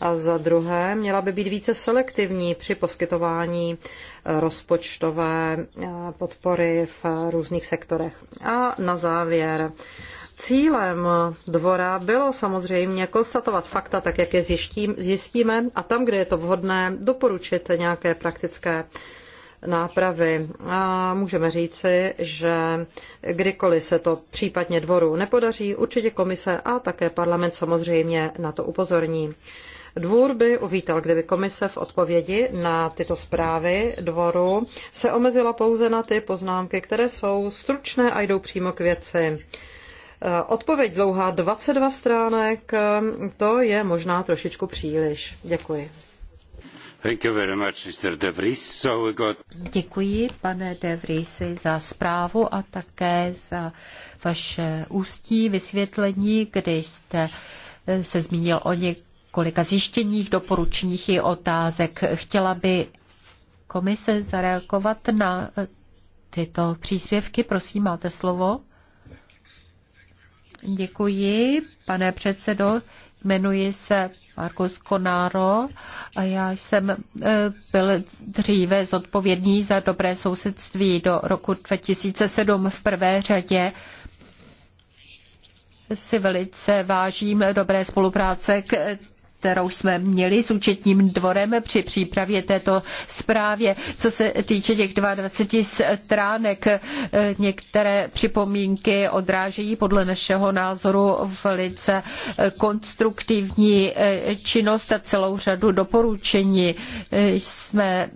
A za druhé, měla by být více selektivní při poskytování e, rozpočtové e, podpory v různých sektorech. A na závěr, Cílem dvora bylo samozřejmě konstatovat fakta, tak jak je zjistíme, a tam, kde je to vhodné, doporučit nějaké praktické nápravy. A můžeme říci, že kdykoliv se to případně dvoru nepodaří, určitě komise a také parlament samozřejmě na to upozorní. Dvůr by uvítal, kdyby komise v odpovědi na tyto zprávy dvoru se omezila pouze na ty poznámky, které jsou stručné a jdou přímo k věci. Eh, odpověď dlouhá 22 stránek, eh, to je možná trošičku příliš. Děkuji. Děkuji, pane De Vries, za zprávu a také za vaše ústní vysvětlení, když jste eh, se zmínil o něk několika zjištěních, doporučeních i otázek. Chtěla by komise zareagovat na eh, tyto příspěvky. Prosím, máte slovo. Děkuji, pane předsedo. Jmenuji se Markus Konáro a já jsem eh, byl dříve zodpovědný za dobré sousedství do roku 2007 v prvé řadě. Si velice vážím dobré spolupráce, kterou jsme měli s účetním dvorem při přípravě této zprávě. Co se týče těch 22 stránek, eh, některé připomínky odrážejí podle našeho názoru velice konstruktivní eh, činnost a celou řadu doporučení. Eh, jsme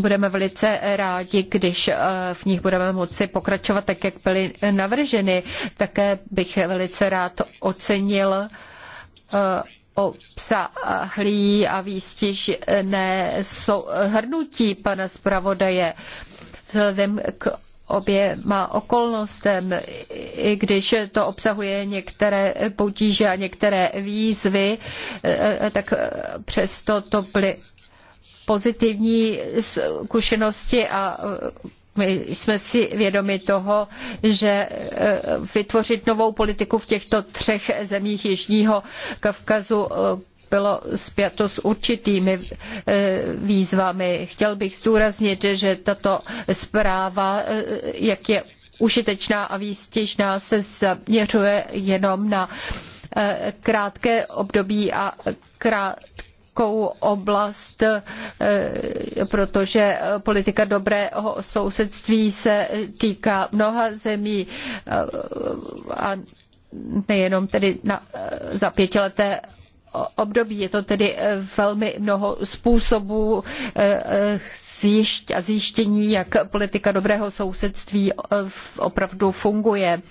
budeme velice rádi, když v nich budeme moci pokračovat tak, jak byly navrženy. Také bych velice rád ocenil obsahlý a výstižné hrnutí pana zpravodaje. Vzhledem k oběma okolnostem, i když to obsahuje některé potíže a některé výzvy, eh, tak přesto to byly pozitivní zkušenosti a my jsme si vědomi toho, že e, vytvořit novou politiku v těchto třech zemích Jižního Kavkazu e, bylo spjato s určitými e, výzvami. Chtěl bych zdůraznit, že tato zpráva, jak je užitečná a výstěžná, se zaměřuje jenom na krátké období a krátké širokou oblast, eh, protože politika dobrého sousedství se týká mnoha zemí eh, a nejenom tedy na, eh, za pětileté období. Je to tedy velmi mnoho způsobů a zjištění, jak politika dobrého sousedství eh, opravdu funguje.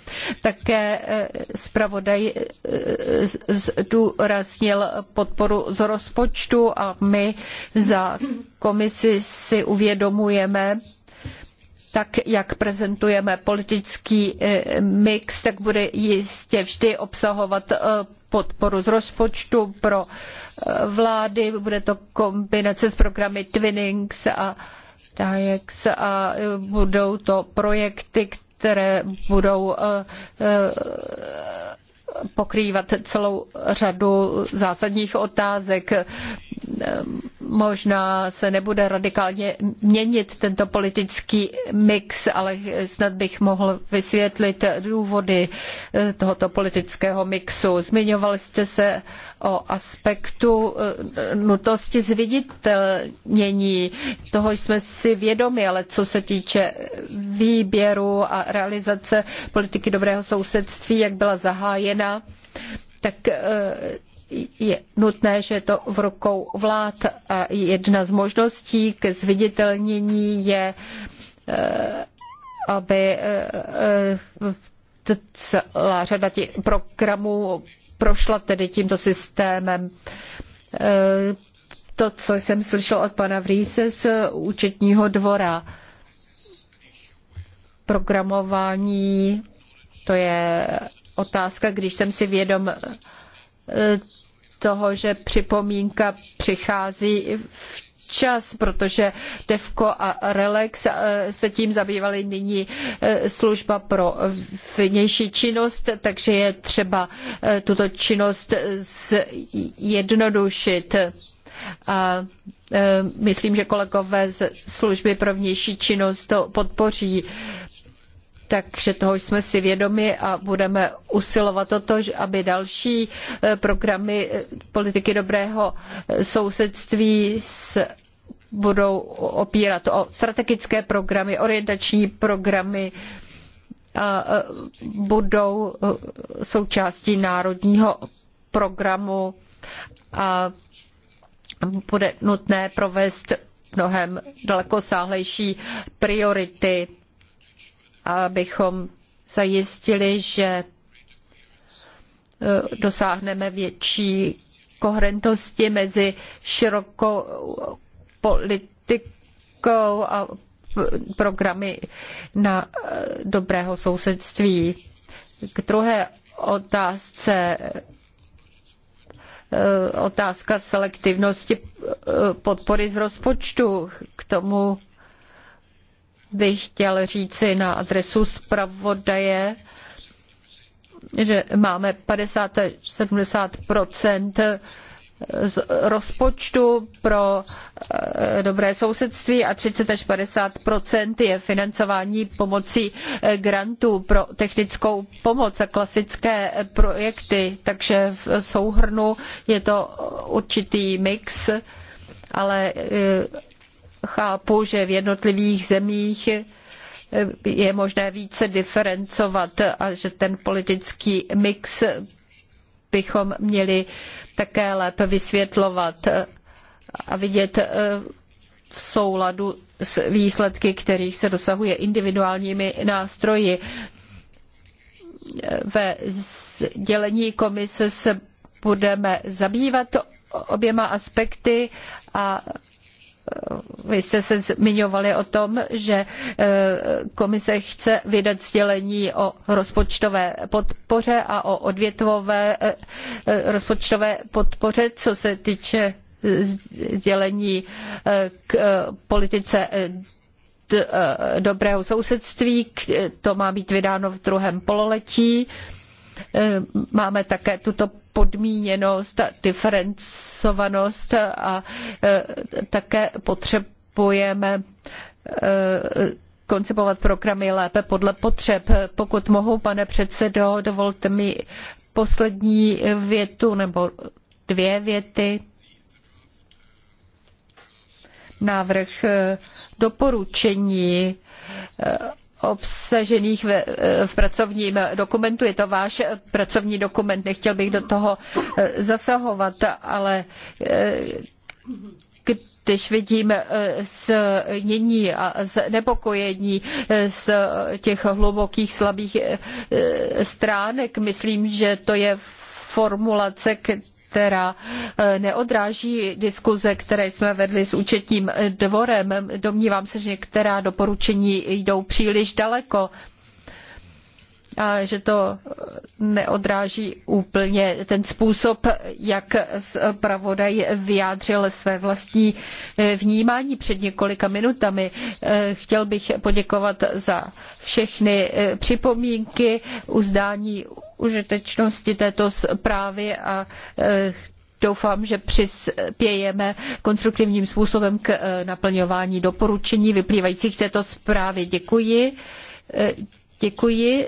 Také eh, zpravodaj eh, zdůraznil podporu z rozpočtu a my za komisi si uvědomujeme, tak jak prezentujeme politický mix, tak bude jistě vždy obsahovat podporu z rozpočtu pro vlády, bude to kombinace s programy Twinings a DAEX a e, budou to projekty, které budou e, e, pokrývat celou řadu zásadních otázek. Možná se nebude radikálně měnit tento politický mix, ale snad bych mohl vysvětlit důvody tohoto politického mixu. Zmiňoval jste se o aspektu nutnosti zviditelnění. Toho jsme si vědomi, ale co se týče výběru a realizace politiky dobrého sousedství, jak byla zahájena, míra, tak eh, je nutné, že je to v rukou vlád. A jedna z možností k zviditelnění je, eh, aby eh, celá řada těch programů prošla tedy tímto systémem. To, co jsem slyšel od pana Vrýse z účetního dvora, programování, to je otázka, když jsem si vědom eh, toho, že připomínka přichází včas, protože DEVKO a RELEX eh, se tím zabývaly nyní eh, služba pro vnější činnost, takže je třeba tuto činnost zjednodušit. A myslím, že kolegové z služby pro vnější činnost to podpoří takže toho jsme si vědomi a budeme usilovat o to, aby další eh, programy eh, politiky dobrého eh, sousedství s budou opírat o strategické programy, orientační programy, a budou součástí národního programu a bude nutné provést mnohem dalekosáhlejší priority abychom zajistili, že e, dosáhneme větší koherentnosti mezi širokou politikou a programy na e, dobrého sousedství. K druhé otázce e, otázka selektivnosti podpory z rozpočtu. K tomu bych chtěl říci na adresu zpravodaje, že máme 50 až 70 z rozpočtu pro eh, dobré sousedství a 30 až 50 je financování pomocí eh, grantů pro technickou pomoc a klasické eh, projekty. Takže v souhrnu je to určitý mix, ale chápu, že v jednotlivých zemích je možné více diferencovat a že ten politický mix bychom měli také lépe vysvětlovat a vidět eh, v souladu s výsledky, kterých se dosahuje individuálními nástroji. Ve sdělení komise se budeme zabývat oběma aspekty a vy jste se zmiňovali o tom, že eh, komise chce vydat sdělení o rozpočtové podpoře a o odvětvové eh, eh, rozpočtové podpoře, co se týče sdělení k politice dobrého sousedství. To má být vydáno v druhém pololetí. Eh, máme také tuto podmíněnost, diferencovanost a eh, také potřebujeme eh, koncipovat programy lépe podle potřeb. Pokud mohu, pane předsedo, dovolte mi poslední větu nebo dvě věty. Návrh doporučení obsažených v, v pracovním dokumentu. Je to váš pracovní dokument, nechtěl bych do toho eh, zasahovat, ale eh, když vidím eh, znění a znepokojení z těch hlubokých slabých stránek, myslím, že to je formulace, která eh, neodráží diskuze, které jsme vedli s účetním dvorem. Domnívám se, že některá doporučení jdou příliš daleko a že to neodráží úplně ten způsob, jak zpravodaj vyjádřil své vlastní eh, vnímání před několika minutami. Eh, chtěl bych poděkovat za všechny eh, připomínky, uzdání užitečnosti této zprávy a doufám, že přispějeme konstruktivním způsobem k naplňování doporučení vyplývajících této zprávy. Děkuji. Děkuji.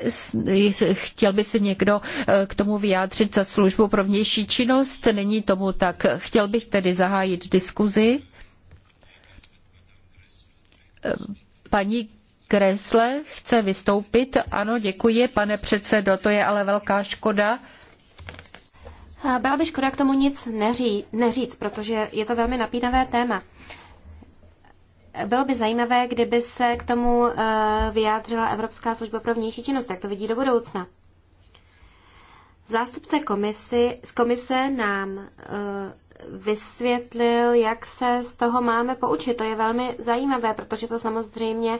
Chtěl by se někdo eh, k tomu vyjádřit za službu pro vnější činnost? Není tomu tak. Chtěl bych tedy zahájit diskuzi. Eh, paní Kresle chce vystoupit. Ano, děkuji, pane předsedo, to je ale velká škoda. Eh, byla by škoda k tomu nic neří, neříct, protože je to velmi napínavé téma. Bylo by zajímavé, kdyby se k tomu eh, vyjádřila Evropská služba pro vnější činnost, jak to vidí do budoucna. Zástupce komisi, z komise nám eh, vysvětlil, jak se z toho máme poučit. To je velmi zajímavé, protože to samozřejmě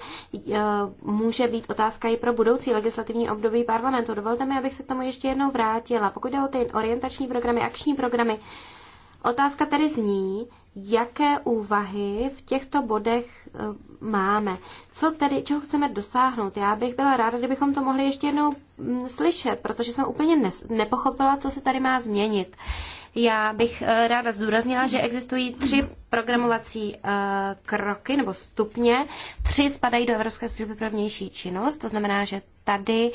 eh, může být otázka i pro budoucí legislativní období parlamentu. Dovolte mi, abych se k tomu ještě jednou vrátila. Pokud jde o ty orientační programy, akční programy, otázka tedy zní, jaké úvahy v těchto bodech eh, máme. Co tedy, čeho chceme dosáhnout? Já bych byla ráda, kdybychom to mohli ještě jednou mm, slyšet, protože jsem úplně nepochopila, co se tady má změnit. Já bych eh, ráda zdůraznila, že existují tři programovací eh, kroky nebo stupně. Tři spadají do Evropské služby pro vnější činnost, to znamená, že tady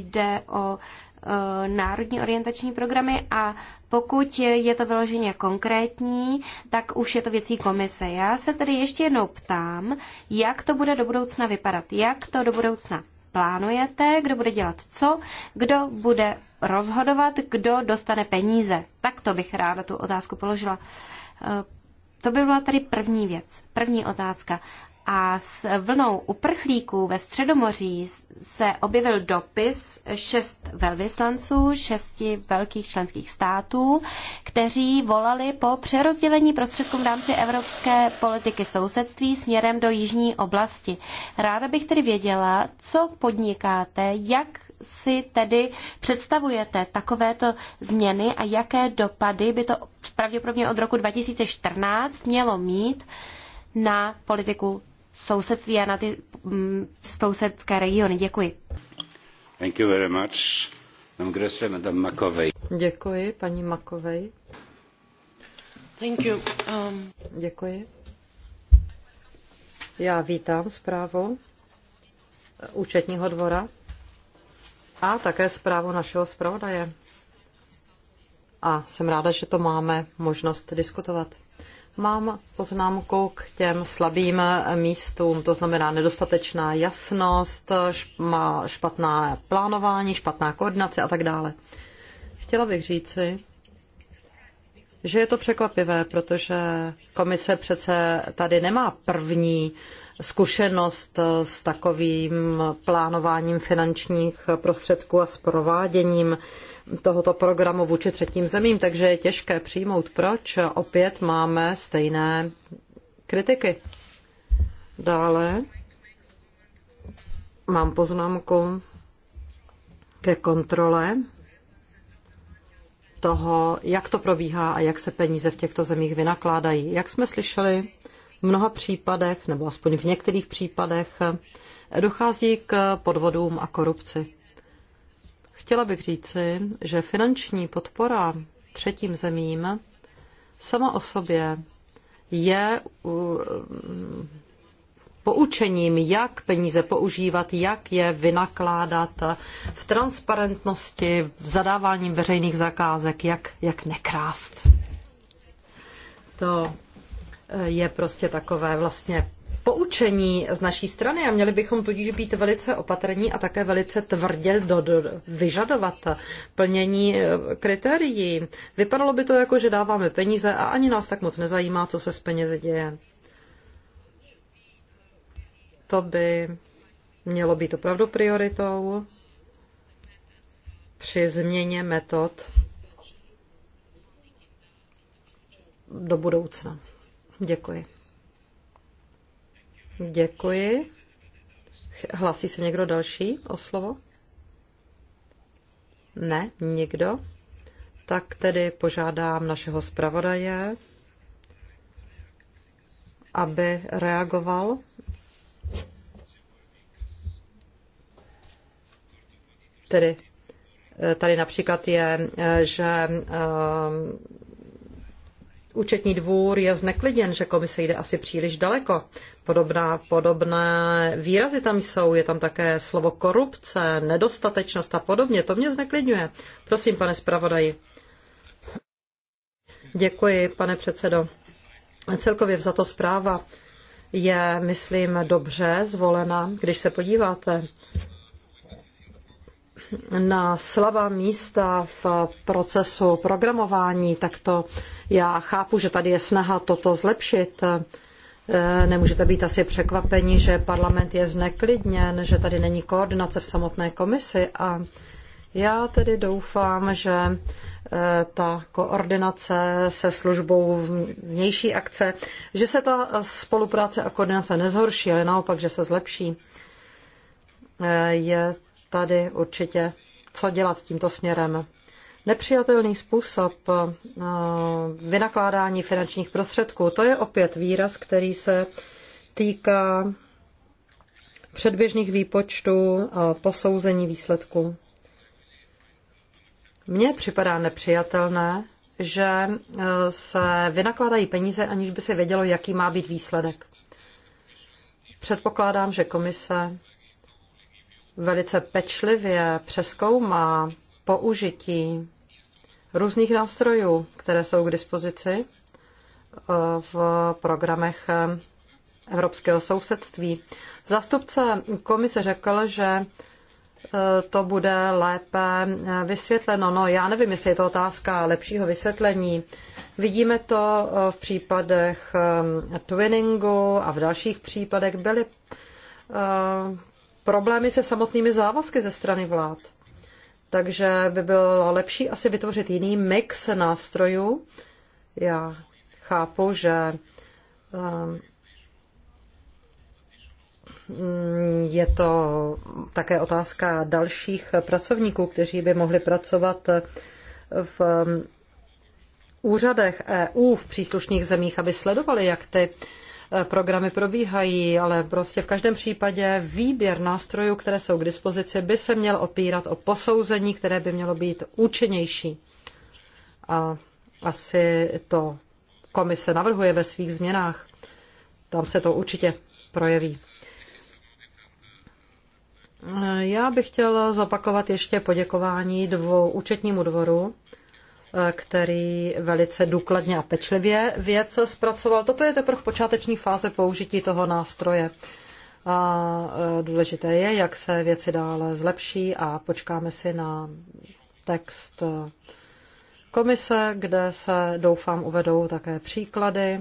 jde o Eh, národní orientační programy a pokud je to vyloženě konkrétní, tak už je to věcí komise. Já se tedy ještě jednou ptám, jak to bude do budoucna vypadat, jak to do budoucna plánujete, kdo bude dělat co, kdo bude rozhodovat, kdo dostane peníze. Tak to bych ráda tu otázku položila. Eh, to by byla tady první věc, první otázka a s vlnou uprchlíků ve Středomoří se objevil dopis šest velvyslanců, šesti velkých členských států, kteří volali po přerozdělení prostředků v rámci evropské politiky sousedství směrem do jižní oblasti. Ráda bych tedy věděla, co podnikáte, jak si tedy představujete takovéto změny a jaké dopady by to pravděpodobně od roku 2014 mělo mít na politiku sousedství a na ty mm, sousedské regiony. Děkuji. Thank you very much. Madame Gressle, Madame Makovej. Děkuji, paní Makovej. Thank you. Um... Děkuji. Já vítám zprávu účetního dvora a také zprávu našeho zpravodaje. A jsem ráda, že to máme možnost diskutovat. Mám poznámku k těm slabým místům, to znamená nedostatečná jasnost, špatná plánování, špatná koordinace a tak dále. Chtěla bych říci, že je to překvapivé, protože komise přece tady nemá první zkušenost s takovým plánováním finančních prostředků a s prováděním tohoto programu vůči třetím zemím, takže je těžké přijmout, proč opět máme stejné kritiky. Dále mám poznámku ke kontrole toho, jak to probíhá a jak se peníze v těchto zemích vynakládají. Jak jsme slyšeli, v mnoha případech, nebo aspoň v některých případech, dochází k podvodům a korupci. Chtěla bych říci, že finanční podpora třetím zemím sama o sobě je mm, poučením, jak peníze používat, jak je vynakládat v transparentnosti, v zadávání veřejných zakázek, jak, jak nekrást. To eh, je prostě takové vlastně poučení z naší strany a měli bychom tudíž být velice opatrní a také velice tvrdě do, do, vyžadovat plnění eh, kritérií. Vypadalo by to jako, že dáváme peníze a ani nás tak moc nezajímá, co se s penězi děje. To by mělo být opravdu prioritou při změně metod do budoucna. Děkuji. Děkuji. Hlásí se někdo další o slovo? Ne, nikdo. Tak tedy požádám našeho zpravodaje, aby reagoval. Tedy eh, tady například je, eh, že eh, Účetní dvůr je znekliděn, že komise jde asi příliš daleko. Podobná, podobné výrazy tam jsou, je tam také slovo korupce, nedostatečnost a podobně. To mě zneklidňuje. Prosím, pane zpravodaji. Děkuji, pane předsedo. Celkově to zpráva je, myslím, dobře zvolena, když se podíváte na slabá místa v procesu programování, tak to já chápu, že tady je snaha toto zlepšit. Eh, nemůžete být asi překvapeni, že parlament je zneklidněn, že tady není koordinace v samotné komisi a já tedy doufám, že eh, ta koordinace se službou vnější akce, že se ta spolupráce a koordinace nezhorší, ale naopak, že se zlepší. Eh, je tady určitě co dělat tímto směrem. Nepřijatelný způsob eh, vynakládání finančních prostředků, to je opět výraz, který se týká předběžných výpočtů a eh, posouzení výsledků. Mně připadá nepřijatelné, že eh, se vynakládají peníze, aniž by se vědělo, jaký má být výsledek. Předpokládám, že komise velice pečlivě přeskoumá použití různých nástrojů, které jsou k dispozici eh, v programech eh, evropského sousedství. Zástupce komise řekl, že eh, to bude lépe vysvětleno. No já nevím, jestli je to otázka lepšího vysvětlení. Vidíme to v případech twinningu a v dalších případech byly problémy se samotnými závazky ze strany vlád. Takže by bylo lepší asi vytvořit jiný mix nástrojů. Já chápu, že ehm, je to také otázka dalších pracovníků, kteří by mohli pracovat v ehm, úřadech EU v příslušných zemích, aby sledovali, jak ty Eh, programy probíhají, ale prostě v každém případě výběr nástrojů, které jsou k dispozici, by se měl opírat o posouzení, které by mělo být účinnější. A asi to komise navrhuje ve svých změnách. Tam se to určitě projeví. Eh, já bych chtěla zopakovat ještě poděkování dvou účetnímu dvoru který velice důkladně a pečlivě věc zpracoval. Toto je teprve počáteční fáze použití toho nástroje. A e, důležité je, jak se věci dále zlepší a počkáme si na text e, komise, kde se, doufám, uvedou také příklady,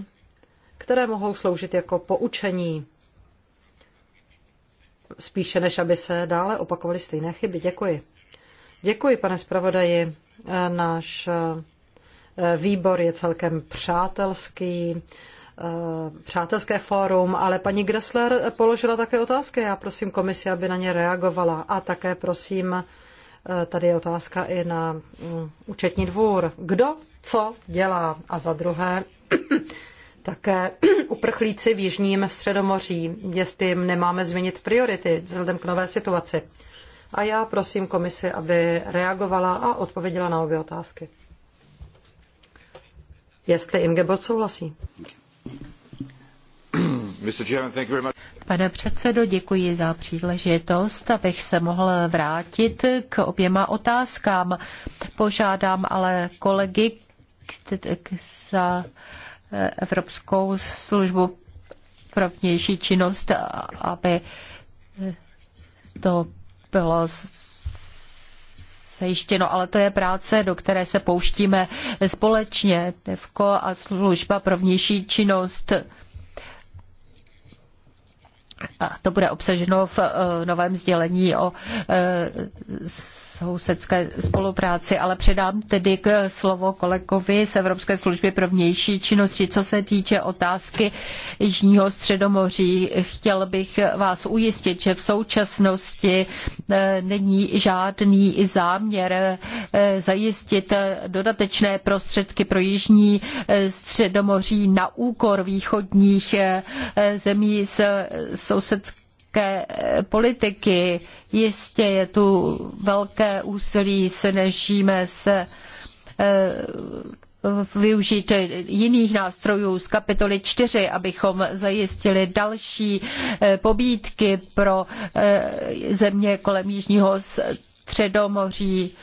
které mohou sloužit jako poučení spíše než aby se dále opakovaly stejné chyby. Děkuji. Děkuji, pane zpravodaji. Náš eh, výbor je celkem přátelský, eh, přátelské fórum, ale paní Gressler položila také otázky. Já prosím komisi, aby na ně reagovala. A také prosím, eh, tady je otázka i na mm, účetní dvůr. Kdo co dělá? A za druhé, také uprchlíci v Jižním středomoří, jestli jim nemáme změnit priority vzhledem k nové situaci. A já prosím komisi, aby reagovala a odpověděla na obě otázky. Jestli Ingeborg souhlasí. Pane předsedo, děkuji za příležitost, abych se mohl vrátit k oběma otázkám. Požádám ale kolegy za eh, Evropskou službu pro vnější činnost, aby eh, to bylo zajištěno, ale to je práce, do které se pouštíme společně, DEVKO a služba pro vnější činnost. A to bude obsaženo v eh, novém sdělení o eh, sousedské spolupráci, ale předám tedy k slovo kolegovi z Evropské služby pro vnější činnosti. Co se týče otázky Jižního středomoří, chtěl bych vás ujistit, že v současnosti eh, není žádný záměr eh, zajistit dodatečné prostředky pro Jižní eh, středomoří na úkor východních zemí z sousedské evropské eh, politiky. Jistě je tu velké úsilí, snažíme se eh, využít jiných nástrojů z kapitoly 4, abychom zajistili další eh, pobídky pro země kolem Jižního středomoří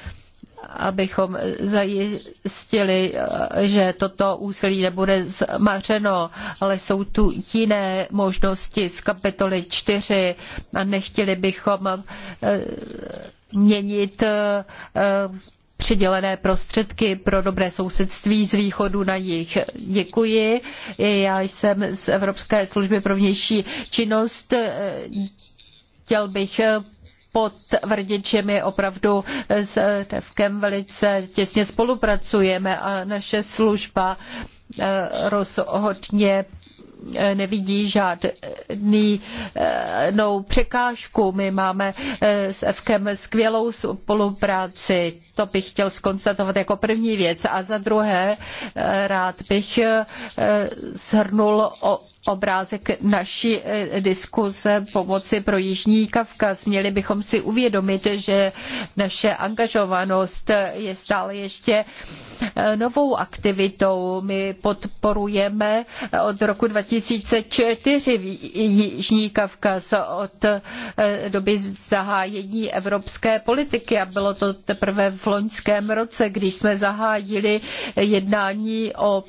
abychom zajistili, že toto úsilí nebude zmařeno, ale jsou tu jiné možnosti z kapitoly 4 a nechtěli bychom eh, měnit eh, přidělené prostředky pro dobré sousedství z východu na jih. Děkuji. Já jsem z Evropské služby pro vnější činnost. Chtěl bych potvrdit, že my opravdu s Devkem velice těsně spolupracujeme a naše služba eh, rozhodně eh, nevidí žádnou eh, no překážku. My máme s Evkem skvělou spolupráci. To bych chtěl skonstatovat jako první věc. A za druhé, rád bych shrnul o obrázek naší eh, diskuze pomoci pro Jižní Kavkaz. Měli bychom si uvědomit, že naše angažovanost je stále ještě eh, novou aktivitou. My podporujeme eh, od roku 2004 Jižní Kavkaz od doby zahájení evropské politiky a bylo to teprve v loňském roce, když jsme zahájili jednání o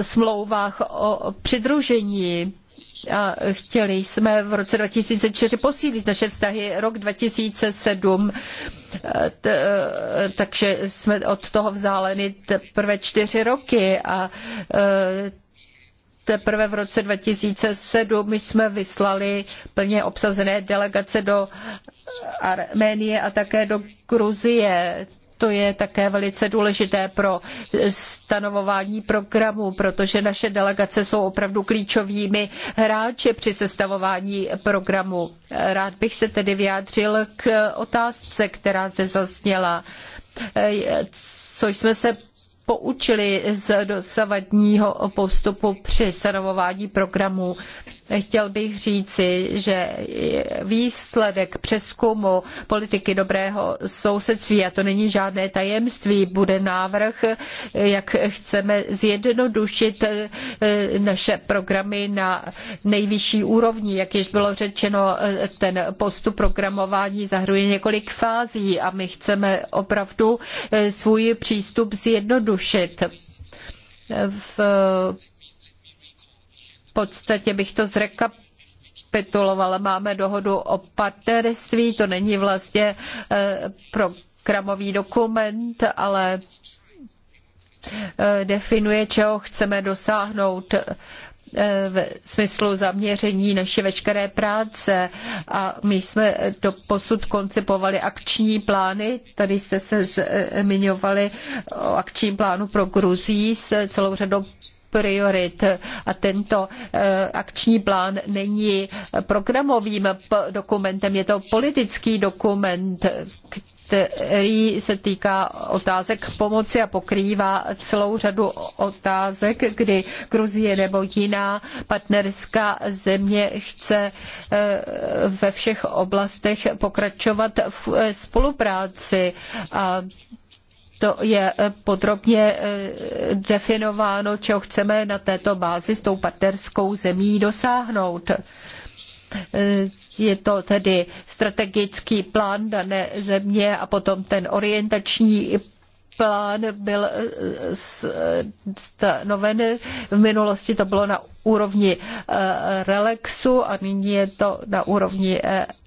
smlouvách o přidružení. A chtěli jsme v roce 2004 posílit naše vztahy. Rok 2007, takže jsme od toho vzdáleni teprve čtyři roky a e, teprve v roce 2007 my jsme vyslali plně obsazené delegace do Arménie a také do Gruzie. To je také velice důležité pro stanovování programu, protože naše delegace jsou opravdu klíčovými hráči při sestavování programu. Rád bych se tedy vyjádřil k otázce, která se zazněla, což jsme se poučili z dosavadního postupu při stanovování programu. Chtěl bych říci, že výsledek přeskumu politiky dobrého sousedství, a to není žádné tajemství, bude návrh, jak chceme zjednodušit eh, naše programy na nejvyšší úrovni. Jak již bylo řečeno, eh, ten postup programování zahrnuje několik fází a my chceme opravdu eh, svůj přístup zjednodušit v podstatě bych to zrekapitulovala. Máme dohodu o partnerství, to není vlastně eh, programový dokument, ale eh, definuje, čeho chceme dosáhnout eh, v smyslu zaměření naší veškeré práce a my jsme do posud koncipovali akční plány, tady jste se zmiňovali o akčním plánu pro Gruzí s celou řadou priorit a tento eh, akční plán není programovým dokumentem, je to politický dokument, který se týká otázek pomoci a pokrývá celou řadu otázek, kdy Gruzie nebo jiná partnerská země chce eh, ve všech oblastech pokračovat v eh, spolupráci. A to je eh, podrobně eh, definováno, čeho chceme na této bázi s tou partnerskou zemí dosáhnout. Eh, je to tedy strategický plán dané země a potom ten orientační plán byl stanoven. V minulosti to bylo na úrovni Relexu a nyní je to na úrovni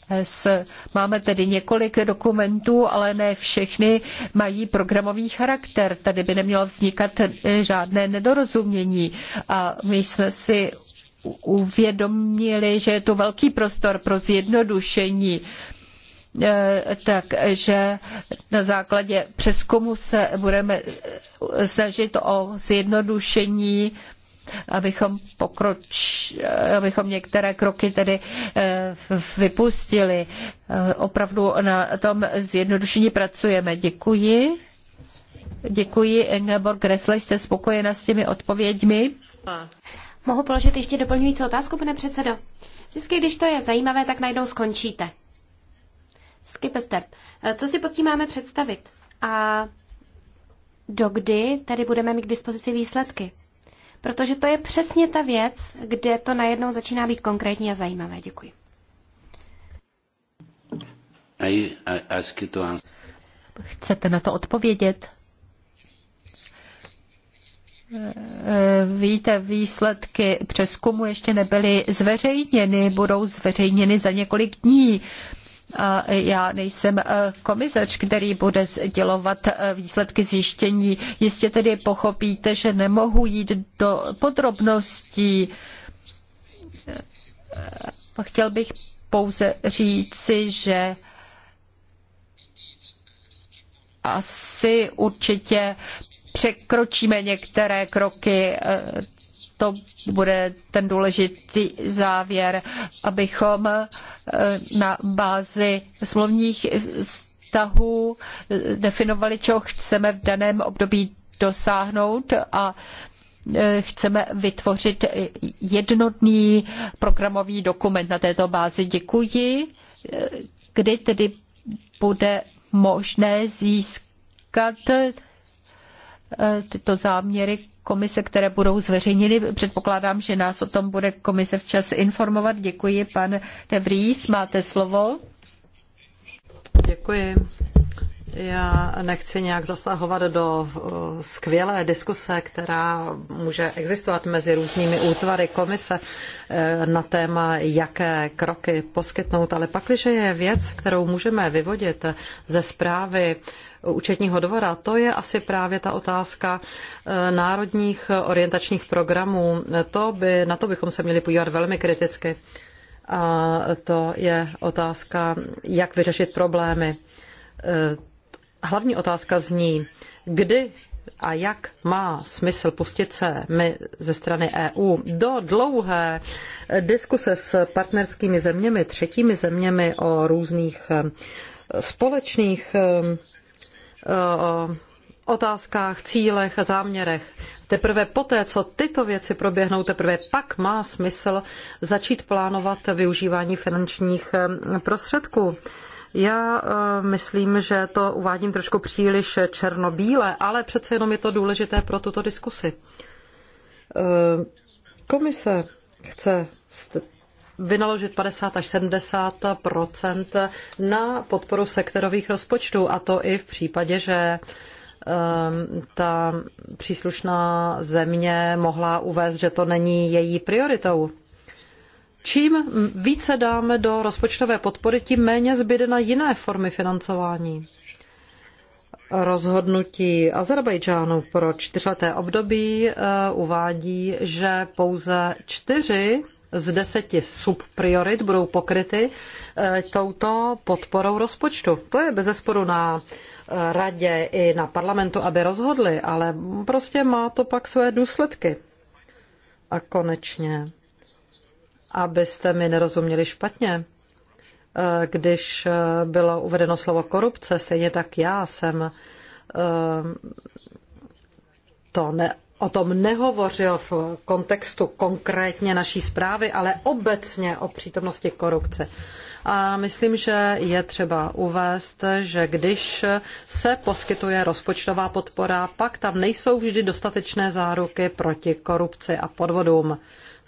s, máme tedy několik dokumentů, ale ne všechny mají programový charakter. Tady by nemělo vznikat eh, žádné nedorozumění. A my jsme si uvědomili, že je tu velký prostor pro zjednodušení eh, takže na základě přeskumu se budeme eh, snažit o zjednodušení abychom, pokroč, abychom některé kroky tedy eh, vypustili. Eh, opravdu na tom zjednodušení pracujeme. Děkuji. Děkuji, Ingeborg Gressle, jste spokojena s těmi odpověďmi? Mohu položit ještě doplňující otázku, pane předsedo? Vždycky, když to je zajímavé, tak najednou skončíte. Skip a step. Eh, co si pod tím máme představit? A dokdy tady budeme mít k dispozici výsledky? Protože to je přesně ta věc, kde to najednou začíná být konkrétní a zajímavé. Děkuji. Chcete na to odpovědět? Eh, eh, víte, výsledky přeskumu ještě nebyly zveřejněny, budou zveřejněny za několik dní. A já nejsem e, komisař, který bude sdělovat e, výsledky zjištění. Jistě tedy pochopíte, že nemohu jít do podrobností. E, chtěl bych pouze říci, že asi určitě překročíme některé kroky to bude ten důležitý závěr, abychom eh, na bázi smluvních vztahů eh, definovali, čeho chceme v daném období dosáhnout a eh, chceme vytvořit jednotný programový dokument na této bázi. Děkuji. Kdy tedy bude možné získat tyto záměry komise, které budou zveřejněny. Předpokládám, že nás o tom bude komise včas informovat. Děkuji, pan De Vries, máte slovo. Děkuji. Já nechci nějak zasahovat do eh, skvělé diskuse, která může existovat mezi různými útvary komise eh, na téma, jaké kroky poskytnout, ale pakliže je věc, kterou můžeme vyvodit ze zprávy účetního dvora, to je asi právě ta otázka eh, národních orientačních programů. To by, na to bychom se měli podívat velmi kriticky. A to je otázka, jak vyřešit problémy. Eh, hlavní otázka zní, kdy a jak má smysl pustit se my ze strany EU do dlouhé diskuse s partnerskými zeměmi, třetími zeměmi o různých eh, společných otázkách, cílech a záměrech. Teprve poté, co tyto věci proběhnou, teprve pak má smysl začít plánovat využívání finančních eh, prostředků. Já eh, myslím, že to uvádím trošku příliš černobíle, ale přece jenom je to důležité pro tuto diskusi. Eh, komise chce vynaložit 50 až 70 na podporu sektorových rozpočtů, a to i v případě, že ehm, ta příslušná země mohla uvést, že to není její prioritou. Čím více dáme do rozpočtové podpory, tím méně zbyde na jiné formy financování. Rozhodnutí Azerbajdžánu pro čtyřleté období eh, uvádí, že pouze čtyři z deseti subpriorit budou pokryty eh, touto podporou rozpočtu. To je bezesporu na eh, radě i na parlamentu, aby rozhodli, ale prostě má to pak své důsledky. A konečně, abyste mi nerozuměli špatně, eh, když bylo uvedeno slovo korupce, stejně tak já jsem to ne, o tom nehovořil v kontextu konkrétně naší zprávy, ale obecně o přítomnosti korupce. A myslím, že je třeba uvést, že když se poskytuje rozpočtová podpora, pak tam nejsou vždy dostatečné záruky proti korupci a podvodům.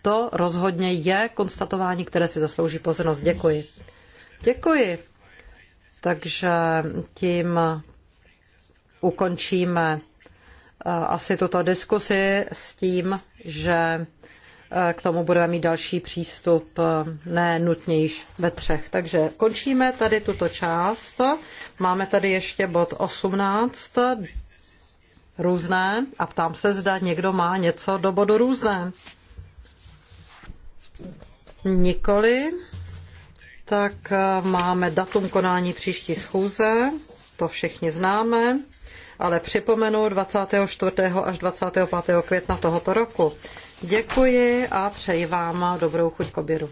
To rozhodně je konstatování, které si zaslouží pozornost. Děkuji. Děkuji. Takže tím ukončíme asi tuto diskusi s tím, že e, k tomu budeme mít další přístup, e, ne nutnějiš ve třech. Takže končíme tady tuto část. Máme tady ještě bod 18, různé, a ptám se, zda někdo má něco do bodu různé. Nikoli. Tak e, máme datum konání příští schůze, to všichni známe ale připomenu 24. až 25. května tohoto roku. Děkuji a přeji vám dobrou chuť k obědu.